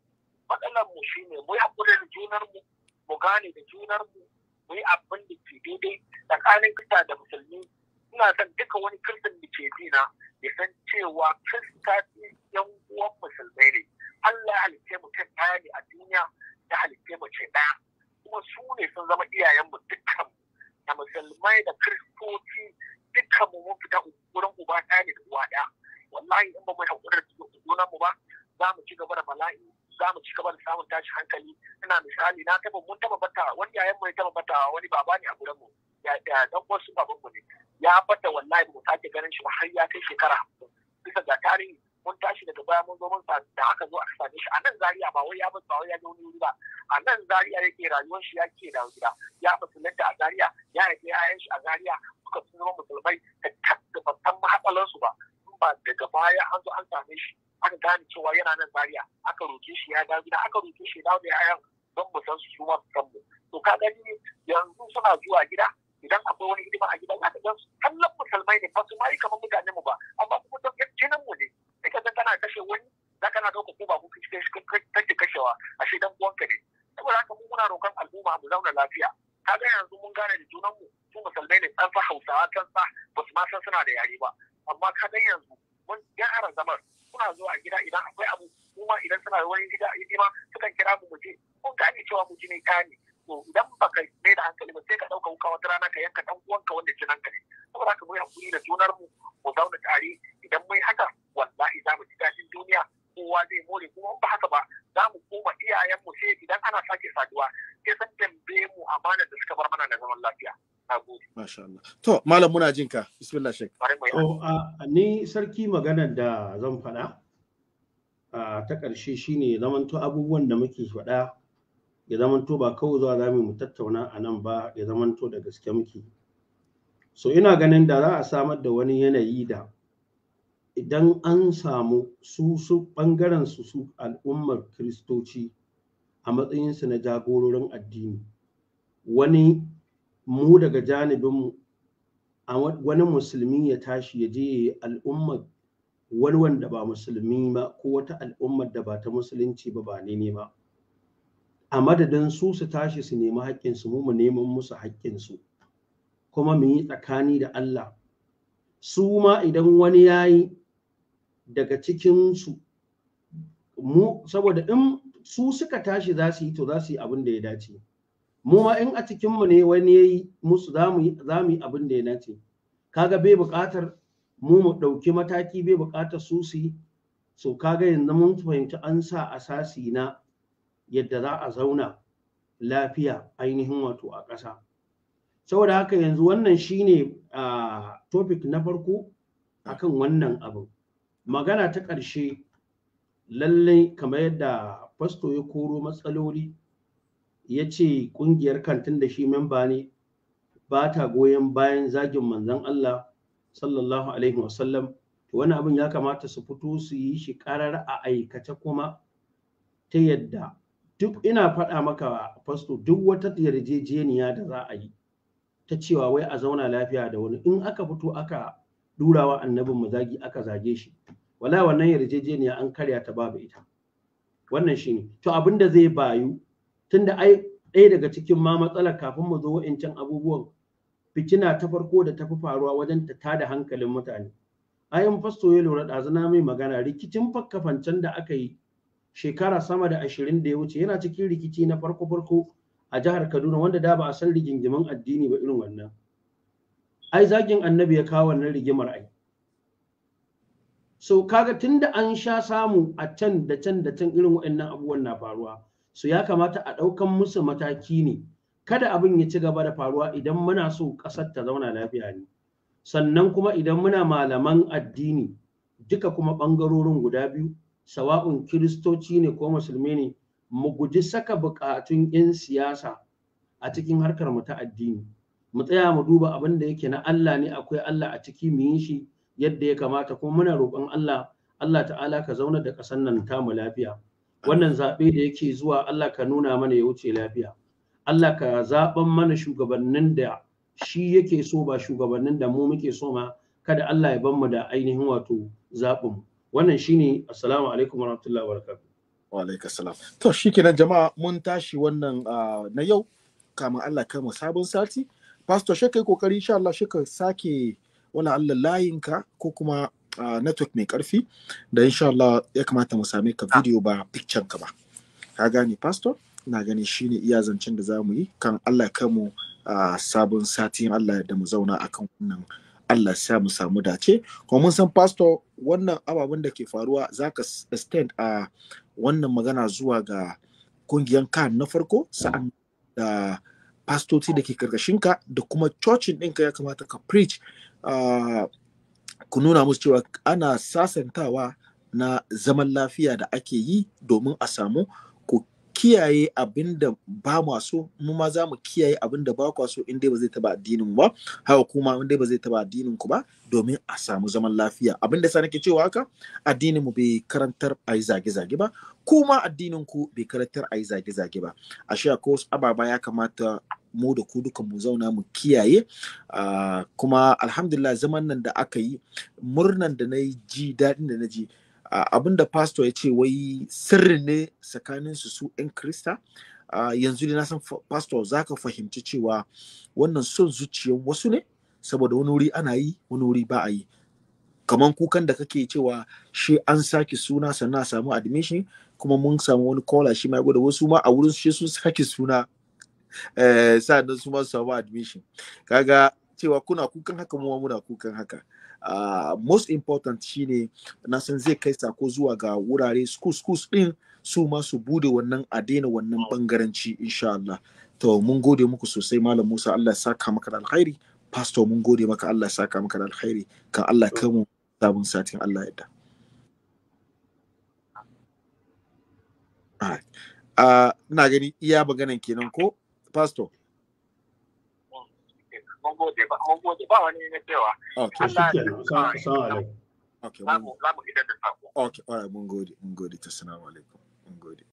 matsalar mu shine mu yi hakuri da junar mu mu gane da junar mu mu yi abin da ke daidai tsakanin kisa da musulmi ina son duka wani kirtin da ke dina ya san cewa ce yan uwan musulmai ne Allah ya halitta mu kan ɗaya ne a duniya ya halitta mu ce ɗaya kuma su ne sun zama iyayenmu dukkan da musulmai da kiristoci dukkan mu mun fita wurin uba ɗaya ne da uwa ɗaya wallahi in ba mu haƙurar da mu ba za mu ci gaba da bala'i za mu ci gaba da samun tashi hankali ina misali na taba mun taba bata wani yayan mu ya taba bata wani baba ne a gurin mu ya dan su baban mu ne ya bata wallahi mu sake ganin shi har ya kai shekara bisa ga tarihi mun tashi daga baya mun zo mun da aka zo aka same shi a nan zariya ba wai ya bar ba wai ya ga wani wuri ba a nan zariya yake rayuwar shi yake da gida ya musulunta a zariya ya haifi yayan shi a zariya suka zama musulmai da san mahatsalansu ba ba daga baya an zo an same shi aka gane cewa yana nan Zariya. aka roke shi ya dawo gida aka roke shi ya dawo da yayan don mu san su su ma su san mu to ka gani yanzu suna zuwa gida idan akwai wani hidima a gida za ka gansu kallon musulmai ne ba su ma yi kamar mutane mu ba amma kuma don jinin mu ne sai ka kana kashe wani za kana ɗauka ko ba ku kake kashewa ashe dan uwanka ne saboda haka mu muna roƙon al'umma mu zauna lafiya kaga yanzu mun gane da junan mu su musulmai ne ɗan fa hausawa san sa ba su ma san suna da yare ba amma ka gani yanzu mun gyara zaman suna zuwa gida idan akwai abu kuma idan suna wani gida ma sukan kira mu muje mun gane cewa mu ne ta ne to idan baka mai da hankali ba sai ka ɗauka wuka wata rana ka yanka ɗan uwanka wanda ke nan kare saboda haka hakuri da junar mu mu zauna tare idan mun haka wallahi za mu ji dadin duniya kowa zai more kuma ba haka ba za mu koma iyayen mu sai idan ana sake saduwa sai san tambaye mu amana da suka bar mana na zaman lafiya Masha To, Malam muna jin ka. Bismillah Sheikh. To, ni sarki maganar da zan faɗa ta ƙarshe shine zamanto abubuwan da muke faɗa ya zamanto ba kawai zuwa zamu mu tattauna a nan ba ya zamanto da gaske muke. So ina ganin da za a samar da wani yanayi da idan an samu su su ɓangaren su su al'ummar Kiristoci a matsayinsu na jagororin addini wani mu daga janibinmu a wani musulmi ya tashi ya je al'umma wani wanda ba musulmi ba ko wata al'ummar da ba ta musulunci ba ba ne ne ba a madadin su su tashi su nemi haƙƙinsu mu mu neman musu haƙƙinsu kuma mu yi tsakani da Allah su ma idan wani ya yi daga cikinsu mu saboda in su suka tashi za su yi to za su yi abin da ya dace mu ma in a cikin mu ne wani yayi musu zamu zamu yi abin da ya nace kaga bai buƙatar mu mu ɗauki mataki bai buƙatar su su yi so kaga yanzu mun fahimci an sa asasi na yadda za a zauna lafiya ainihin wato a ƙasa saboda haka yanzu wannan shine a topic na farko akan wannan abin magana ta ƙarshe lallai kamar yadda fasto ya koro matsaloli ya ce ƙungiyar kantin da shi memba ne ba ta goyon bayan zagin manzon Allah sallallahu alaihi wasallam wani abin ya kamata su fito su yi shi karar a aikace kuma ta yadda duk ina faɗa maka fasto duk wata yarjejeniya da za a yi ta cewa wai a zauna lafiya da wani in aka fito aka durawa annabin mazagi aka zage shi wala wannan yarjejeniya an karya ta babu ita wannan shine to abin da zai bayu tunda ai ɗaya daga cikin ma matsalar kafin mu zo wa'incan abubuwan fitina ta farko da tafi faruwa wajen ta tada hankalin mutane ayan fasto ya lura ɗazuna mai magana rikicin fakkafancen da aka yi shekara sama da ashirin da ya wuce yana cikin rikici na farko farko a jihar kaduna wanda da ba a san rigingimin addini ba irin wannan ai zagin annabi ya kawo wannan rigimar ai so kaga tunda an sha samu a can da can da can irin waɗannan abubuwan na faruwa su ya kamata a ɗaukan musu mataki ne kada abin ya ci gaba da faruwa idan muna so ƙasar ta zauna lafiya ne sannan kuma idan muna malaman addini duka kuma ɓangarorin guda biyu sawa'un kiristoci ne ko musulmi ne mu guji saka buƙatun 'yan siyasa a cikin harkar mu ta addini mu tsaya mu duba abin da yake na Allah ne akwai Allah a ciki mu yi shi yadda ya kamata kuma muna roƙon Allah Allah ta'ala ka zauna da ƙasar nan tamu lafiya wannan zaɓe da yake zuwa Allah ka nuna mana ya wuce lafiya Allah ka zaɓan mana shugabannin da shi yake so ba shugabannin da mu muke so ma kada Allah ya mu da ainihin wato zaɓin wannan shine assalamu alaikum warahmatullahi wabarakatuh wa alaikum assalam to shikenan jama'a mun tashi wannan na yau kamun Allah kai mu sabon sati pastor shekai kokari insha Allah shekai sake wala Allah layinka ko kuma network mai karfi da insha Allah ya kamata mu same ka video ba picture ka ba ka gane pastor na gani shine iya zancen da zamu yi kan Allah ka mu sabon sati Allah da mu zauna akan wannan Allah sa mu samu dace kuma mun san pastor wannan ababen da ke faruwa zaka extend a wannan magana zuwa ga kungiyan ka na farko sa'an da pastoci da ke ka, da kuma cocin ɗinka ya kamata ka preach ku nuna musu cewa ana sasantawa na zaman lafiya da ake yi domin a samu ku kiyaye abin da ba mu mu ma za mu kiyaye abin da ba kwa so in dai ba zai taba addinin ba haka kuma in dai ba zai taba addinin ku ba domin a samu zaman lafiya abin da sa nake cewa haka addinin mu bai karantar a yi zage-zage ba kuma addinin ku bai karantar a yi zage-zage ba a sha ko ababa ya kamata mu da ku duka mu zauna mu kiyaye ah, kuma alhamdulillah zaman nan da aka yi murnan da na ji daɗin da na ji ah, abin da pastor ya ce wai sirri ne tsakanin su su 'yan krista ah, yanzu ne na san pastor za ka fahimci cewa wannan son zuciyar wasu ne saboda wani wuri ana yi wani wuri ba a yi Kamar kukan da kake cewa shi an sake suna sannan a samu admission kuma mun samu wani kola shi ma da wasu ma a wurin shi sun sake suna eh sa'annan su ma samu admission kaga cewa kuna kukan haka mu muna kukan haka uh, most important shine na san zai kai sako zuwa ga wurare school schools din su ma su bude wannan a daina wannan bangaranci insha Allah to mun gode muku sosai malam Musa Allah ya saka maka da alkhairi pastor mun gode maka Allah ya saka maka da alkhairi kan Allah ka mu sabon satin Allah ya da ah, na gani iya maganan kenan ko pastor mun gode ba mun okay okay okay